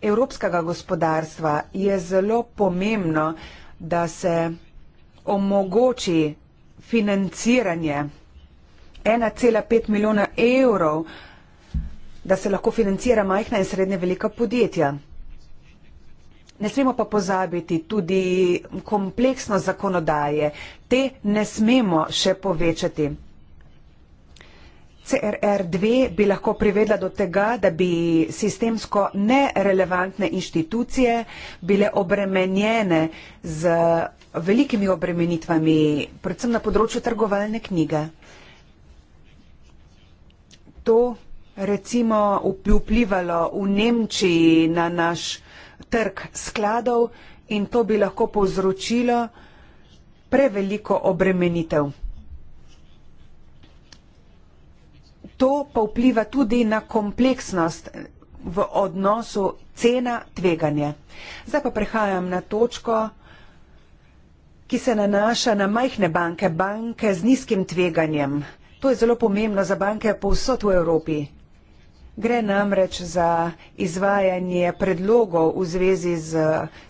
evropskega gospodarstva je zelo pomembno, da se omogoči financiranje 1,5 milijona evrov, da se lahko financira majhna in srednje velika podjetja. Ne smemo pa pozabiti tudi kompleksno zakonodaje. Te ne smemo še povečati. CRR2 bi lahko privedla do tega, da bi sistemsko nerelevantne inštitucije bile obremenjene z velikimi obremenitvami, predvsem na področju trgovalne knjige to recimo vplivalo v Nemčiji na naš trg skladov in to bi lahko povzročilo preveliko obremenitev. To pa vpliva tudi na kompleksnost v odnosu cena tveganje. Zdaj pa prehajam na točko, ki se nanaša na majhne banke, banke z nizkim tveganjem. To je zelo pomembno za banke povsod v Evropi. Gre namreč za izvajanje predlogov v zvezi z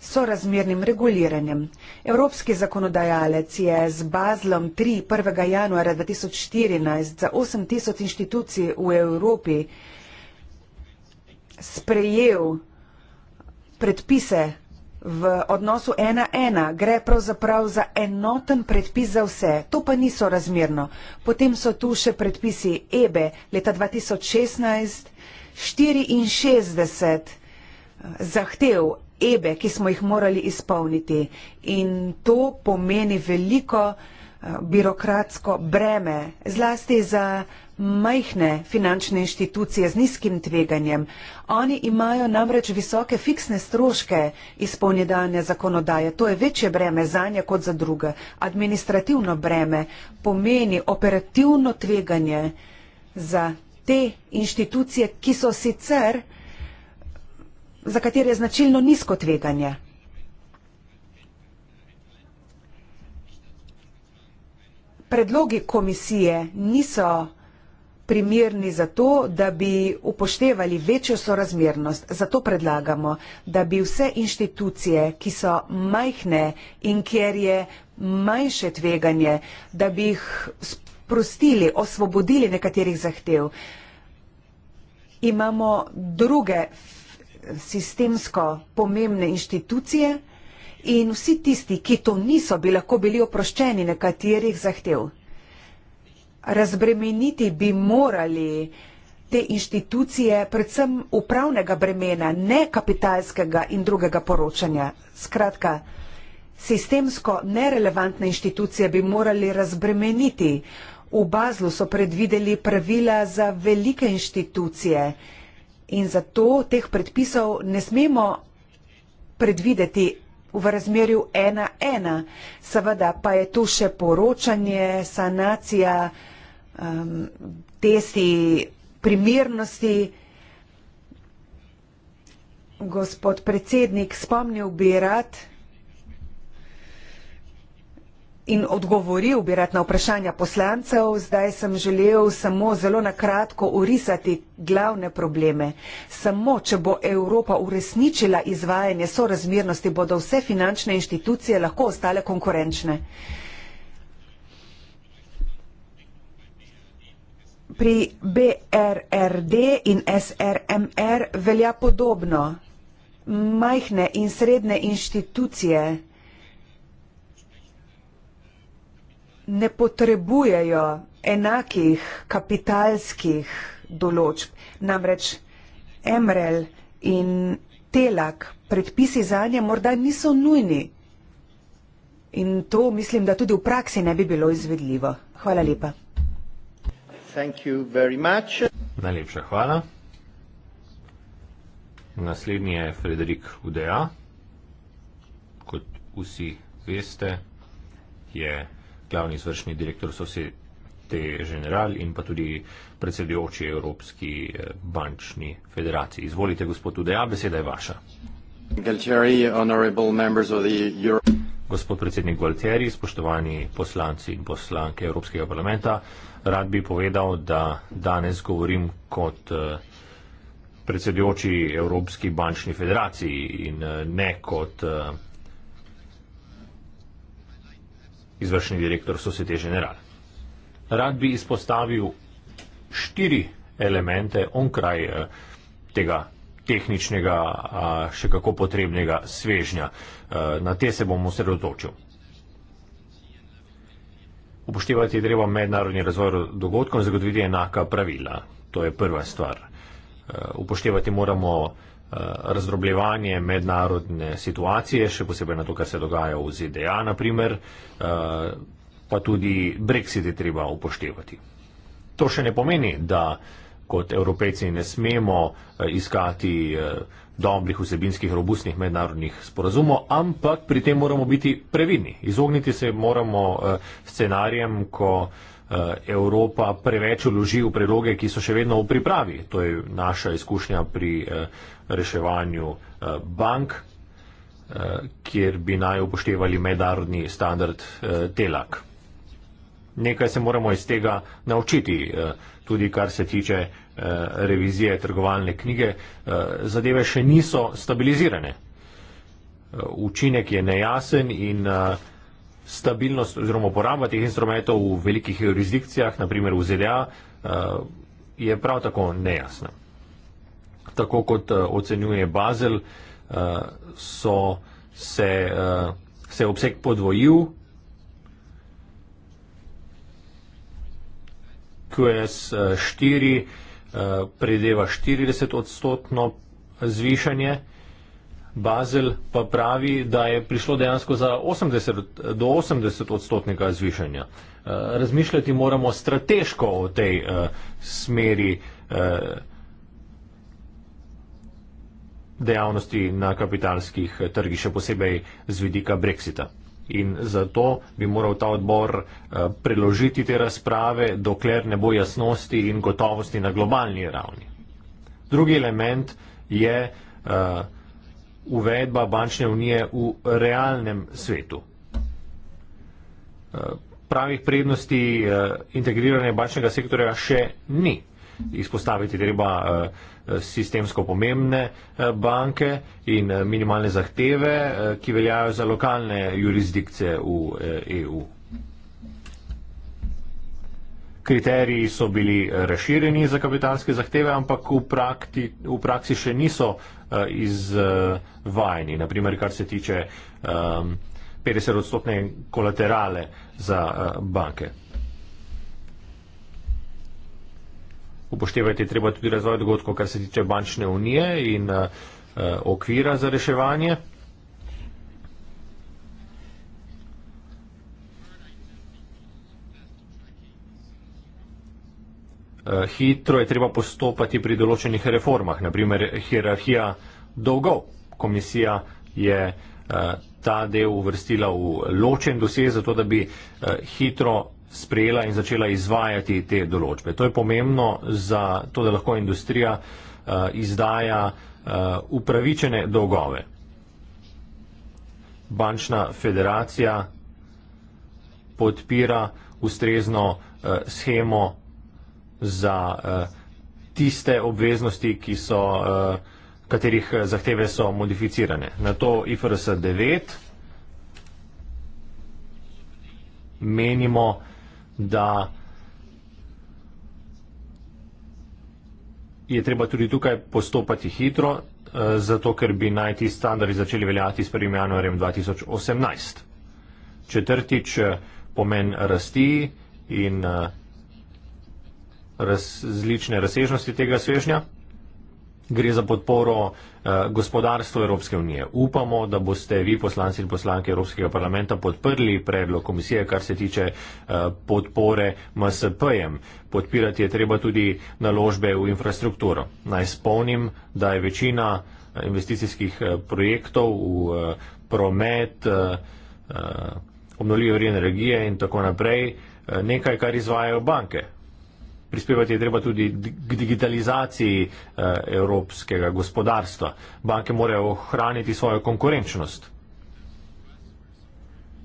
sorazmernim reguliranjem. Evropski zakonodajalec je z Bazlom 3. 1. januara 2014 za 8000 inštitucij v Evropi sprejel predpise V odnosu 1-1 gre pravzaprav za enoten predpis za vse, to pa niso razmerno. Potem so tu še predpisi EBE leta 2016, 64 eh, zahtev EBE, ki smo jih morali izpolniti. In to pomeni veliko eh, birokratsko breme, zlasti za majhne finančne inštitucije z nizkim tveganjem. Oni imajo namreč visoke fiksne stroške izpolnjevanja zakonodaje. To je večje breme za nje kot za druge. Administrativno breme pomeni operativno tveganje za te inštitucije, ki so sicer, za katere je značilno nizko tveganje. Predlogi komisije niso primerni za to, da bi upoštevali večjo sorazmernost. Zato predlagamo, da bi vse inštitucije, ki so majhne in kjer je manjše tveganje, da bi jih sprostili, osvobodili nekaterih zahtev. Imamo druge sistemsko pomembne inštitucije in vsi tisti, ki to niso, bi lahko bili oproščeni nekaterih zahtev razbremeniti bi morali te inštitucije, predvsem upravnega bremena, ne kapitalskega in drugega poročanja. Skratka, sistemsko nerelevantne inštitucije bi morali razbremeniti. V Bazlu so predvideli pravila za velike inštitucije in zato teh predpisov ne smemo predvideti v razmerju 1-1. Seveda pa je tu še poročanje, sanacija, um, testi primernosti. Gospod predsednik, spomnil bi rad in odgovoril bi rad na vprašanja poslancev. Zdaj sem želel samo zelo na kratko urisati glavne probleme. Samo, če bo Evropa uresničila izvajanje sorazmernosti, bodo vse finančne inštitucije lahko ostale konkurenčne. Uh, pri BRRD in SRMR velja podobno. Majhne in srednje inštitucije ne potrebujejo enakih kapitalskih določb. Namreč Emrel in Telak, predpisi za nje morda niso nujni. In to mislim, da tudi v praksi ne bi bilo izvedljivo. Hvala lepa.
Thank you very much. Najlepša hvala. Naslednji je Frederik Udea. Kot vsi veste, je glavni izvršni direktor Societe General in pa tudi predsedujoči Evropski eh, bančni federaciji. Izvolite, gospod Udea, beseda je vaša. Galtieri, gospod predsednik Gualtieri, spoštovani poslanci in poslanke Evropskega parlamenta, Rad bi povedal, da danes govorim kot eh, predsedujoči Evropski bančni federaciji in eh, ne kot eh, izvršni direktor Societe General. Rad bi izpostavil štiri elemente onkraj tega tehničnega, še kako potrebnega svežnja. Na te se bom osredotočil. Upoštevati je treba mednarodni razvoj dogodkov in zagotoviti enaka pravila. To je prva stvar. Eh, upoštevati moramo eh, razdrobljevanje mednarodne situacije, še posebej na to, kar se dogaja v ZDA, naprimer, eh, pa tudi Brexit je treba upoštevati. To še ne pomeni, da kot evropejci ne smemo iskati dobrih vsebinskih, robustnih mednarodnih sporazumov, ampak pri tem moramo biti previdni. Izogniti se moramo eh, scenarijem, ko eh, Evropa preveč vloži v predloge, ki so še vedno v pripravi. To je naša izkušnja pri eh, reševanju bank, kjer bi naj upoštevali mednarodni standard telak. Nekaj se moramo iz tega naučiti, tudi kar se tiče Eh, revizije trgovalne knjige, eh, zadeve še niso stabilizirane. Eh, učinek je nejasen in stabilnost oziroma uporaba teh instrumentov v velikih jurisdikcijah, naprimer v ZDA, je prav tako nejasna. Tako kot ocenjuje Bazel, so se, se obseg podvojil. QS 4 predeva 40 odstotno zvišanje. Bazel pa pravi, da je prišlo dejansko 80, do 80 odstotnega zvišanja. Eh, razmišljati moramo strateško o tej eh, smeri eh, dejavnosti na kapitalskih trgih, še posebej z vidika brexita. In zato bi moral ta odbor eh, preložiti te razprave, dokler ne bo jasnosti in gotovosti na globalni ravni. Drugi element je eh, uvedba bančne unije v realnem svetu. Eh, pravih prednosti integriranja bančnega sektorja še ni izpostaviti treba eh, sistemsko pomembne eh, banke in eh, minimalne zahteve, ki veljajo za lokalne jurisdikcije v EU. E Kriteriji so bili razširjeni za kapitalske zahteve, ampak v, prakti, v praksi še niso izvajeni. Naprimer, kar se tiče 50-odstotne ehm, kolaterale za banke. upoštevati je treba tudi razvoj dogodkov, kar se tiče bančne unije in uh, okvira za reševanje. Eh, hitro je treba postopati pri določenih reformah, naprimer hierarhija dolgov. Komisija je ta del uvrstila v ločen dosež, zato da bi hitro sprejela in začela izvajati te določbe. To je pomembno za to, da lahko industrija uh, izdaja uh, upravičene dolgove. Bančna federacija podpira ustrezno uh, eh, schemo za uh, tiste obveznosti, ki so, uh, katerih zahteve so modificirane. Na to IFRS 9 menimo, da je treba tudi tukaj postopati hitro, eh, zato ker bi naj ti standardi začeli veljati s 1. januarjem 2018. Četrtič eh, pomen rasti in eh, različne razsežnosti tega svežnja. Gre za podporo Eh, gospodarstvo Evropske unije. Upamo, da boste vi poslanci in poslanke Evropskega parlamenta podprli predlog komisije, kar se tiče eh, podpore MSP-jem. Podpirati je treba tudi naložbe v infrastrukturo. Naj spomnim, da je večina eh, investicijskih projektov v promet, obnoljive vrije energije in tako naprej nekaj, kar izvajajo banke prispevati je treba tudi k digitalizaciji eh, evropskega gospodarstva. Banke morajo ohraniti svojo konkurenčnost.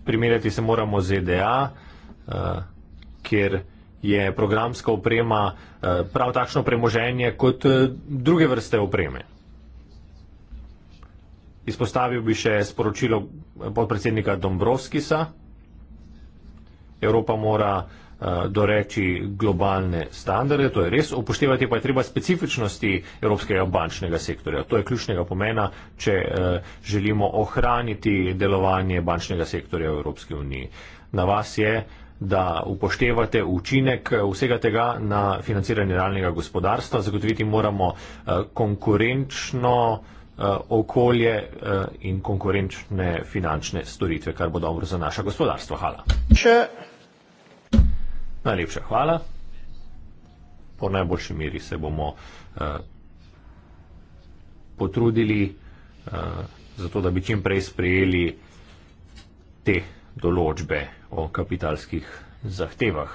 Primerjati se moramo z EDA, eh, kjer je programska oprema eh, prav takšno premoženje kot druge vrste opreme. Izpostavil bi še sporočilo podpredsednika Dombrovskisa. Evropa mora uh, Eh, doreči globalne standarde, to je res, upoštevati pa je treba specifičnosti evropskega bančnega sektorja. To je ključnega pomena, če eh, želimo ohraniti delovanje bančnega sektorja v Evropski uniji. Na vas je, da upoštevate učinek eh, vsega tega na financiranje realnega gospodarstva. Zagotoviti moramo konkurenčno okolje in konkurenčne finančne storitve, kar bo dobro za naše gospodarstvo. Hvala. Če... Najlepša hvala. Po najboljši meri se bomo uh, potrudili, uh, zato da bi čim prej sprejeli te določbe o kapitalskih zahtevah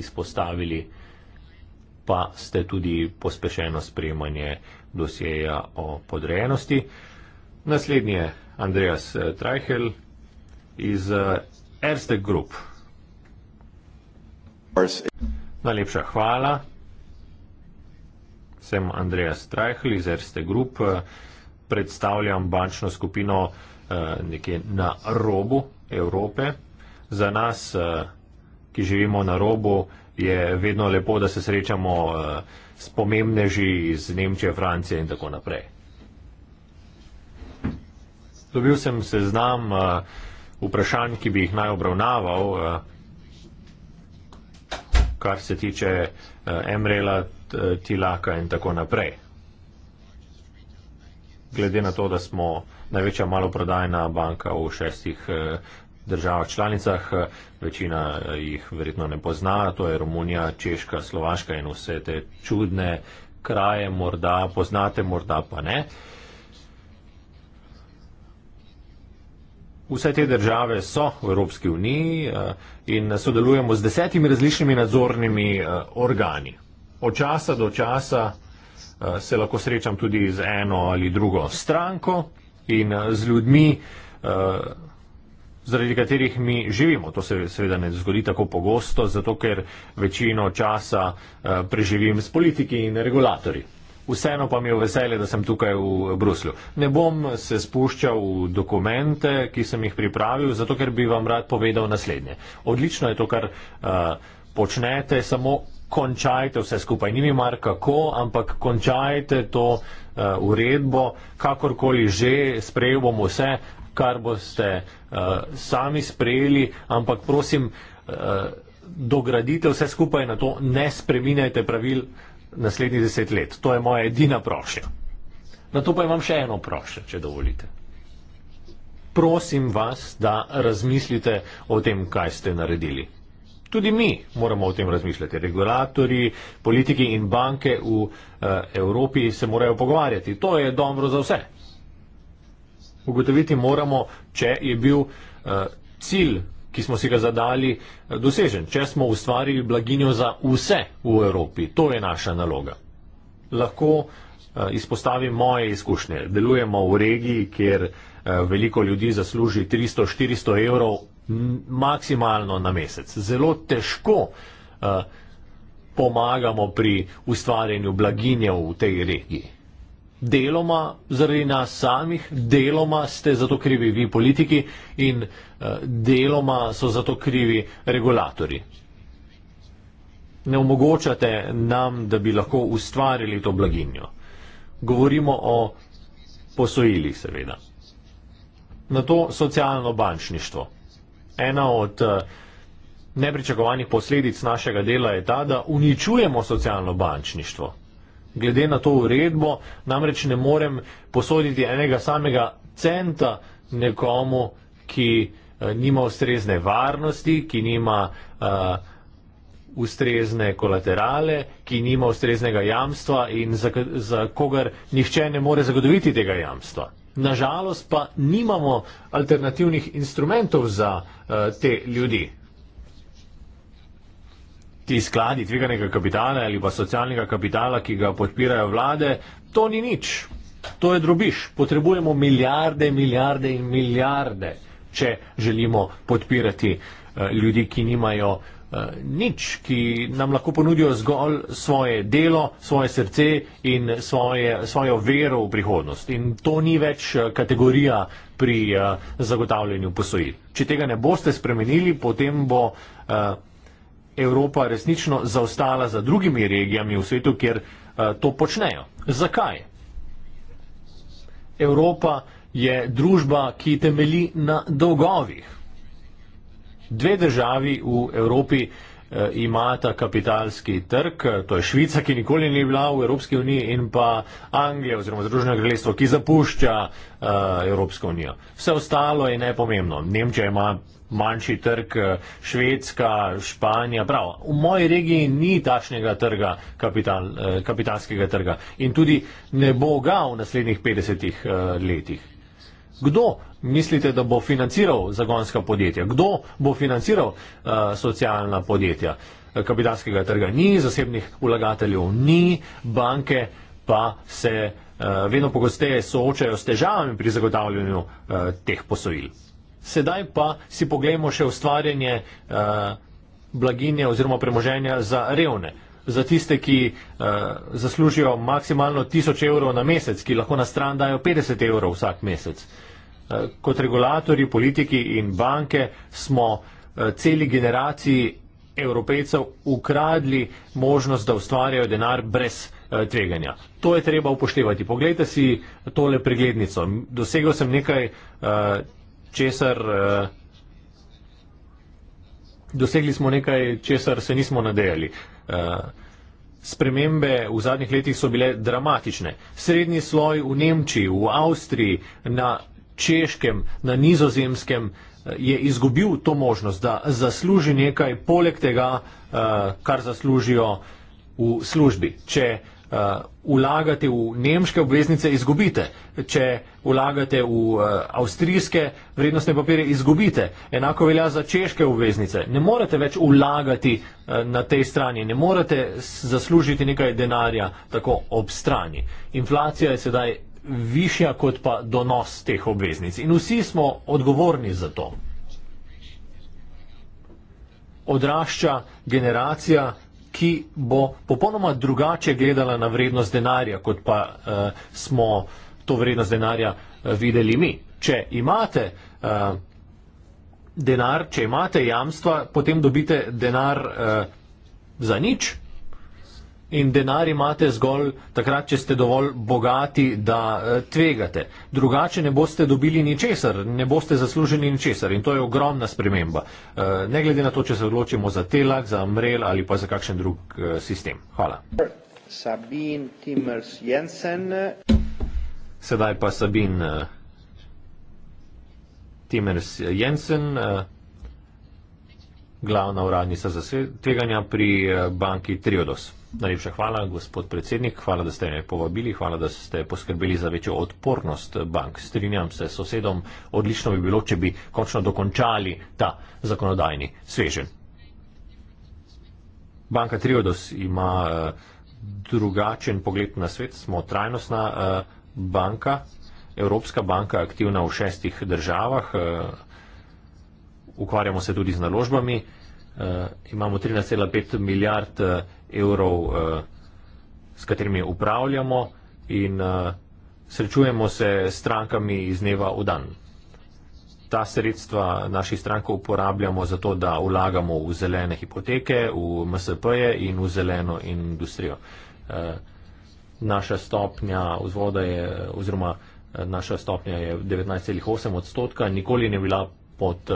izpostavili, pa ste tudi pospešeno sprejemanje dosjeja o podrejenosti. Naslednji je Andreas eh, Treichel iz Erste Group. Najlepša hvala. Sem Andreja Strajhl iz Erste Group. Predstavljam bančno skupino eh, nekje na robu Evrope. Za nas, eh, ki živimo na robu, je vedno lepo, da se srečamo eh, s pomembneži iz Nemčije, Francije in tako naprej. Dobil sem seznam vprašanj, ki bi jih naj obravnaval kar se tiče eh, Emrela, eh, Tilaka in tako naprej. Glede na to, da smo največja maloprodajna banka v šestih eh, državah članicah, večina jih verjetno ne pozna, to je Romunija, Češka, Slovaška in vse te čudne kraje morda poznate, morda pa ne. Uh, Vse te države so v Evropski uniji eh, in sodelujemo z desetimi različnimi nadzornimi eh, organi. Od časa do časa eh, se lahko srečam tudi z eno ali drugo stranko in z ljudmi, zaradi katerih mi živimo. To se seveda ne zgodi tako pogosto, zato ker večino časa preživim s politiki in regulatorji vseeno pa mi je veselje, da sem tukaj v Bruslju. Ne bom se spuščal v dokumente, ki sem jih pripravil, zato ker bi vam rad povedal naslednje. Odlično je to, kar uh, počnete, samo končajte vse skupaj. Ni mi mar kako, ampak končajte to uh, uredbo, kakorkoli že, sprejel bom vse, kar boste uh, sami sprejeli, ampak prosim, uh, dogradite vse skupaj na to, ne spreminjajte pravil naslednjih deset let. To je moja edina prošnja. Na to pa imam še eno prošnjo, če dovolite. Prosim vas, da razmislite o tem, kaj ste naredili. Tudi mi moramo o tem razmišljati. Regulatori, politiki in banke v e, Evropi se morajo pogovarjati. To je dobro za vse. Ugotoviti moramo, če je bil e, cilj ki smo si ga zadali, eh, dosežen, če smo ustvarili blaginjo za vse v Evropi. To je naša naloga. Lahko eh, izpostavim moje izkušnje. Delujemo v regiji, kjer eh, veliko ljudi zasluži 300-400 evrov maksimalno na mesec. Zelo težko pomagamo pri ustvarjanju blaginje v tej regiji deloma zaradi nas samih, deloma ste zato krivi vi politiki in eh, deloma so zato krivi regulatori. Ne omogočate nam, da bi lahko ustvarili to blaginjo. Govorimo o posojilih, seveda. Na to socialno bančništvo. Ena od eh, nepričakovanih posledic našega dela je ta, da uničujemo socialno bančništvo glede na to uredbo, namreč ne morem posoditi enega samega centa nekomu, ki eh, nima ustrezne varnosti, ki nima uh, ustrezne kolaterale, ki nima ustreznega jamstva in za, za kogar nihče ne more zagotoviti tega jamstva. Nažalost pa nimamo alternativnih instrumentov za uh, te ljudi ti skladi tveganega kapitala ali pa socialnega kapitala, ki ga podpirajo vlade, to ni nič. To je drobiš. Potrebujemo milijarde, milijarde in milijarde, če želimo podpirati eh, ljudi, ki nimajo eh, nič, ki nam lahko ponudijo zgolj svoje delo, svoje srce in svoje, svojo vero v prihodnost. In to ni več eh, kategorija pri zagotavljanju posojil. Če tega ne boste spremenili, potem bo Evropa resnično zaostala za drugimi regijami v svetu, kjer eh, to počnejo. Zakaj? Evropa je družba, ki temeli na dolgovih. Dve državi v Evropi eh, imata kapitalski trg, to je Švica, ki nikoli ni bila v Evropski uniji in pa Anglija oziroma Združeno kraljestvo, ki zapušča uh, Evropsko unijo. Vse ostalo je nepomembno. Nemčija ima manjši trg, eh, Švedska, Španija, prav. V moji regiji ni takšnega trga, kapital, eh, kapitalskega trga in tudi ne bo ga v naslednjih 50 eh, letih. Kdo mislite, da bo financiral zagonska podjetja? Kdo bo financiral uh, socialna podjetja? Kapitalskega trga ni, zasebnih vlagateljev ni, banke pa se uh, vedno pogosteje soočajo s težavami pri zagotavljanju uh, teh posojil. Sedaj pa si pogledamo še ustvarjanje eh, blaginje oziroma premoženja za revne. Za tiste, ki eh, zaslužijo maksimalno 1000 evrov na mesec, ki lahko na stran dajo 50 evrov vsak mesec. Eh, kot regulatori, politiki in banke smo eh, celi generaciji evropejcev ukradli možnost, da ustvarjajo denar brez eh, tveganja. To je treba upoštevati. Poglejte si tole preglednico. Dosegel sem nekaj. Eh, česar uh, dosegli smo nekaj, česar se nismo nadejali. Uh, spremembe v zadnjih letih so bile dramatične. Srednji sloj v Nemčiji, v Avstriji, na Češkem, na Nizozemskem eh, je izgubil to možnost, da zasluži nekaj poleg tega, uh, kar zaslužijo v službi. Če uh, uh, vlagate v nemške obveznice, izgubite. Če vlagate v uh, avstrijske vrednostne papire, izgubite. Enako velja za češke obveznice. Ne morete več vlagati uh, na tej strani, ne morete zaslužiti nekaj denarja tako ob strani. Inflacija je sedaj višja kot pa donos teh obveznic in vsi smo odgovorni za to. Odrašča generacija, ki bo popolnoma drugače gledala na vrednost denarja, kot pa uh, smo to vrednost denarja uh, videli mi. Če imate uh, denar, če imate jamstva, potem dobite denar uh, za nič, In denar imate zgolj takrat, če ste dovolj bogati, da eh, tvegate. Drugače ne boste dobili ničesar, ne boste zasluženi ničesar. In to je ogromna sprememba. Eh, ne glede na to, če se odločimo za telak, za mrel ali pa za kakšen drug eh, sistem. Hvala. Sabin Timmers Jensen. Sedaj pa Sabin Timmers Jensen, glavna uradnica za tveganja pri banki Triodos. Najlepša hvala, gospod predsednik. Hvala, da ste me povabili. Hvala, da ste poskrbeli za večjo odpornost bank. Strinjam se s sosedom. Odlično bi bilo, če bi končno dokončali ta zakonodajni svežen. Banka Triodos ima eh, drugačen pogled na svet. Smo trajnostna eh, banka, Evropska banka aktivna v šestih državah. Eh, ukvarjamo se tudi z naložbami. Imamo 13,5 milijard evrov, eh, s katerimi upravljamo in eh, srečujemo se s strankami iz dneva v dan. Ta sredstva naših strank uporabljamo za to, da vlagamo v zelene hipoteke, v MSP-je in v zeleno industrijo. Eh, naša stopnja vzvoda je, oziroma naša stopnja je 19,8 odstotka, nikoli ne bila pod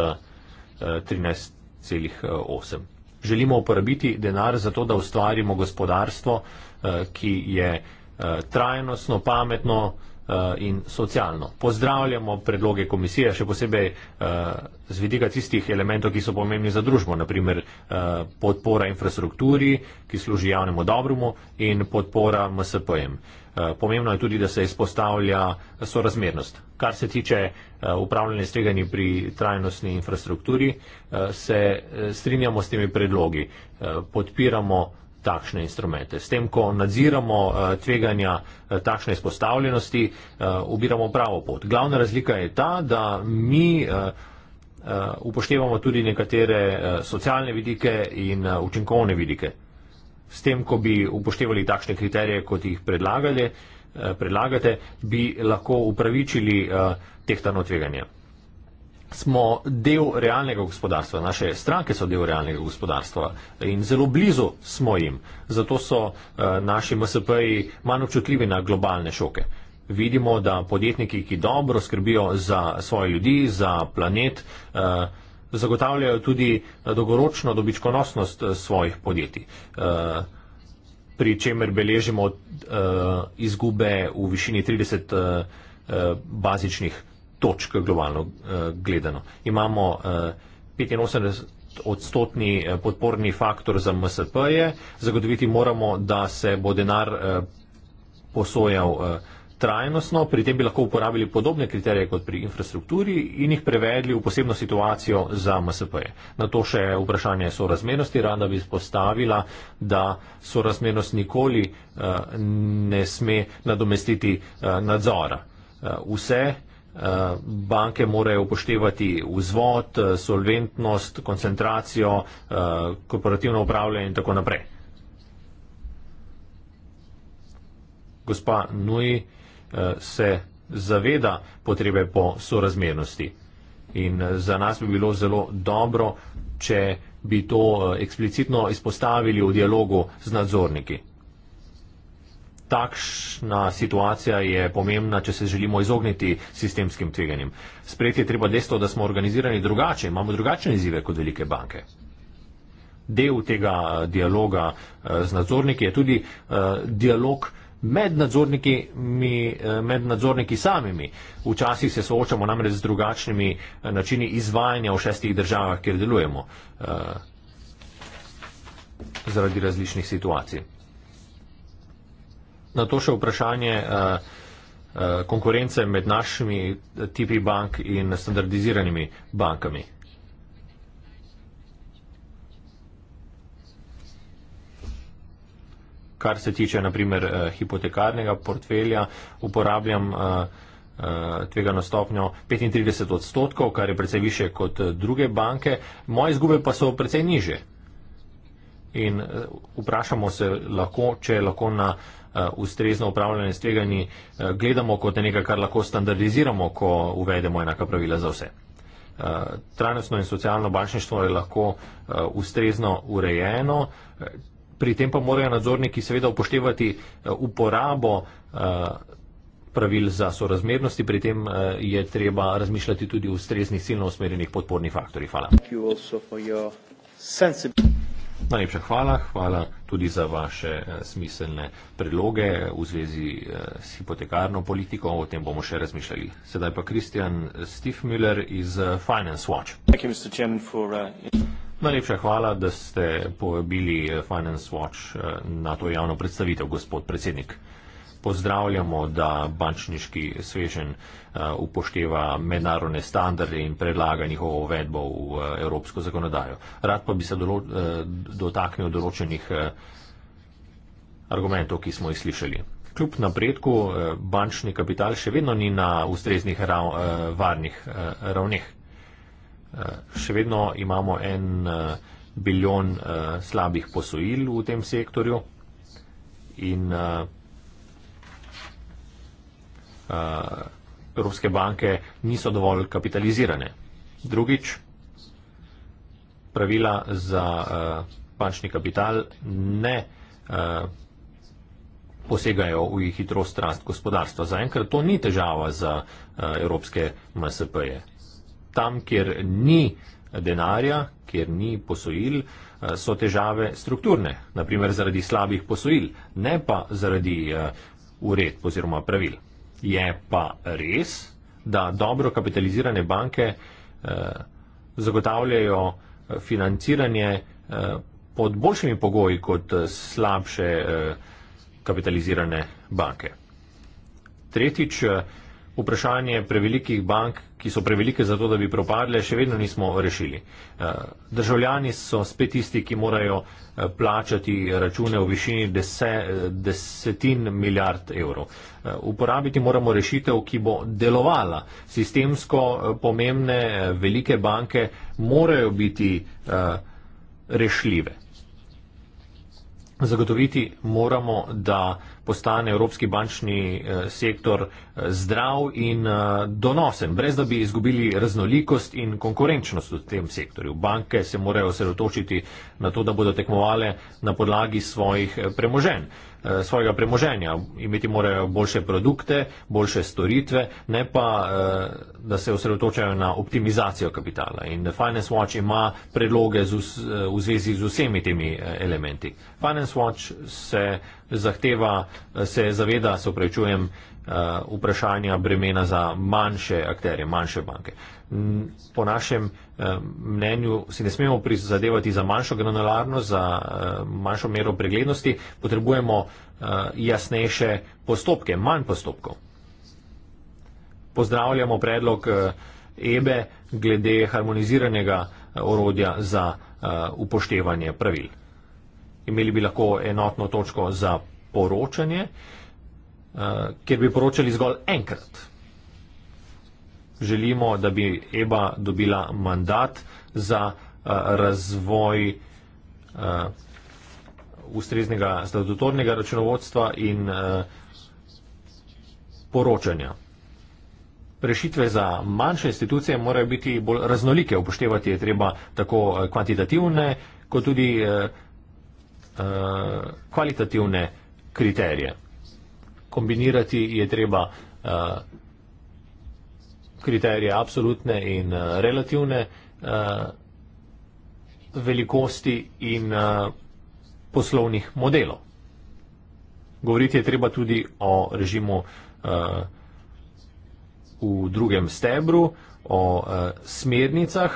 13,8 želimo uporabiti denar za to, da ustvarimo gospodarstvo, eh, ki je eh, trajnostno, pametno eh, in socialno. Pozdravljamo predloge komisije, še posebej z vidika tistih elementov, ki so pomembni za družbo, naprimer podpora infrastrukturi, ki služi javnemu dobrumu in podpora MSP-jem. Eh, pomembno je tudi, da se izpostavlja sorazmernost. Kar se tiče eh, upravljanja streganji pri trajnostni infrastrukturi, eh, se strinjamo s temi predlogi, podpiramo takšne instrumente. S tem, ko nadziramo tveganja takšne izpostavljenosti, ubiramo pravo pot. Glavna razlika je ta, da mi upoštevamo tudi nekatere socialne vidike in učinkovne vidike s tem, ko bi upoštevali takšne kriterije, kot jih eh, predlagate, bi lahko upravičili eh, tehtano tveganje. Smo del realnega gospodarstva, naše stranke so del realnega gospodarstva in zelo blizu smo jim. Zato so eh, naši MSP-ji manj občutljivi na globalne šoke. Vidimo, da podjetniki, ki dobro skrbijo za svoje ljudi, za planet, uh, zagotavljajo tudi eh, dolgoročno dobičkonosnost eh, svojih podjetij, eh, pri čemer beležimo izgube v višini 30 bazičnih točk globalno gledano. Imamo 85 odstotni podporni faktor za MSP-je, zagotoviti moramo, da se bo denar posojal vsega, trajnostno, pri tem bi lahko uporabili podobne kriterije kot pri infrastrukturi in jih prevedli v posebno situacijo za MSP-je. Na to še vprašanje sorazmernosti rada bi spostavila, da sorazmernost nikoli uh, ne sme nadomestiti uh, nadzora. Uh, vse banke morajo upoštevati vzvod, solventnost, koncentracijo, korporativno upravljanje in tako naprej. Gospa Nui, se zaveda potrebe po sorazmernosti. In eh, za nas bi bilo zelo dobro, če bi to eh, eksplicitno izpostavili v dialogu z nadzorniki. Takšna situacija je pomembna, če se želimo izogniti sistemskim tveganjem. Sprejeti je treba dejstvo, da smo organizirani drugače, imamo drugačne izzive kot velike banke. Del tega dialoga eh, z nadzorniki je tudi dialog, med nadzorniki, mi, eh, med nadzorniki samimi. Včasih se soočamo namreč z drugačnimi eh, načini izvajanja v šestih državah, kjer delujemo eh, zaradi različnih situacij. Na to še vprašanje konkurence med našimi tipi bank in standardiziranimi bankami. kar se tiče naprimer eh, hipotekarnega portfelja, uporabljam eh, eh, tvegano stopnjo 35 odstotkov, kar je precej više kot eh, druge banke. Moje izgube pa so precej niže. In eh, vprašamo se lahko, če lahko na eh, ustrezno upravljanje s tveganji eh, gledamo kot nekaj, kar lahko standardiziramo, ko uvedemo enaka pravila za vse. Uh, trajnostno in socialno bančništvo je lahko uh, ustrezno urejeno, pri tem pa morajo nadzorniki seveda upoštevati eh, uporabo eh, pravil za sorazmernosti, pri tem eh, je treba razmišljati tudi o strezni silno usmerjenih podporni faktori. Hvala. Najlepša hvala, hvala tudi za vaše smiselne predloge v zvezi s hipotekarno politiko, o tem bomo še razmišljali. Sedaj pa Kristjan Stifmüller iz Finance Watch. Thank you, Mr. Najlepša hvala, da ste povabili eh, Finance Watch eh, na to javno predstavitev, gospod predsednik. Pozdravljamo, da bančniški svežen eh, upošteva mednarodne standarde in predlaga njihovo uvedbo v evropsko zakonodajo. Rad pa bi se dolo, dotaknil določenih argumentov, ki smo jih slišali. Kljub napredku bančni kapital še vedno ni na ustreznih rav, varnih ravneh. Eh, še vedno imamo en eh, bilijon eh, slabih posojil v tem sektorju in evropske banke niso dovolj kapitalizirane. Drugič, pravila za bančni kapital ne posegajo v hitrost rast gospodarstva. Zaenkrat to ni težava za evropske MSP-je tam, kjer ni denarja, kjer ni posojil, eh, so težave strukturne, naprimer zaradi slabih posojil, ne pa zaradi eh, ured oziroma pravil. Je pa res, da dobro kapitalizirane banke eh, zagotavljajo financiranje pod boljšimi pogoji kot slabše kapitalizirane banke. Tretjič, vprašanje prevelikih bank, ki so prevelike za to, da bi propadle, še vedno nismo rešili. Eh, državljani so spet tisti, ki morajo eh, plačati račune v višini eh, desetin milijard evrov. Uporabiti moramo rešitev, ki bo delovala. Sistemsko pomembne velike banke morajo biti rešljive. Zagotoviti moramo, da postane evropski bančni eh, sektor eh, zdrav in eh, donosen, brez da bi izgubili raznolikost in konkurenčnost v tem sektorju. Banke se morajo osredotočiti na to, da bodo tekmovale na podlagi svojih premoženj. Eh, svojega premoženja, imeti morajo boljše produkte, boljše storitve, ne pa, eh, da se osredotočajo na optimizacijo kapitala. In Finance Watch ima predloge z, eh, v zvezi z vsemi temi elementi. Finance Watch se zahteva, se zaveda, se upravičujem, uh, vprašanja bremena za manjše akterje, manjše banke. Po našem uh, mnenju si ne smemo prizadevati za manjšo granularnost, za uh, manjšo mero preglednosti, potrebujemo uh, jasnejše postopke, manj postopkov. Pozdravljamo predlog uh, EBE glede harmoniziranega uh, orodja za uh, upoštevanje pravil. Imeli bi lahko enotno točko za poročanje. Uh, Eh, kjer bi poročali zgolj enkrat. Želimo, da bi EBA dobila mandat za uh, razvoj uh, ustreznega statutornega računovodstva in uh, poročanja. Rešitve za manjše institucije morajo biti bolj raznolike. Upoštevati je treba tako kvantitativne kot tudi uh, uh, kvalitativne kriterije kombinirati je treba eh, kriterije absolutne in eh, relativne eh, velikosti in poslovnih modelov. Govoriti je treba tudi o režimu v drugem stebru, o smernicah.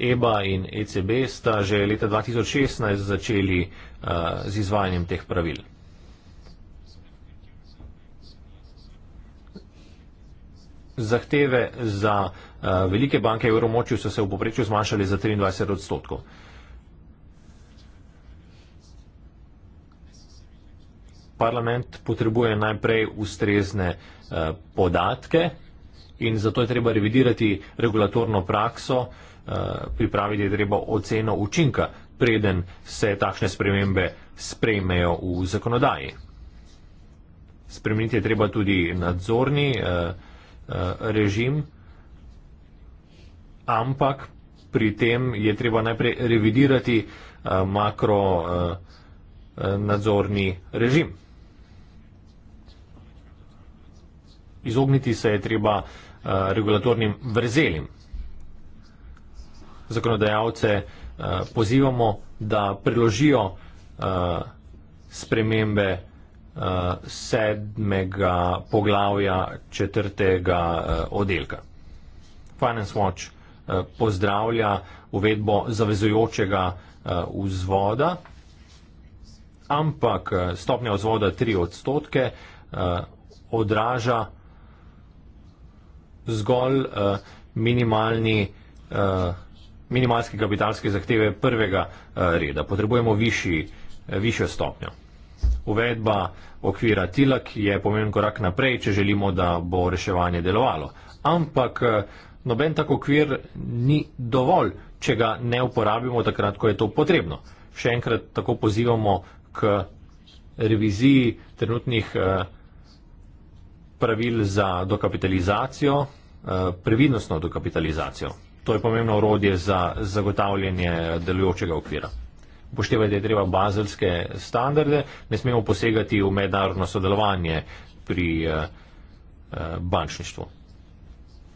EBA in ECB sta že leta 2016 začeli z izvajanjem teh pravil. zahteve za eh, velike banke v evromočju so se v poprečju zmanjšali za 23 odstotkov. Parlament potrebuje najprej ustrezne eh, podatke in zato je treba revidirati regulatorno prakso, eh, pripraviti je treba oceno učinka, preden se takšne spremembe sprejmejo v zakonodaji. Spremeniti je treba tudi nadzorni podatke, Eh, režim, ampak pri tem je treba najprej revidirati eh, makro eh, nadzorni režim. Izogniti se je treba regulatornim vrzelim. Zakonodajalce pozivamo, da priložijo spremembe uh, sedmega poglavja četrtega uh, oddelka. Finance Watch uh, pozdravlja uvedbo zavezujočega uh, vzvoda, ampak stopnja vzvoda 3 odstotke uh, odraža zgolj uh, minimalni, uh, minimalski kapitalske zahteve prvega uh, reda. Potrebujemo višjo stopnjo. Uvedba okvira TILAK je pomemben korak naprej, če želimo, da bo reševanje delovalo. Ampak eh, noben tak okvir ni dovolj, če ga ne uporabimo takrat, ko je to potrebno. Še enkrat tako pozivamo k reviziji trenutnih eh, pravil za dokapitalizacijo, eh, previdnostno dokapitalizacijo. To je pomembno orodje za zagotavljanje delujočega okvira upoštevati je treba bazelske standarde, ne smemo posegati v mednarodno sodelovanje pri eh, eh, bančništvu.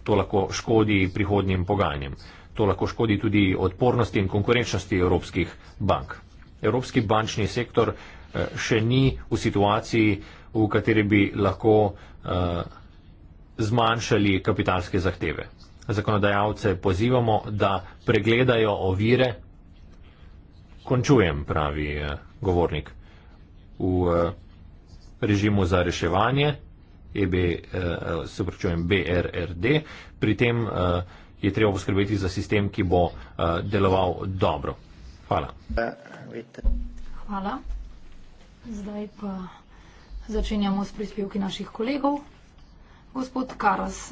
To lahko škodi prihodnjim pogajanjem. To lahko škodi tudi odpornosti in konkurenčnosti evropskih bank. Evropski bančni sektor eh, še ni v situaciji, v kateri bi lahko zmanjšali kapitalske zahteve. Zakonodajalce pozivamo, da pregledajo ovire, končujem, pravi eh, govornik. V eh, režimu za reševanje, EB, eh, se pravčujem, BRRD, pri tem je treba poskrbeti za sistem, ki bo deloval dobro. Hvala.
Hvala. Zdaj pa začenjamo s prispevki naših kolegov. Gospod Karas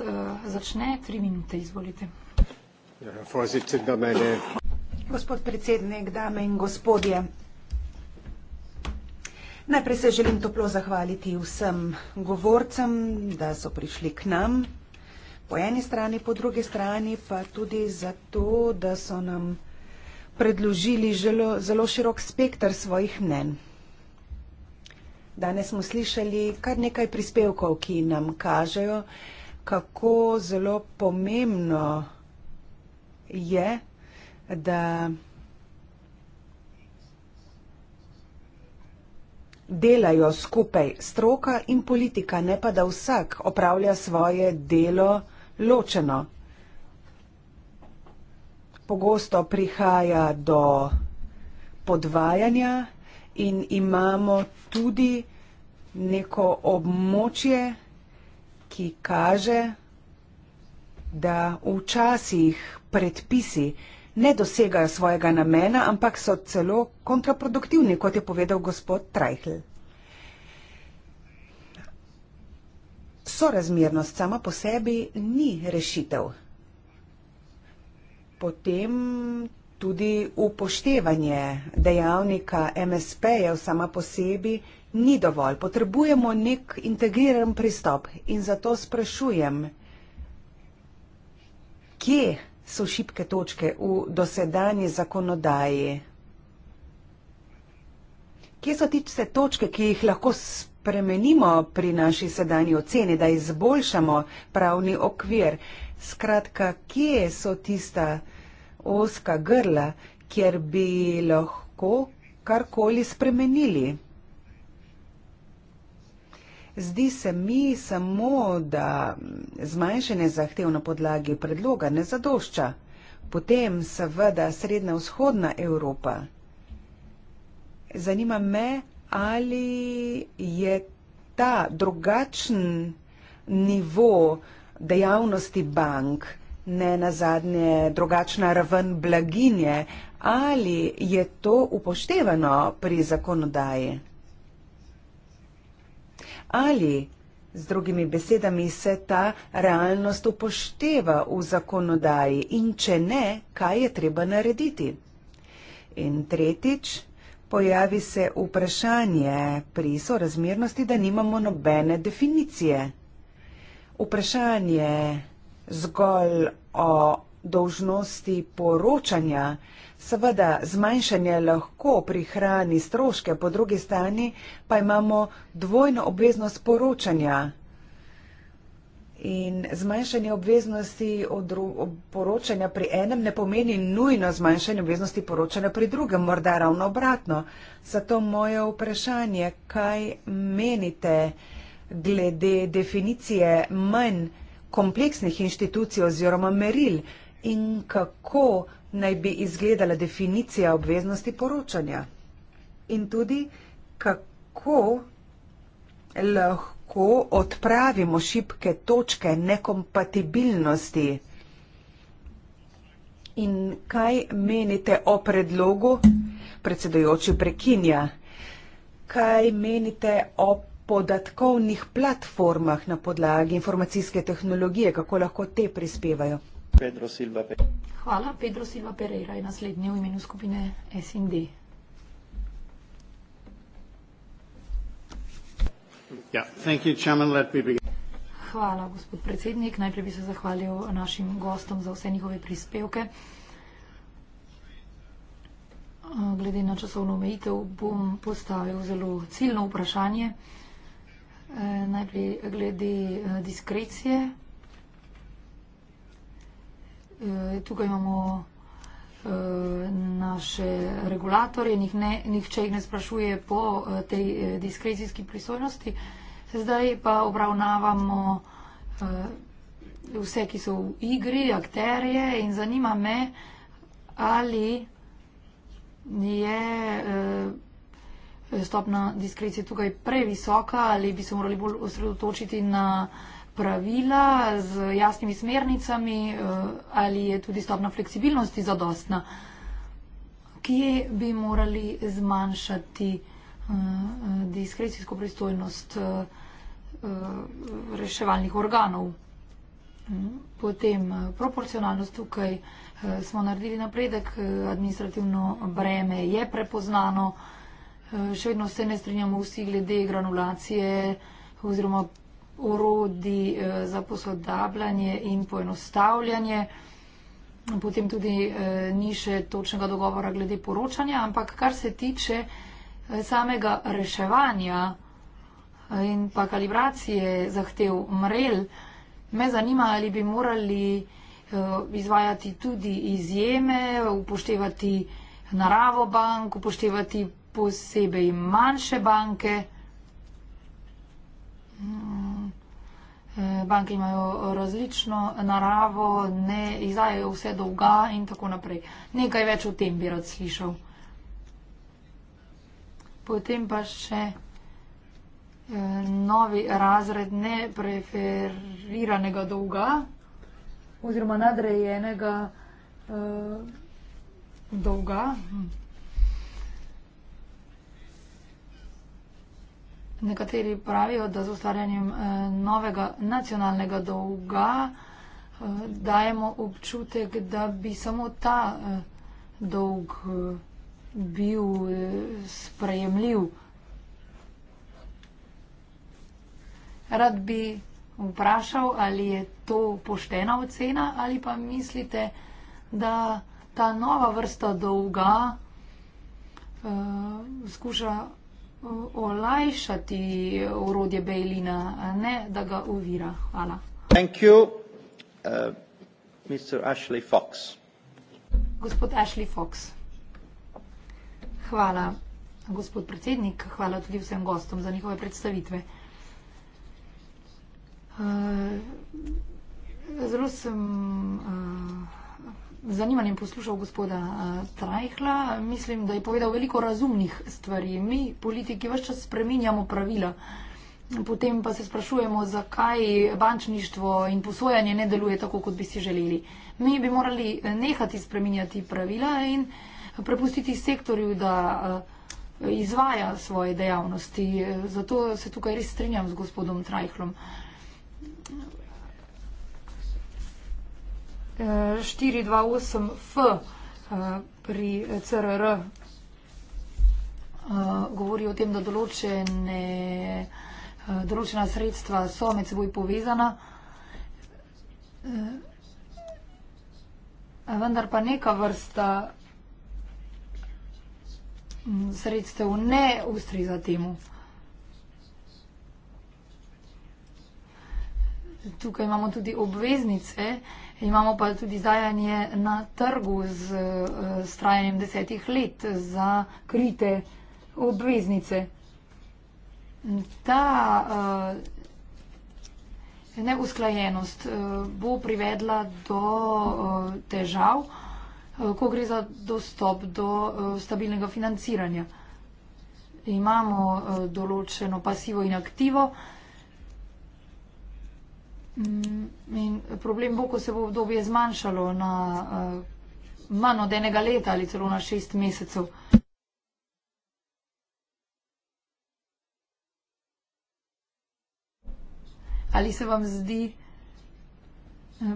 začne, tri minute izvolite.
Ja,
Gospod predsednik, dame in gospodje, najprej se želim toplo zahvaliti vsem govorcem, da so prišli k nam po eni strani, po drugi strani pa tudi zato, da so nam predložili želo, zelo širok spektr svojih mnen. Danes smo slišali kar nekaj prispevkov, ki nam kažejo, kako zelo pomembno je, da, Delajo skupaj stroka in politika, ne pa da vsak opravlja svoje delo ločeno. Pogosto prihaja do podvajanja in imamo tudi neko območje, ki kaže, da včasih predpisi ne dosegajo svojega namena, ampak so celo kontraproduktivni, kot je povedal gospod Trajhl. Sorazmernost sama po sebi ni rešitev. Potem tudi upoštevanje dejavnika MSP-ja sama po sebi ni dovolj. Potrebujemo nek integriran pristop in zato sprašujem, kje so šibke točke v dosedanji zakonodaji? Kje so tiste točke, ki jih lahko spremenimo pri naši sedanji oceni, da izboljšamo pravni okvir? Skratka, kje so tista oska grla, kjer bi lahko karkoli spremenili? Zdi se mi samo, da zmanjšanje zahtev na podlagi predloga ne zadošča. Potem seveda srednja vzhodna Evropa. Zanima me, ali je ta drugačen nivo dejavnosti bank, ne na zadnje drugačna raven blaginje, ali je to upoštevano pri zakonodaji ali z drugimi besedami se ta realnost upošteva v zakonodaji in če ne, kaj je treba narediti. In tretjič, pojavi se vprašanje pri sorazmernosti, da nimamo nobene definicije. Vprašanje zgolj o dolžnosti poročanja, Seveda, zmanjšanje lahko prihrani stroške, po drugi strani pa imamo dvojno obveznost poročanja. In zmanjšanje obveznosti poročanja pri enem ne pomeni nujno zmanjšanje obveznosti poročanja pri drugem, morda ravno obratno. Zato moje vprašanje, kaj menite glede definicije manj kompleksnih inštitucij oziroma meril in kako naj bi izgledala definicija obveznosti poročanja in tudi kako lahko odpravimo šibke točke nekompatibilnosti in kaj menite o predlogu, predsedojoči prekinja, kaj menite o podatkovnih platformah na podlagi informacijske tehnologije, kako lahko te prispevajo. Pedro Silva Pereira.
Hvala. Pedro Silva Pereira je naslednji v imenu skupine SND. Ja, Hvala, gospod predsednik. Najprej bi se zahvalil našim gostom za vse njihove prispevke. Glede na časovno omejitev bom postavil zelo ciljno vprašanje. Eh, najprej glede eh, diskrecije. Eh, tukaj imamo eh, naše regulatorje, nihče jih ne sprašuje po eh, tej diskrecijski pristojnosti. Zdaj pa obravnavamo vse, ki so v igri, akterje in zanima me, ali je stopna diskrecija tukaj previsoka ali bi se morali bolj osredotočiti na vse, pravila, z jasnimi smernicami, eh, ali je tudi stopna fleksibilnosti zadostna. Kje bi morali zmanjšati eh, diskrecijsko pristojnost eh, reševalnih organov? Mm, potem proporcionalnost tukaj smo naredili napredek, administrativno breme je prepoznano, še vedno se ne strinjamo vsi glede granulacije oziroma orodij eh, za posodabljanje in poenostavljanje. Potem tudi eh, ni še točnega dogovora glede poročanja, ampak kar se tiče eh, samega reševanja in pa kalibracije zahtev mrel, me zanima, ali bi morali izvajati tudi izjeme, upoštevati naravo bank, upoštevati posebej manjše banke. Hmm. Mm, banke imajo različno naravo, ne izdajajo vse dolga in tako naprej. Nekaj več o tem bi rad slišal. Potem pa še eh, novi razred nepreferiranega dolga oziroma nadrejenega uh, dolga. Hm. Nekateri pravijo, da z ustvarjanjem eh, novega nacionalnega dolga eh, dajemo občutek, da bi samo ta eh, dolg bil sprejemljiv. Rad bi vprašal, ali je to poštena ocena ali pa mislite, da ta nova vrsta dolga uh, skuša olajšati urodje Bejlina, ne da ga uvira. Hvala.
Thank you, uh, Mr. Ashley Fox.
Gospod Ashley Fox. Hvala, gospod predsednik. Hvala tudi vsem gostom za njihove predstavitve. Uh, zelo sem uh, z zanimanjem poslušal gospoda uh, Trajhla. Mislim, da je povedal veliko razumnih stvari. Mi, politiki, vse čas spreminjamo pravila. Potem pa se sprašujemo, zakaj bančništvo in posojanje ne deluje tako, kot bi si želeli. Mi bi morali eh, nehati spreminjati pravila in prepustiti sektorju, da eh, izvaja svoje dejavnosti. Zato se tukaj res strinjam z gospodom Trajhlom. 428F eh, pri CRR eh, govori o tem, da določene, eh, določena sredstva so med seboj povezana, vendar pa neka vrsta mm, sredstev ne ustreza temu. Tukaj imamo tudi obveznice, Imamo pa tudi zajanje na trgu z, z eh, trajanjem desetih let za krite obveznice. Ta uh, neusklajenost uh, bo privedla do uh, težav, uh, ko gre za dostop do uh, stabilnega financiranja. Imamo uh, določeno pasivo in aktivo, uh, Mm, in problem bo, ko se bo obdobje zmanjšalo na uh, manj od enega leta ali celo na šest mesecev. Ali se vam zdi eh,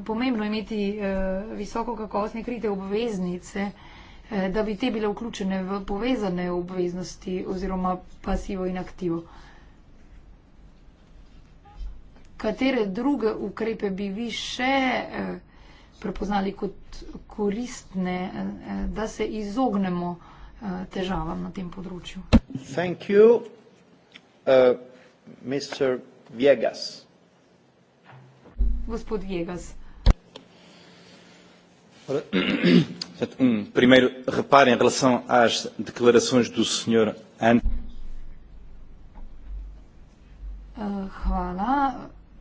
pomembno imeti uh, visoko kakovostne krite obveznice, uh, da bi te bile vključene v povezane obveznosti oziroma pasivo in aktivo? Uh, katere druge ukrepe bi vi še eh, prepoznali kot koristne, eh, eh, da se izognemo težavam na tem področju? Thank you, uh, Mr. Viegas. Gospod Viegas.
Um primeiro, reparem em relação às declarações do Sr. Uh, Anderson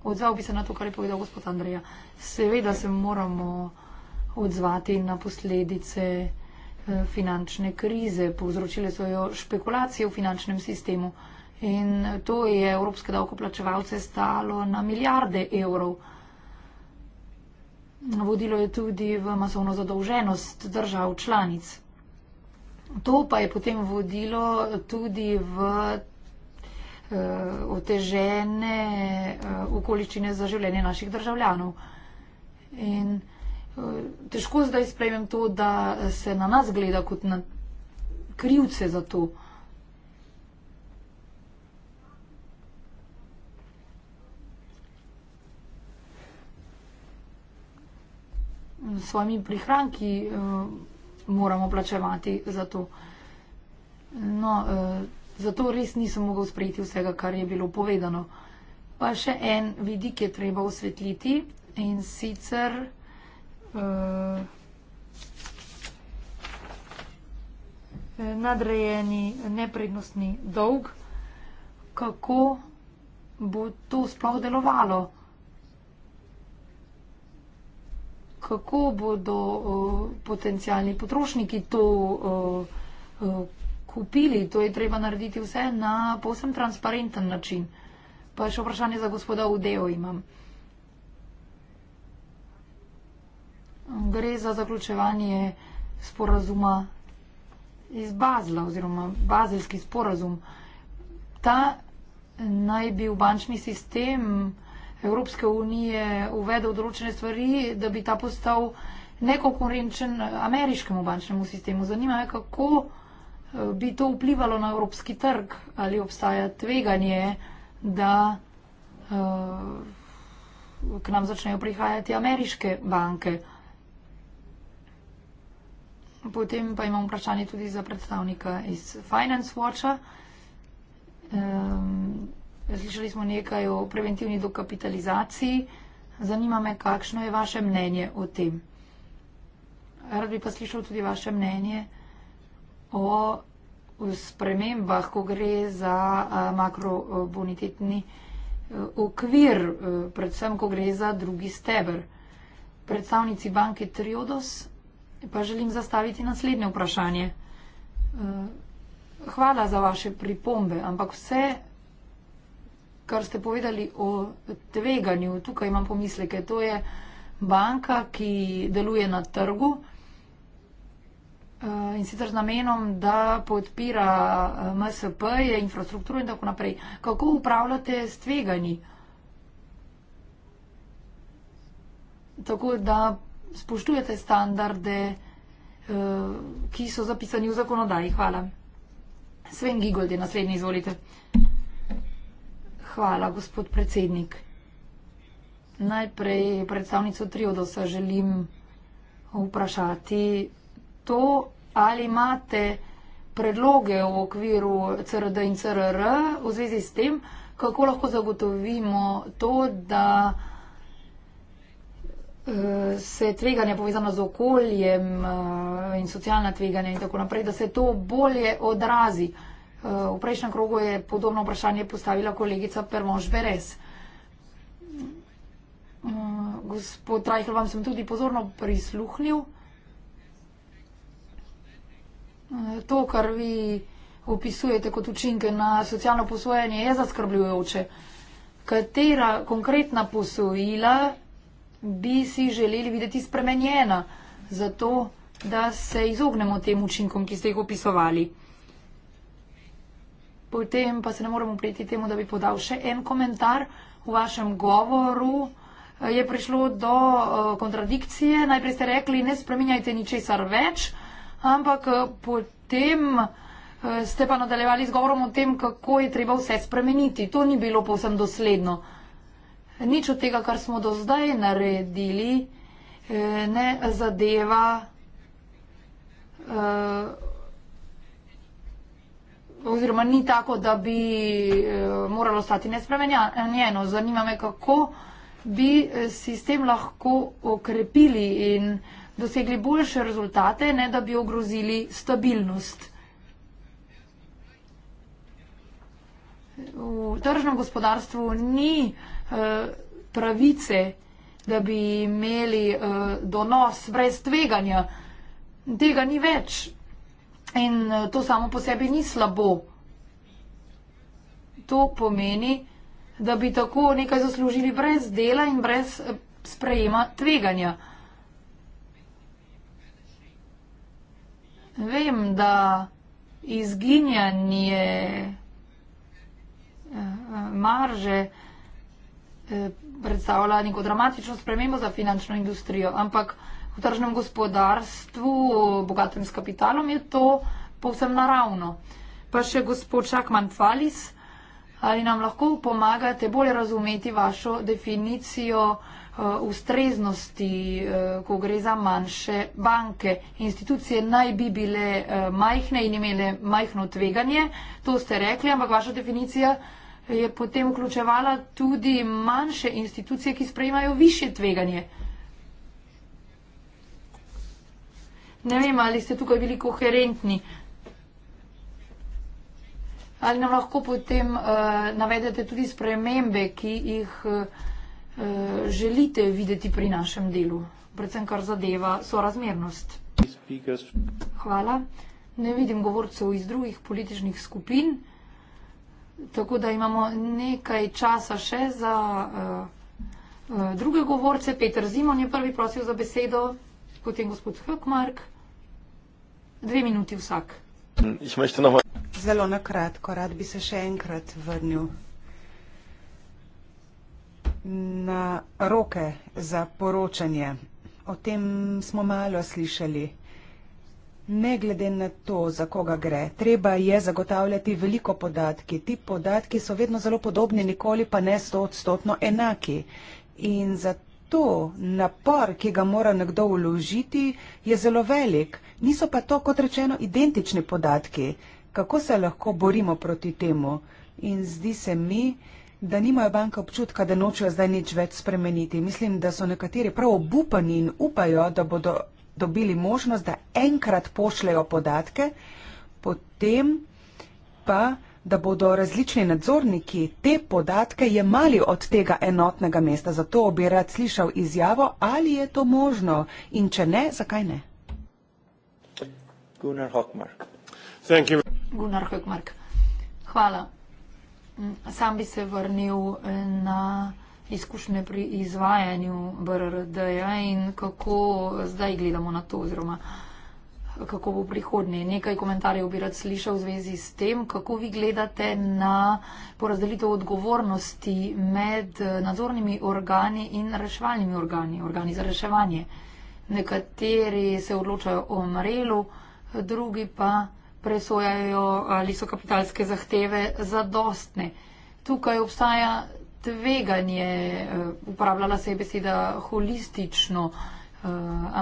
odzval bi se na to, kar je povedal gospod Andreja. Seveda se moramo odzvati na posledice eh, finančne krize. Povzročile so jo špekulacije v finančnem sistemu in to je evropske davkoplačevalce stalo na milijarde evrov. Vodilo je tudi v masovno zadolženost držav članic. To pa je potem vodilo tudi v Eh, otežene eh, okoličine za življenje naših državljanov. In eh, težko zdaj sprejmem to, da se na nas gleda kot na krivce za to. Svojimi prihranki moramo plačevati za to. No, Zato res nisem mogel sprejeti vsega, kar je bilo povedano. Pa še en vidik je treba osvetliti in sicer. Eh, nadrejeni neprednostni dolg, kako bo to sploh delovalo? Kako bodo uh, eh, potencijalni potrošniki to uh, uh, kupili, to je treba narediti vse na posem transparenten način. Pa še vprašanje za gospoda Udeo imam. Gre za zaključevanje sporazuma iz Bazla oziroma bazelski sporazum. Ta naj bi v bančni sistem Evropske unije uvedel določene stvari, da bi ta postal nekonkurenčen ameriškemu bančnemu sistemu. Zanima me, kako Eh, bi to vplivalo na evropski trg? Ali obstaja tveganje, da eh, k nam začnejo prihajati ameriške banke? Potem pa imam vprašanje tudi za predstavnika iz Finance Watcha. Eh, slišali smo nekaj o preventivni dokapitalizaciji. Zanima me, kakšno je vaše mnenje o tem. Rad bi pa slišal tudi vaše mnenje o spremembah, ko gre za makrobonitetni e, okvir, e, predvsem, ko gre za drugi steber. Predstavnici banke Triodos pa želim zastaviti naslednje vprašanje. E, hvala za vaše pripombe, ampak vse, kar ste povedali o tveganju, tukaj imam pomisleke, to je banka, ki deluje na trgu, Eh, in sicer z namenom, da podpira eh, MSP, je infrastrukturo in tako naprej. Kako upravljate s tveganji? Tako da spoštujete standarde, eh, ki so zapisani v zakonodaji. Hvala. Sven Gigold je naslednji, izvolite. Hvala, gospod predsednik. Najprej predstavnico Triodosa želim vprašati, to, ali imate predloge v okviru CRD in CRR v zvezi s tem, kako lahko zagotovimo to, da eh, se tveganja povezana z okoljem eh, in socialna tveganja in tako naprej, da se to bolje odrazi. Eh, v prejšnjem krogu je podobno vprašanje postavila kolegica Permož Beres. Gospod Rajhl, vam sem tudi pozorno prisluhnil. Eh, to, kar vi opisujete kot učinke na socialno posvojanje, je zaskrbljujoče. Katera konkretna posojila bi si želeli videti spremenjena, zato da se izognemo tem učinkom, ki ste jih opisovali? Potem pa se ne moremo prijeti temu, da bi podal še en komentar. V vašem govoru eh, je prišlo do eh, kontradikcije. Najprej ste rekli, ne spreminjajte ničesar več ampak eh, potem eh, ste pa nadaljevali z govorom o tem, kako je treba vse spremeniti. To ni bilo povsem dosledno. Nič od tega, kar smo do zdaj naredili, eh, ne zadeva oziroma ni tako, da bi moralo stati nespremenjeno. Zanima me, kako bi sistem lahko okrepili in vsega, dosegli boljše rezultate, ne da bi ogrozili stabilnost. V tržnem gospodarstvu ni eh, pravice, da bi imeli eh, donos brez tveganja. Tega ni več. In eh, to samo po sebi ni slabo. To pomeni, da bi tako nekaj zaslužili brez dela in brez sprejema tveganja. vem, da izginjanje eh, marže eh, predstavlja neko dramatično spremembo za finančno industrijo, ampak v tržnem gospodarstvu, bogatem s kapitalom, je to povsem naravno. Pa še gospod Šakman Falis, ali nam lahko pomagate bolje razumeti vašo definicijo? Eh, ustreznosti, eh, ko gre za manjše banke. Institucije naj bi bile eh, majhne in imele majhno tveganje, to ste rekli, ampak vaša definicija je potem vključevala tudi manjše institucije, ki sprejmajo više tveganje. Ne vem, ali ste tukaj bili koherentni. Ali nam lahko potem uh, navedete tudi spremembe, ki jih. Uh, Eh, želite videti pri našem delu, predvsem kar zadeva sorazmernost. Hvala. Ne vidim govorcev iz drugih političnih skupin, tako da imamo nekaj časa še za uh, uh, druge govorce. Peter Zimon je prvi prosil za besedo, potem gospod Hökmark.
Dve minuti vsak.
Hm,
Zelo na kratko, rad bi se še enkrat vrnil na roke za poročanje. O tem smo malo slišali. Ne glede na to, za koga gre, treba je zagotavljati veliko podatki. Ti podatki so vedno zelo podobni, nikoli pa ne sto odstotno enaki. In zato napor, ki ga mora nekdo uložiti, je zelo velik. Niso pa to, kot rečeno, identični podatki. Kako se lahko borimo proti temu? In zdi se mi, da nimajo banke občutka, da nočejo zdaj nič več spremeniti. Mislim, da so nekateri prav obupani in upajo, da bodo dobili možnost, da enkrat pošljajo podatke, potem pa, da bodo različni nadzorniki te podatke jemali od tega enotnega mesta. Zato bi rad slišal izjavo, ali je to možno in če ne, zakaj ne.
Gunnar Hockmark.
Gunnar Hockmark.
Hvala. Sam bi se vrnil eh, na izkušnje pri izvajanju BRD-ja in kako zdaj gledamo na to, oziroma kako bo prihodnje. Nekaj komentarjev bi rad slišal v zvezi s tem, kako vi gledate na porazdelitev odgovornosti med eh, nadzornimi organi in reševalnimi organi, organi za reševanje. Nekateri se odločajo o Marelu, drugi pa presojajo, ali so kapitalske zahteve zadostne. Tukaj obstaja tveganje, eh, uporabljala se je beseda holistično, eh,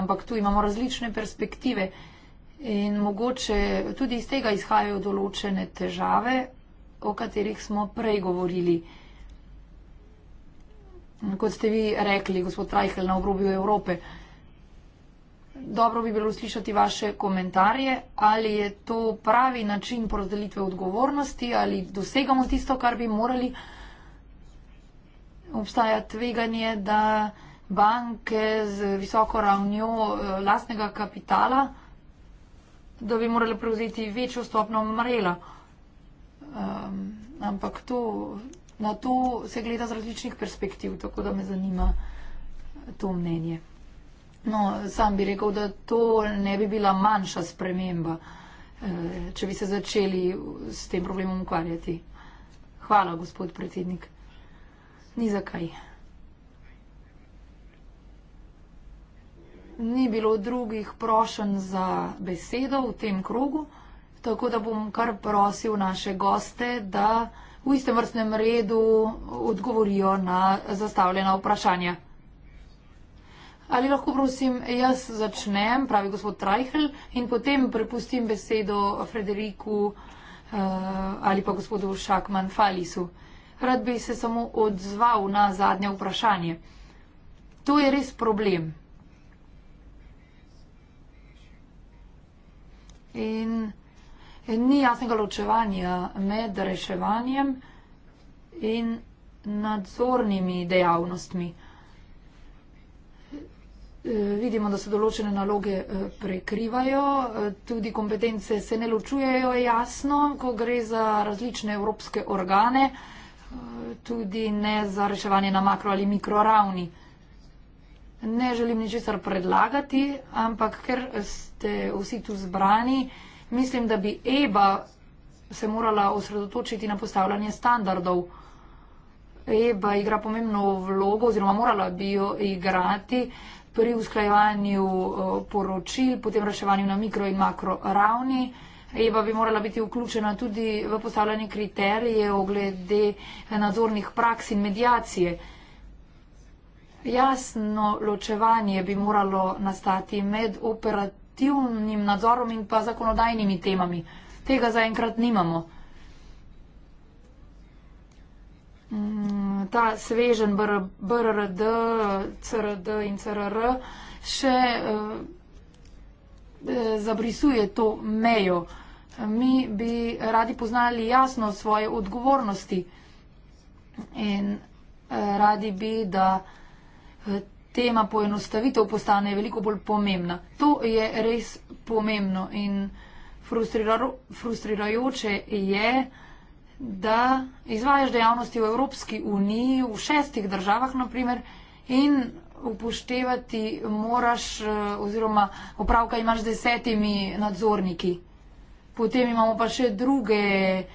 ampak tu imamo različne perspektive in mogoče tudi iz tega izhajajo določene težave, o katerih smo prej govorili. Kot ste vi rekli, gospod Trajhel, na obrobju Evrope. Dobro bi bilo slišati vaše komentarje, ali je to pravi način porazdelitve odgovornosti, ali dosegamo tisto, kar bi morali. Obstaja tveganje, da banke z visoko ravnjo eh, lastnega kapitala, da bi morali prevzeti večjo stopno marela. Um, ehm, ampak to, na to se gleda z različnih perspektiv, tako da me zanima to mnenje. No, sam bi rekel, da to ne bi bila manjša sprememba, eh, če bi se začeli s tem problemom ukvarjati. Hvala, gospod predsednik. Ni zakaj. Ni bilo drugih prošen za besedo v tem krogu, tako da bom kar prosil naše goste, da v istem vrstnem redu odgovorijo na zastavljena vprašanja. Ali lahko prosim jaz začnem, pravi gospod Trajhl, in potem prepustim besedo Frederiku uh, ali pa gospodu Šakman Falisu. Rad bi se samo odzval na zadnje vprašanje. To je res problem. In ni jasnega ločevanja med reševanjem in nadzornimi dejavnostmi vidimo, da se določene naloge eh, prekrivajo, eh, tudi kompetence se ne ločujejo jasno, ko gre za različne evropske organe, eh, tudi ne za reševanje na makro ali mikro ravni. Ne želim ničesar predlagati, ampak ker ste vsi tu zbrani, mislim, da bi EBA se morala osredotočiti na postavljanje standardov. EBA igra pomembno vlogo oziroma morala bi jo igrati, pri usklajevanju eh, poročil, potem reševanju na mikro in makro ravni. EBA bi morala biti vključena tudi v postavljanje kriterijev glede nadzornih praks in medijacije. Jasno ločevanje bi moralo nastati med operativnim nadzorom in pa zakonodajnimi temami. Tega zaenkrat nimamo. Mm, ta svežen BRRD, CRD in CRR še eh, eh, zabrisuje to mejo. Mi bi radi poznali jasno svoje odgovornosti in eh, radi bi, da tema poenostavitev postane veliko bolj pomembna. To je res pomembno in frustriro, frustrirajoče je, da izvajaš dejavnosti v Evropski uniji, v šestih državah naprimer, in upoštevati moraš eh, oziroma opravka imaš z desetimi nadzorniki. Potem imamo pa še druge eh,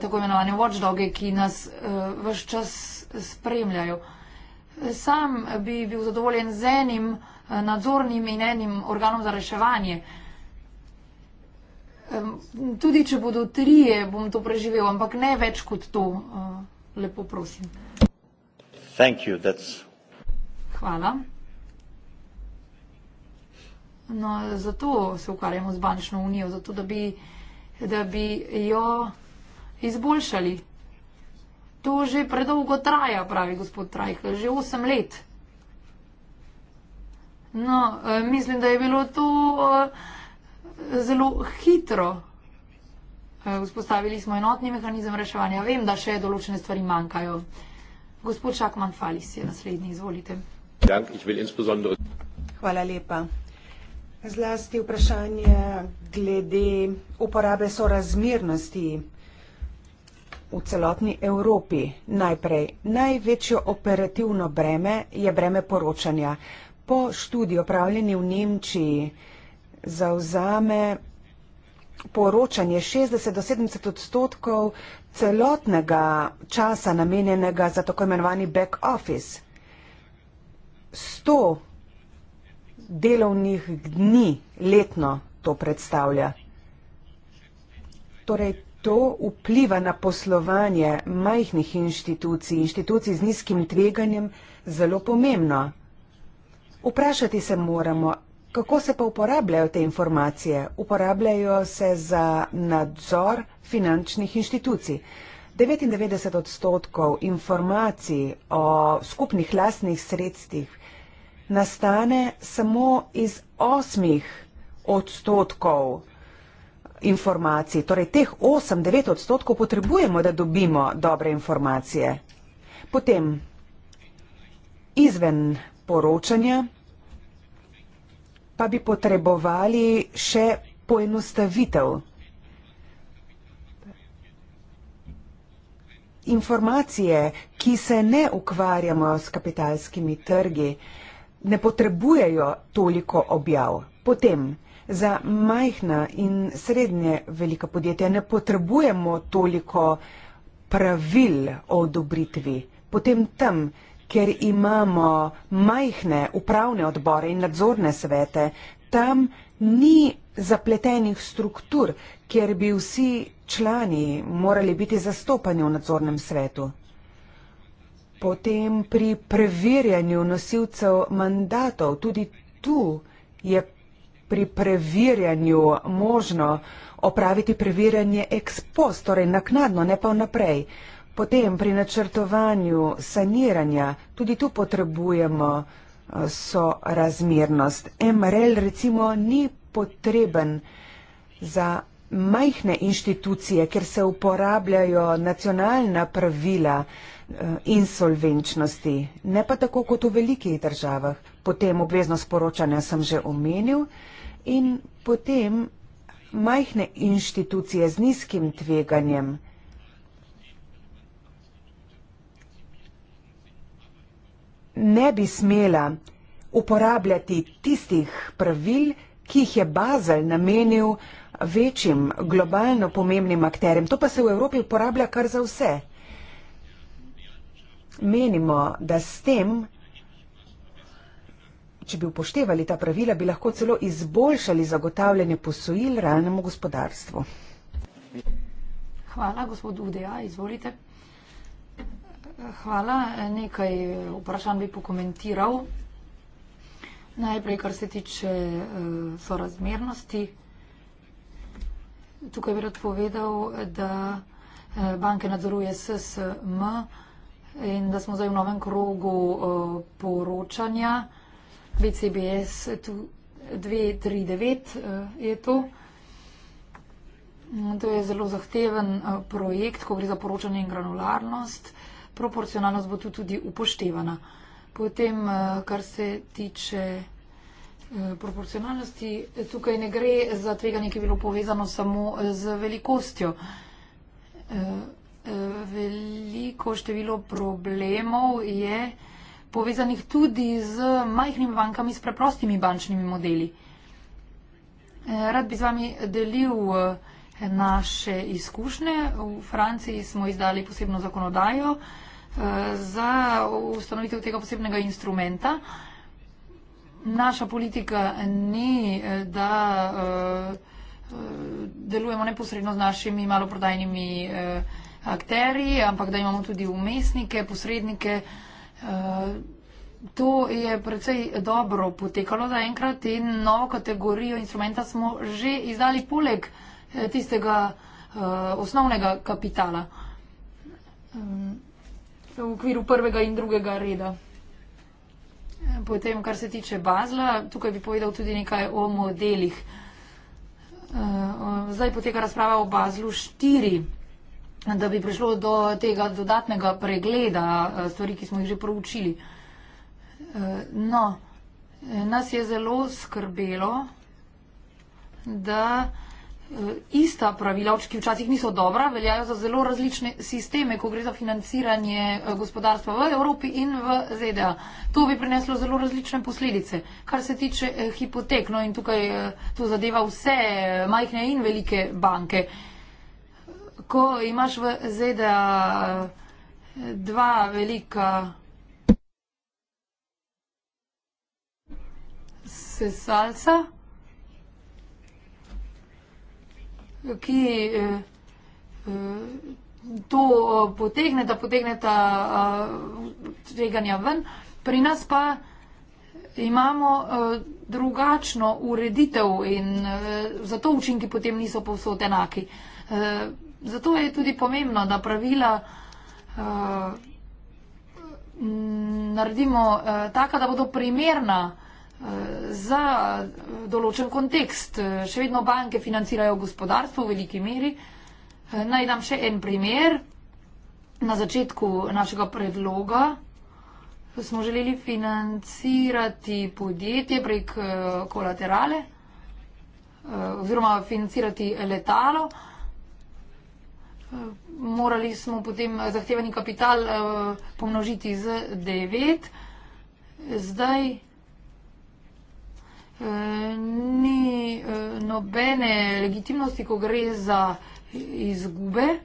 tako imenovane watchdoge, ki nas eh, vse čas spremljajo. Sam bi bil zadovoljen z enim nadzornim in enim organom za reševanje. Tudi če bodo trije, bom to preživel, ampak ne več kot to. Eh, lepo prosim. You, Hvala. No, zato se ukvarjamo z bančno unijo, zato da bi, da bi jo izboljšali. To že predolgo traja, pravi gospod Trajka, že osem let. No, eh, mislim, da je bilo to. Uh, zelo hitro eh, vzpostavili smo enotni mehanizem reševanja. Vem, da še določene stvari manjkajo. Gospod Šakman Falis je naslednji,
izvolite. Hvala lepa. Zlasti vprašanje glede uporabe sorazmernosti v celotni Evropi. Najprej, največjo operativno breme je breme poročanja. Po študiji opravljeni v Nemčiji, zauzame poročanje 60 do 70 odstotkov celotnega časa namenjenega za tako imenovani back office. 100 delovnih dni letno to predstavlja. Torej, to vpliva na poslovanje majhnih inštitucij, inštitucij z nizkim tveganjem, zelo pomembno. Vprašati se moramo, Kako se pa uporabljajo te informacije? Uporabljajo se za nadzor finančnih inštitucij. 99 odstotkov informacij o skupnih lastnih sredstvih nastane samo iz osmih odstotkov informacij. Torej teh 8-9 odstotkov potrebujemo, da dobimo dobre informacije. Potem izven poročanja pa bi potrebovali še poenostavitev. Informacije, ki se ne ukvarjamo s kapitalskimi trgi, ne potrebujejo toliko objav. Potem, za majhna in srednje velika podjetja ne potrebujemo toliko pravil o odobritvi. Potem tam ker imamo majhne upravne odbore in nadzorne svete, tam ni zapletenih struktur, kjer bi vsi člani morali biti zastopani v nadzornem svetu. Potem pri preverjanju nosilcev mandatov, tudi tu je pri preverjanju možno opraviti preverjanje ex post, torej naknadno, ne pa naprej. Potem pri načrtovanju saniranja tudi tu potrebujemo eh, so razmernost. MRL recimo ni potreben za majhne inštitucije, ker se uporabljajo nacionalna pravila eh, insolvenčnosti, ne pa tako kot v velikih državah. Potem obvezno sporočanje sem že omenil in potem majhne inštitucije z nizkim tveganjem. ne bi smela uporabljati tistih pravil, ki jih je Bazel namenil večjim globalno pomembnim akterjem. To pa se v Evropi uporablja kar za vse. Menimo, da s tem, če bi upoštevali ta pravila, bi lahko celo izboljšali zagotavljanje posojil realnemu gospodarstvu.
Hvala, gospod Udeja, izvolite. Hvala. Nekaj vprašanj bi pokomentiral. Najprej, kar se tiče eh, sorazmernosti. Tukaj bi rad povedal, da eh, banke nadzoruje SSM in da smo zdaj v novem krogu eh, poročanja. BCBS 239 je to. To je zelo zahteven projekt, ko gre za poročanje in granularnost proporcionalnost bo tu tudi upoštevana. Potem, eh, kar se tiče eh, proporcionalnosti, tukaj ne gre za tveganje, ki je bilo povezano samo z velikostjo. Eh, veliko število problemov je povezanih tudi z majhnimi bankami, s preprostimi bančnimi modeli. Rad bi z vami delil naše izkušnje. V Franciji smo izdali posebno zakonodajo, Eh, za ustanovitev tega posebnega instrumenta. Naša politika ni, eh, da eh, delujemo neposredno z našimi maloprodajnimi akterji, ampak da imamo tudi umestnike, posrednike. To je precej dobro potekalo zaenkrat in novo kategorijo instrumenta smo že izdali poleg tistega osnovnega kapitala v okviru prvega in drugega reda. Potem, kar se tiče Bazla, tukaj bi povedal tudi nekaj o modelih. Eh, zdaj poteka razprava o Bazlu 4, da bi prišlo do tega dodatnega pregleda eh, stvari, ki smo jih že proučili. Eh, no, nas je zelo skrbelo, da Eh, ista pravila, ki včasih niso dobra, veljajo za zelo različne sisteme, ko gre za financiranje eh, gospodarstva v Evropi in v ZDA. To bi prineslo zelo različne posledice, kar se tiče eh, hipotek. No in tukaj to zadeva vse majhne in velike banke. Ko imaš v ZDA dva velika. Sesalsa. salsa. ki eh, eh, to eh, potegne, da potegne ta tveganja ven. Pri nas pa imamo drugačno ureditev in zato učinki potem niso povsod enaki. Zato je tudi pomembno, da pravila naredimo taka, da bodo primerna za določen kontekst. Še vedno banke financirajo gospodarstvo v veliki meri. Naj dam še en primer. Na začetku našega predloga smo želeli financirati podjetje prek eh, kolaterale eh, oziroma financirati letalo.
Eh,
morali smo potem zahtevani kapital pomnožiti z devet. Zdaj ni eh, nobene legitimnosti, ko gre za izgube.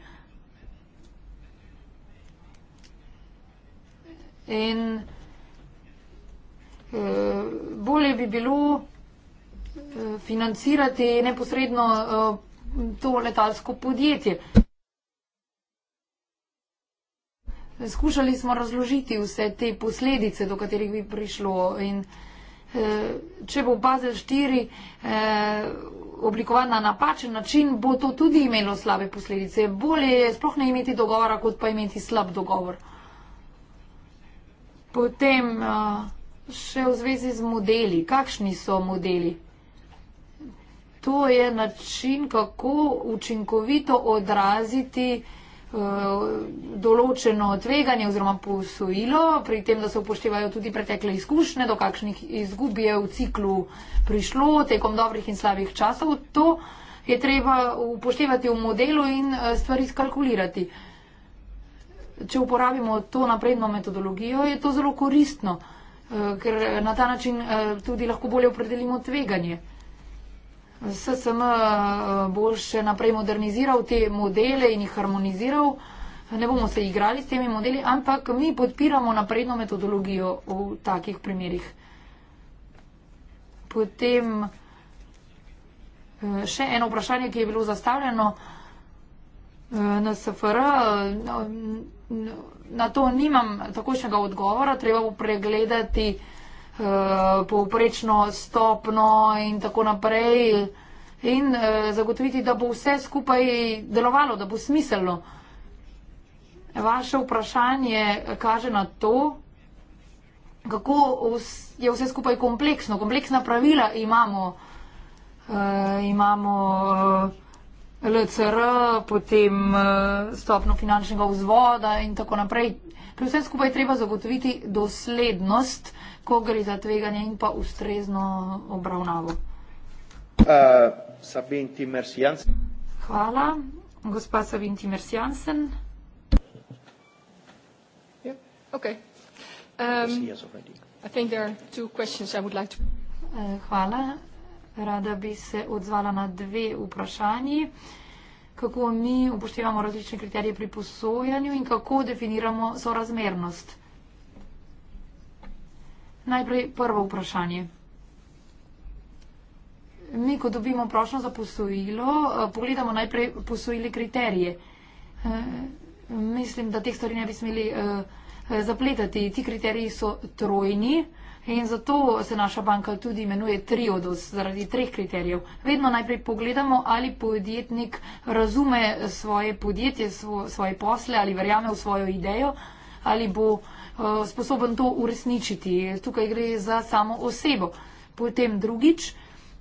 In eh, bolje bi bilo eh, financirati neposredno to letalsko podjetje. Skušali smo razložiti vse te posledice, do katerih bi prišlo in uh, Eh, če bo Bazel 4 eh, oblikovan na napačen način, bo to tudi imelo slabe posledice. Bolje je sploh ne imeti dogovora, kot pa imeti slab dogovor. Potem eh, še v zvezi z modeli. Kakšni so modeli? To je način, kako učinkovito odraziti Eh, določeno tveganje oziroma posojilo, pri tem, da se upoštevajo tudi pretekle izkušnje, do kakšnih izgub je v ciklu prišlo tekom dobrih in slabih časov. To je treba upoštevati v modelu in eh, stvari skalkulirati. Če uporabimo to napredno metodologijo, je to zelo koristno, eh, ker na ta način tudi lahko bolje opredelimo tveganje. SSM eh, bo še naprej moderniziral te modele in jih harmoniziral. Ne bomo se igrali s temi modeli, ampak mi podpiramo napredno metodologijo v takih primerih. Potem eh, še eno vprašanje, ki je bilo zastavljeno eh, na SFR. No, na to nimam takošnjega odgovora, treba bo pregledati. Eh, povprečno stopno in tako naprej in eh, zagotoviti, da bo vse skupaj delovalo, da bo smiselno. Vaše vprašanje kaže na to, kako je vse skupaj kompleksno. Kompleksna pravila imamo. Eh, imamo LCR, potem stopno finančnega vzvoda in tako naprej. Pri vsem skupaj treba zagotoviti doslednost, ko gre za tveganje in pa ustrezno obravnavo. Uh, Hvala. Gospa Savinti Mersjansen. Um, uh, hvala. Rada bi se odzvala na dve vprašanji. Uh, kako mi upoštevamo različne kriterije pri posojanju in kako definiramo sorazmernost. Najprej prvo vprašanje. Mi, ko dobimo prošlo za posojilo, eh, pogledamo najprej posojili kriterije. Eh, mislim, da teh stvari ne bi smeli eh, zapletati. Ti kriteriji so trojni. In zato se naša banka tudi imenuje triodos, zaradi treh kriterijev. Vedno najprej pogledamo, ali podjetnik razume svoje podjetje, svo, svoje posle, ali verjame v svojo idejo, ali bo uh, sposoben to uresničiti. Tukaj gre za samo osebo. Potem drugič,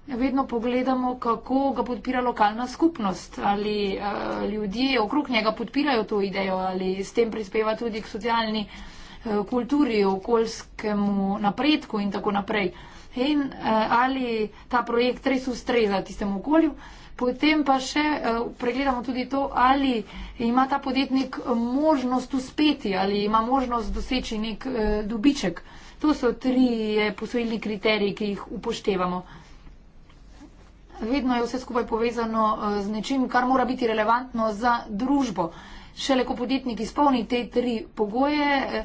vedno pogledamo, kako ga podpira lokalna skupnost, ali uh, ljudje okrog njega podpirajo to idejo, ali s tem prispeva tudi k socialni. Uh, Eh, kulturi, okoljskemu napredku in tako naprej. In eh, ali ta projekt res ustreza tistemu okolju. Potem pa še eh, pregledamo tudi to, ali ima ta podjetnik možnost uspeti, ali ima možnost doseči nek dobiček. To so tri posojilni kriteriji, ki jih upoštevamo. Vedno je vse skupaj povezano z nečim, kar mora biti relevantno za družbo. Šele ko podjetnik izpolni te tri pogoje,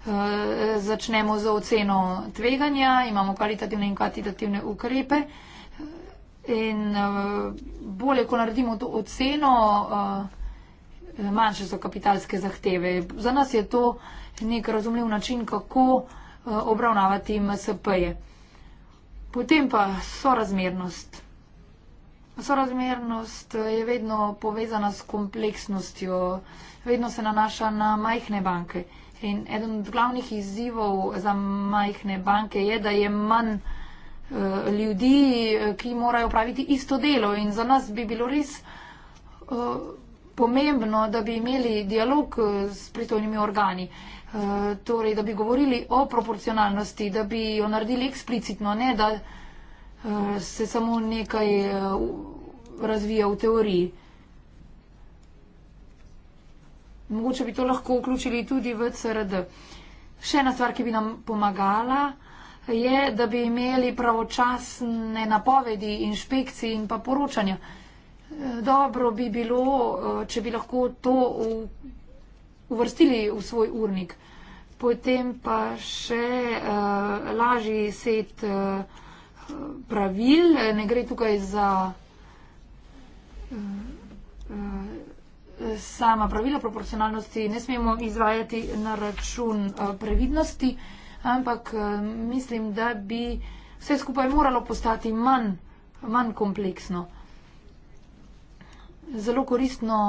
Eh, začnemo z oceno tveganja, imamo kvalitativne in kvantitativne ukrepe. In eh, bolje, ko naredimo to oceno, eh, manjše so kapitalske zahteve. Za nas je to nek razumljiv način, kako obravnavati MSP-je. Potem pa sorazmernost. Sorazmernost je vedno povezana s kompleksnostjo, vedno se nanaša na majhne banke. In eden od glavnih izzivov za majhne banke je, da je manj eh, ljudi, eh, ki morajo praviti isto delo. In za nas bi bilo res eh, pomembno, da bi imeli dialog s pristojnimi organi. Torej, da bi govorili o proporcionalnosti, da bi jo naredili eksplicitno, ne da se samo nekaj razvija v teoriji. mogoče bi to lahko vključili tudi v CRD. Še ena stvar, ki bi nam pomagala, je, da bi imeli pravočasne napovedi inšpekcij in pa poročanja. Dobro bi bilo, eh, če bi lahko to uvrstili v svoj urnik. Potem pa še uh, lažji set uh, pravil. Ne gre tukaj za. Uh, uh, sama pravila proporcionalnosti ne smemo izvajati na račun eh, previdnosti, ampak eh, mislim, da bi vse skupaj moralo postati manj, manj kompleksno. Zelo koristno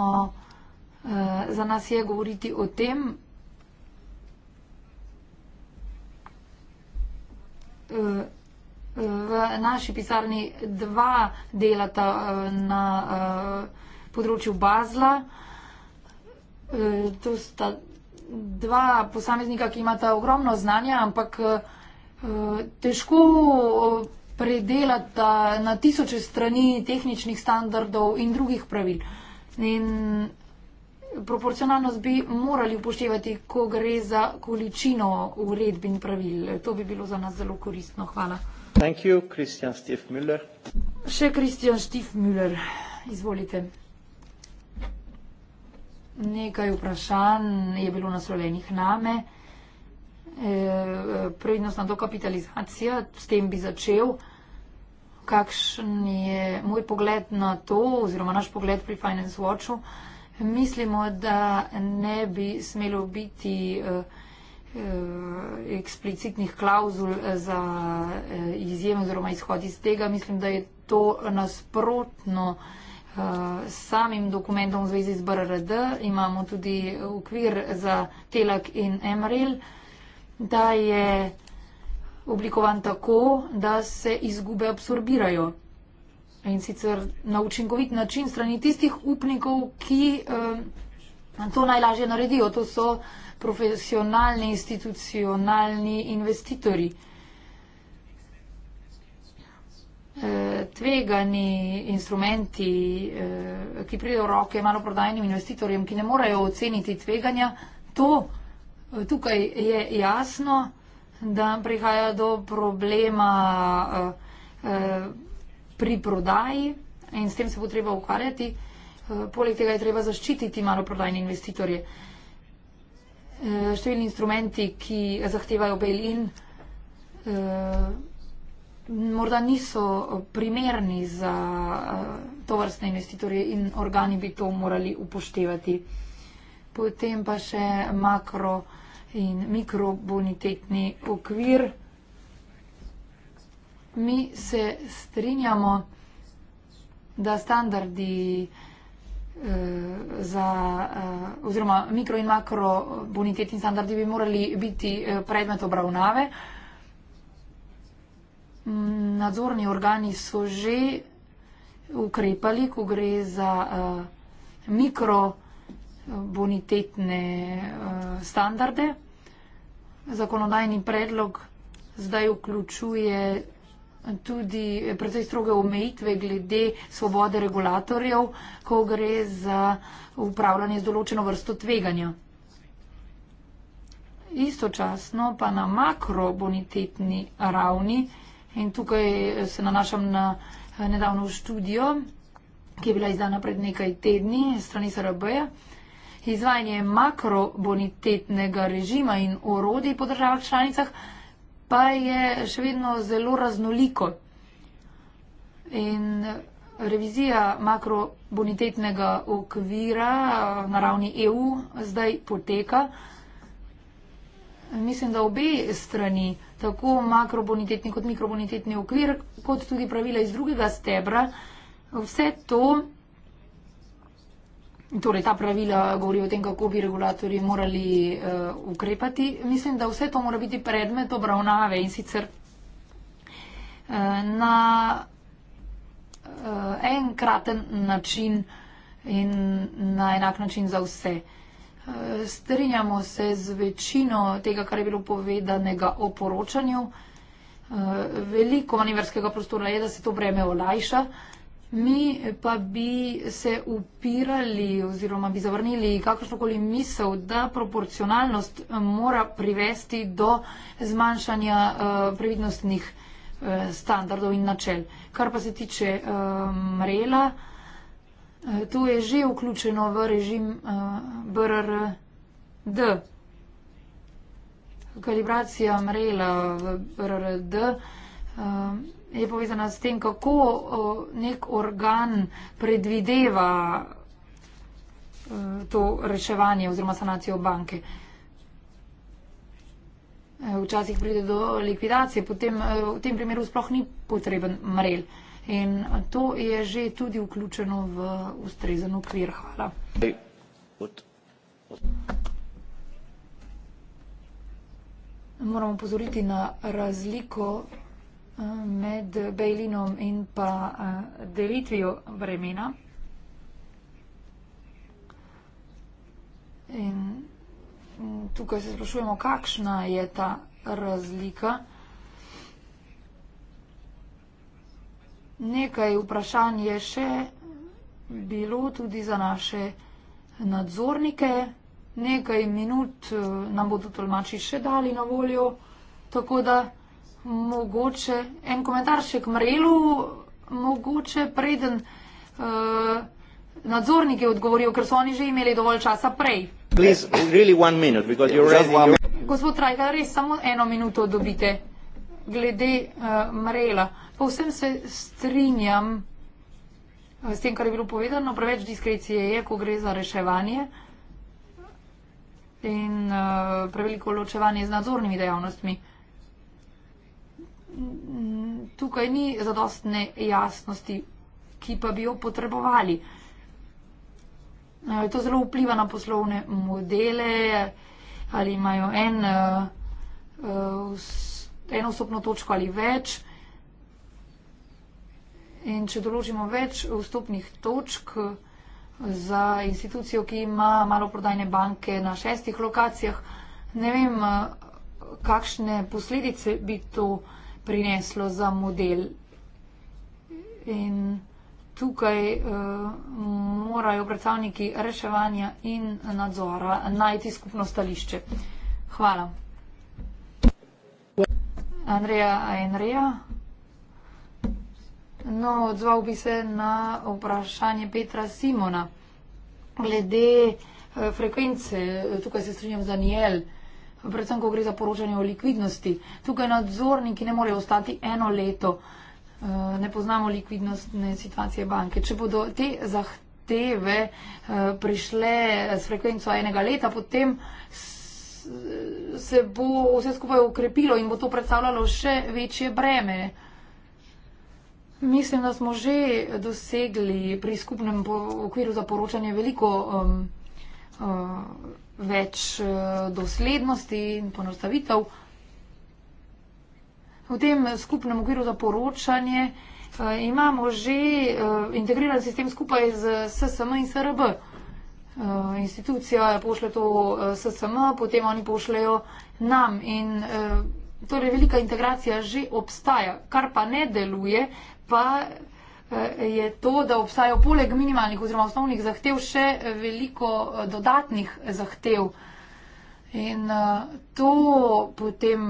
eh, za nas je govoriti o tem, v naši pisarni dva delata na uh, področju Bazla. E, to sta dva posameznika, ki imata ogromno znanja, ampak e, težko e, predelata na tisoče strani tehničnih standardov in drugih pravil. In proporcionalnost bi morali upoštevati, ko gre za količino uredb in pravil. To bi bilo za nas zelo koristno. Hvala.
Thank you, Christian Stiefmüller.
Še Christian Stiefmüller, izvolite. Nekaj vprašanj je bilo naslovljenih name. E, prednostna dokapitalizacija, s tem bi začel. Kakšen je moj pogled na to, oziroma naš pogled pri Finance Watchu? Mislimo, da ne bi smelo biti e, e eksplicitnih klauzul za e, izjem oziroma izhod iz tega. Mislim, da je to nasprotno Eh, samim dokumentom v zvezi z BRRD, imamo tudi ukvir za TELAK in MRL, da je oblikovan tako, da se izgube absorbirajo in sicer na učinkovit način strani tistih upnikov, ki eh, to najlažje naredijo. To so profesionalni, institucionalni investitori. Eh, tvegani instrumenti, eh, ki pridejo v roke maloprodajnim investitorjem, ki ne morejo oceniti tveganja, to eh, tukaj je jasno, da prihaja do problema pri prodaji in s tem se bo treba ukvarjati. Poleg tega je treba zaščititi maloprodajne investitorje. Številni instrumenti, ki zahtevajo bail-in, morda niso primerni za eh, to vrstne investitorje in organi bi to morali upoštevati. Potem pa še makro in mikrobonitetni okvir. Mi se strinjamo, da standardi eh, za eh, oziroma mikro in makro bonitetni standardi bi morali biti predmet obravnave, nadzorni organi so že ukrepali, ko gre za uh, mikrobonitetne uh, standarde. Zakonodajni predlog zdaj vključuje tudi precej stroge omejitve glede svobode regulatorjev, ko gre za upravljanje z določeno vrsto tveganja. Istočasno pa na makrobonitetni ravni uh, In tukaj eh, se nanašam na eh, nedavno študijo, ki je bila izdana pred nekaj tedni strani SRB-ja. Izvajanje makrobonitetnega režima in orodij po državah članicah pa je še vedno zelo raznoliko. In eh, revizija makrobonitetnega okvira na ravni EU zdaj poteka. Mislim, da obe strani tako makrobonitetni kot mikrobonitetni okvir, kot tudi pravila iz drugega stebra. Vse to, torej ta pravila govori o tem, kako bi regulatorji morali uh, ukrepati, mislim, da vse to mora biti predmet obravnave in sicer uh, na uh, eh, enkraten način in na enak način za vse. Uh, Eh, strinjamo se z večino tega, kar je bilo povedanega o poročanju. Eh, veliko manevrskega prostora je, da se to breme olajša. Mi pa bi se upirali oziroma bi zavrnili kakršnokoli misel, da proporcionalnost eh, mora privesti do zmanjšanja previdnostnih standardov in načel. Kar pa se tiče mrela, um, Eh, to je že vključeno v režim uh, eh, BRRD. Kalibracija mrela v BRRD uh, eh, je povezana s tem, kako uh, nek organ predvideva uh, to reševanje oziroma sanacijo banke. Včasih pride do likvidacije, potem v tem primeru sploh ni potreben mrel. Uh, In to je že tudi vključeno v ustrezen okvir. Hvala. Moramo pozoriti na razliko eh, med Bejlinom in pa eh, delitvijo vremena. In mm, tukaj se sprašujemo, kakšna je ta razlika. Nekaj vprašanj je še bilo tudi za naše nadzornike. Nekaj minut eh, nam bodo tolmači še dali na voljo, tako da mogoče en komentar še k mrelu, mogoče preden uh, eh, nadzorniki odgovorijo, ker so oni že imeli dovolj časa prej.
Please, really minute, yeah, ready,
Gospod Trajka, res samo eno minuto dobite glede uh, mrela. Povsem se strinjam eh, s tem, kar je bilo povedano. Preveč diskrecije je, ko gre za reševanje in uh, preveliko ločevanje z nadzornimi dejavnostmi. Tukaj ni zadostne jasnosti, ki pa bi jo potrebovali. To zelo vpliva na poslovne modele, ali imajo en uh, uh, eno vstopno točko ali več. In če določimo več vstopnih točk za institucijo, ki ima maloprodajne banke na šestih lokacijah, ne vem, kakšne posledice bi to prineslo za model. In tukaj uh, morajo predstavniki reševanja in nadzora najti skupno stališče. Hvala. Andreja Enreja. No, odzval bi se na vprašanje Petra Simona. Glede eh, frekvence, eh, tukaj se strinjam z Daniel, predvsem, ko gre za poročanje o likvidnosti. Tukaj nadzorniki ne morejo ostati eno leto. Eh, ne poznamo likvidnostne situacije banke. Če bodo te zahteve prišle s frekvenco enega leta, potem se bo vse skupaj ukrepilo in bo to predstavljalo še večje breme. Mislim, da smo že dosegli pri skupnem okviru za poročanje veliko um, uh, več uh, doslednosti in ponostavitev. V tem skupnem okviru za poročanje uh, imamo že uh, integriran sistem skupaj z SSM in SRB. Uh, Eh, institucija pošlje to eh, SSM, potem oni pošljejo nam. In, eh, torej velika integracija že obstaja. Kar pa ne deluje, pa je to, da obstajajo poleg minimalnih oziroma osnovnih zahtev še veliko dodatnih zahtev. In to potem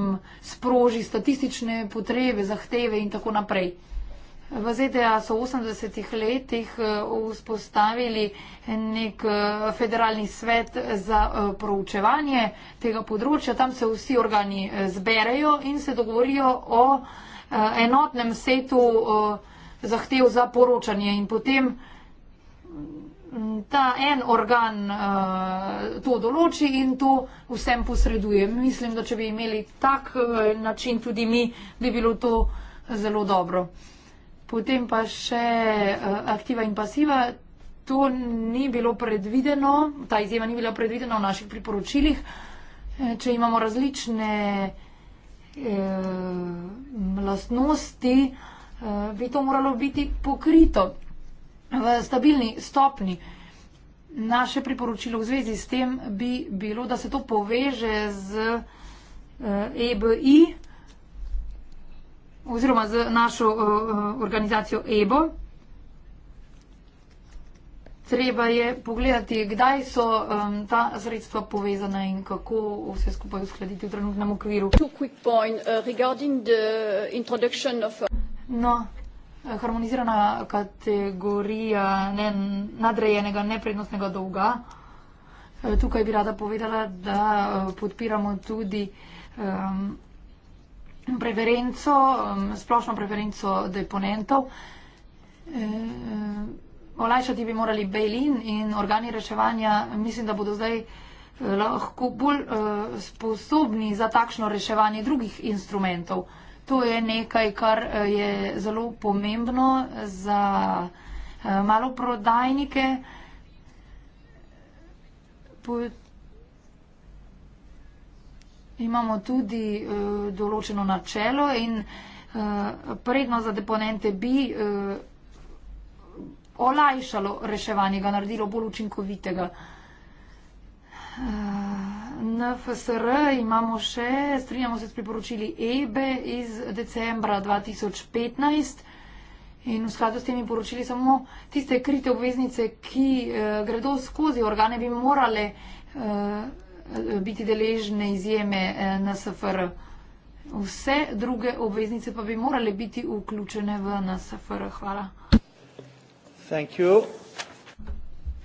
sproži statistične potrebe, zahteve in tako naprej. V ZDA so v 80-ih letih eh, vzpostavili nek eh, federalni svet za eh, proučevanje tega področja. Tam se vsi organi zberejo in se dogovorijo o enotnem setu zahtev za poročanje in potem mm, ta en organ to določi in to vsem posreduje. Mislim, da če bi imeli tak način tudi mi, bi bilo to zelo dobro. Potem pa še eh, aktiva in pasiva. To ni bilo predvideno, ta izjema ni bila predvidena v naših priporočilih. Eh, če imamo različne eh, lastnosti, eh, bi to moralo biti pokrito v stabilni stopni. Naše priporočilo v zvezi s tem bi bilo, da se to poveže z eh, EBI oziroma z našo eh, eh, organizacijo EBO. Treba je pogledati, kdaj so um, ta sredstva povezana in kako vse skupaj uskladiti v trenutnem okviru. Eh, no, harmonizirana kategorija ne, nadrejenega neprednostnega dolga. Tukaj bi rada povedala, da podpiramo tudi um, preferenco, um, splošno preferenco deponentov. Eh, eh, olajšati bi morali bail-in in organi reševanja, mislim, da bodo zdaj eh, lahko bolj sposobni za takšno reševanje drugih instrumentov. To je nekaj, kar je zelo pomembno za maloprodajnike. Put imamo tudi uh, določeno načelo in uh, prednost za deponente bi uh, olajšalo reševanje, ga naredilo bolj učinkovitega. Uh, na FSR imamo še, strinjamo se s priporočili EBE iz decembra 2015 in v skladu s temi poročili samo tiste krite obveznice, ki uh, gredo skozi organe, bi morale. Uh, biti deležne izjeme eh, na SFR. Vse druge obveznice pa bi morale biti vključene v NSFR. Hvala.
Thank you.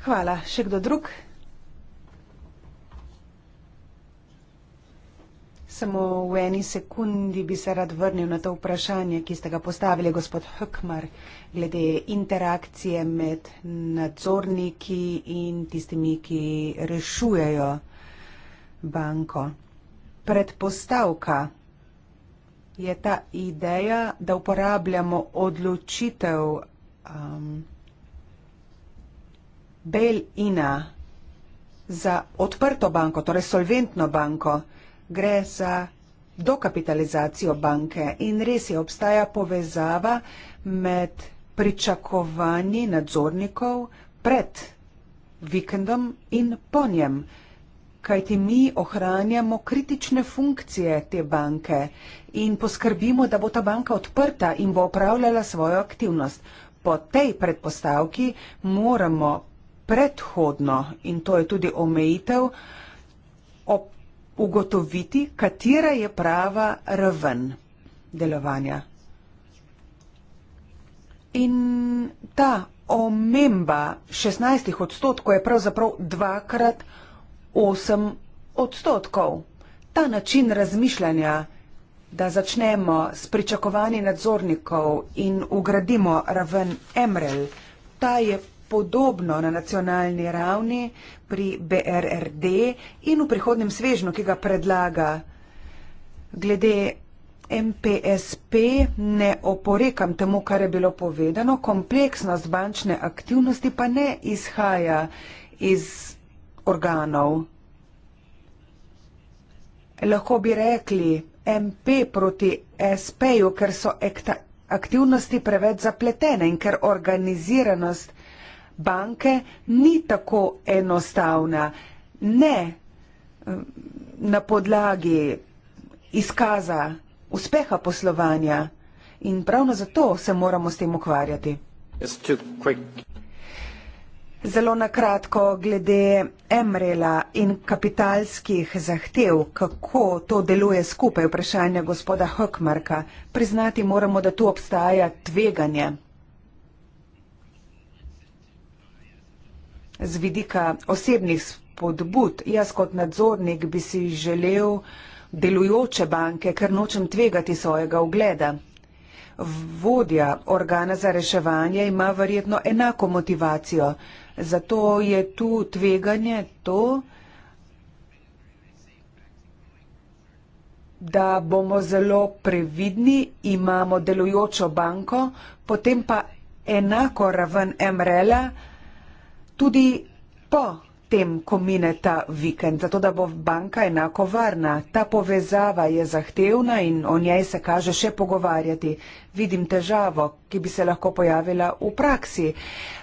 Hvala. Še kdo drug? Samo v eni sekundi bi se rad vrnil na to vprašanje, ki ste ga postavili, gospod Hkmar, glede interakcije med nadzorniki in tistimi, ki rešujejo banko. Predpostavka je ta ideja, da uporabljamo odločitev um, Bel-Ina za odprto banko, torej solventno banko. Gre za dokapitalizacijo banke in res je, obstaja povezava med pričakovanji nadzornikov pred vikendom in po njem kajti mi ohranjamo kritične funkcije te banke in poskrbimo, da bo ta banka odprta in bo opravljala svojo aktivnost. Po tej predpostavki moramo predhodno, in to je tudi omejitev, ugotoviti, katera je prava raven delovanja. In ta omemba 16 odstotkov je pravzaprav dvakrat odstotka. 8 odstotkov. Ta način razmišljanja, da začnemo s pričakovanji nadzornikov in ugradimo raven Emrel, ta je podobno na nacionalni ravni pri BRRD in v prihodnem svežnju, ki ga predlaga. Glede MPSP ne oporekam temu, kar je bilo povedano, kompleksnost bančne aktivnosti pa ne izhaja iz organov. Lahko bi rekli MP proti SP-ju, ker so aktivnosti preveč zapletene in ker organiziranost banke ni tako enostavna. Ne eh, na podlagi izkaza uspeha poslovanja in pravno zato se moramo s tem ukvarjati. Zelo na kratko glede Emrela in kapitalskih zahtev, kako to deluje skupaj, vprašanje gospoda Hökmarka. Priznati moramo, da tu obstaja tveganje. Z vidika osebnih spodbud, jaz kot nadzornik bi si želel delujoče banke, ker nočem tvegati svojega ugleda. Vodja organa za reševanje ima verjetno enako motivacijo. Zato je tu tveganje to, da bomo zelo previdni, imamo delujočo banko, potem pa enako raven MRL-a tudi po tem, ko mine ta vikend, zato da bo banka enako varna. Ta povezava je zahtevna in o njej se kaže še pogovarjati. Vidim težavo, ki bi se lahko pojavila v praksi.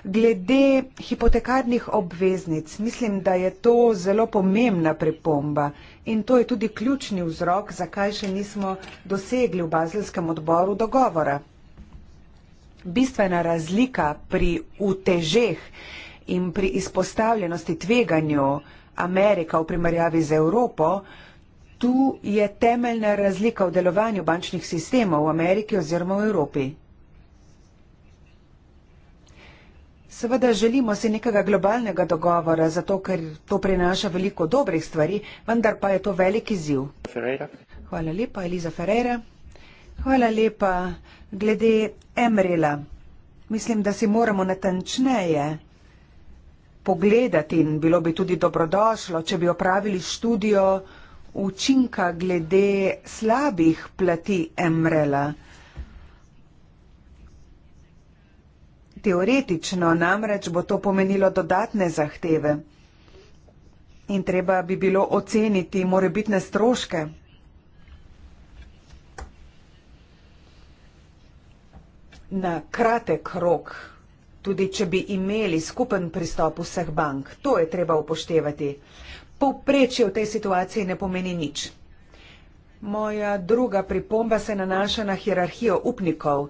Glede hipotekarnih obveznic, mislim, da je to zelo pomembna pripomba in to je tudi ključni vzrok, zakaj še nismo dosegli v bazilskem odboru dogovora. Bistvena razlika pri utežeh in pri izpostavljenosti tveganju Amerika v primerjavi z Evropo, tu je temeljna razlika v delovanju bančnih sistemov v Ameriki oziroma v Evropi. Seveda želimo si nekega globalnega dogovora, zato ker to prinaša veliko dobrih stvari, vendar pa je to veliki ziv. Hvala lepa, Eliza Ferreira. Hvala lepa, glede Emrela. Mislim, da si moramo natančneje pogledati in bilo bi tudi dobrodošlo, če bi opravili študijo učinka glede slabih plati Emrela. Teoretično namreč bo to pomenilo dodatne zahteve in treba bi bilo oceniti morebitne stroške. Na kratek rok tudi če bi imeli skupen pristop vseh bank. To je treba upoštevati. Povprečje v tej situaciji ne pomeni nič. Moja druga pripomba se nanaša na hierarhijo upnikov.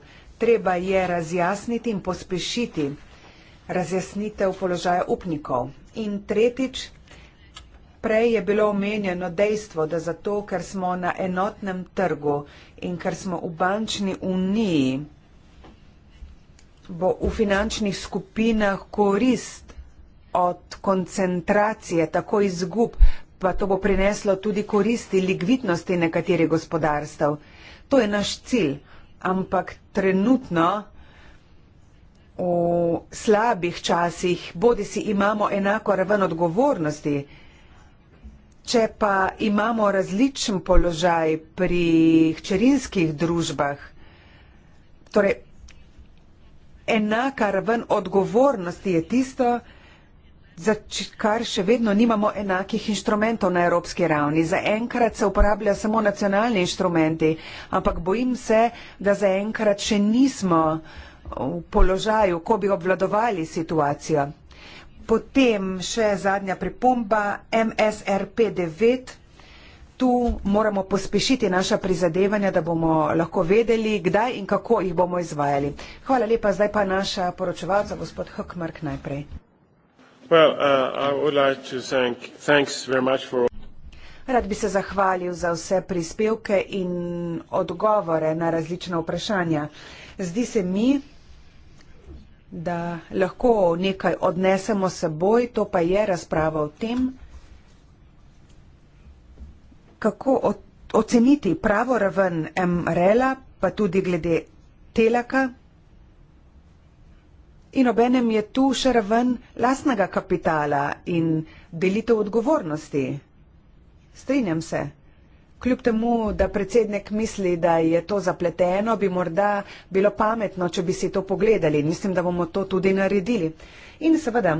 Treba je razjasniti in pospešiti razjasnitev položaja upnikov. In tretjič, prej je bilo omenjeno dejstvo, da zato, ker smo na enotnem trgu in ker smo v bančni uniji, bo v finančnih skupinah korist od koncentracije, tako izgub, pa to bo prineslo tudi koristi likvidnosti nekaterih gospodarstv. To je naš cilj, ampak trenutno v slabih časih, bodi si imamo enako raven odgovornosti, če pa imamo različen položaj pri hčerinskih družbah, torej enaka raven odgovornosti je tisto, za kar še vedno nimamo enakih inštrumentov na evropski ravni. Za enkrat se uporabljajo samo nacionalni inštrumenti, ampak bojim se, da za enkrat še nismo v položaju, ko bi obvladovali situacijo. Potem še zadnja pripomba, MSRP 9 tu moramo pospešiti naša prizadevanja, da bomo lahko vedeli, kdaj in kako jih bomo izvajali. Hvala lepa, zdaj pa naša poročevalca, gospod Hkmark najprej. Well, uh, like thank, for... Rad bi se zahvalil za vse prispevke in odgovore na različna vprašanja. Zdi se mi, da lahko nekaj odnesemo seboj, to pa je razprava o tem, kako oceniti pravo raven MRL-a, pa tudi glede telaka. In obenem je tu še raven lasnega kapitala in delitev odgovornosti. Strinjam se. Kljub temu, da predsednik misli, da je to zapleteno, bi morda bilo pametno, če bi si to pogledali. Mislim, da bomo to tudi naredili. In seveda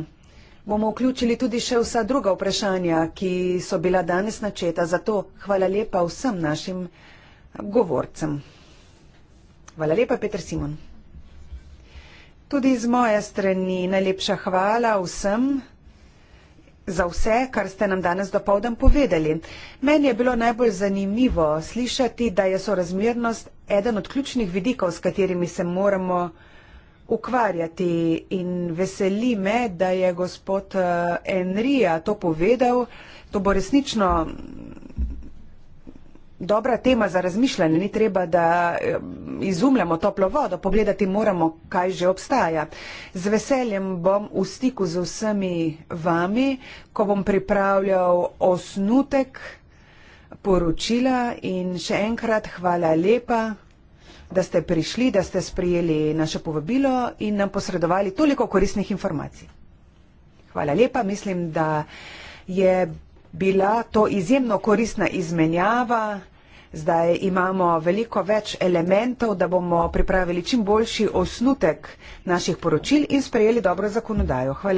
bomo vključili tudi še vsa druga vprašanja, ki so bila danes načeta. Zato hvala lepa vsem našim govorcem. Hvala lepa, Petr Simon. Tudi z moje strani najlepša hvala vsem za vse, kar ste nam danes dopovdan povedali. Meni je bilo najbolj zanimivo slišati, da je sorazmernost eden od ključnih vidikov, s katerimi se moramo ukvarjati in veseli me, da je gospod eh, Enrija to povedal. To bo resnično mm, dobra tema za razmišljanje. Ni treba, da eh, izumljamo toplo vodo, pogledati moramo, kaj že obstaja. Z veseljem bom v stiku z vsemi vami, ko bom pripravljal osnutek poročila in še enkrat hvala lepa da ste prišli, da ste sprejeli naše povabilo in nam posredovali toliko korisnih informacij. Hvala lepa, mislim, da je bila to izjemno korisna izmenjava. Zdaj imamo veliko več elementov, da bomo pripravili čim boljši osnutek naših poročil in sprejeli dobro zakonodajo. Hvala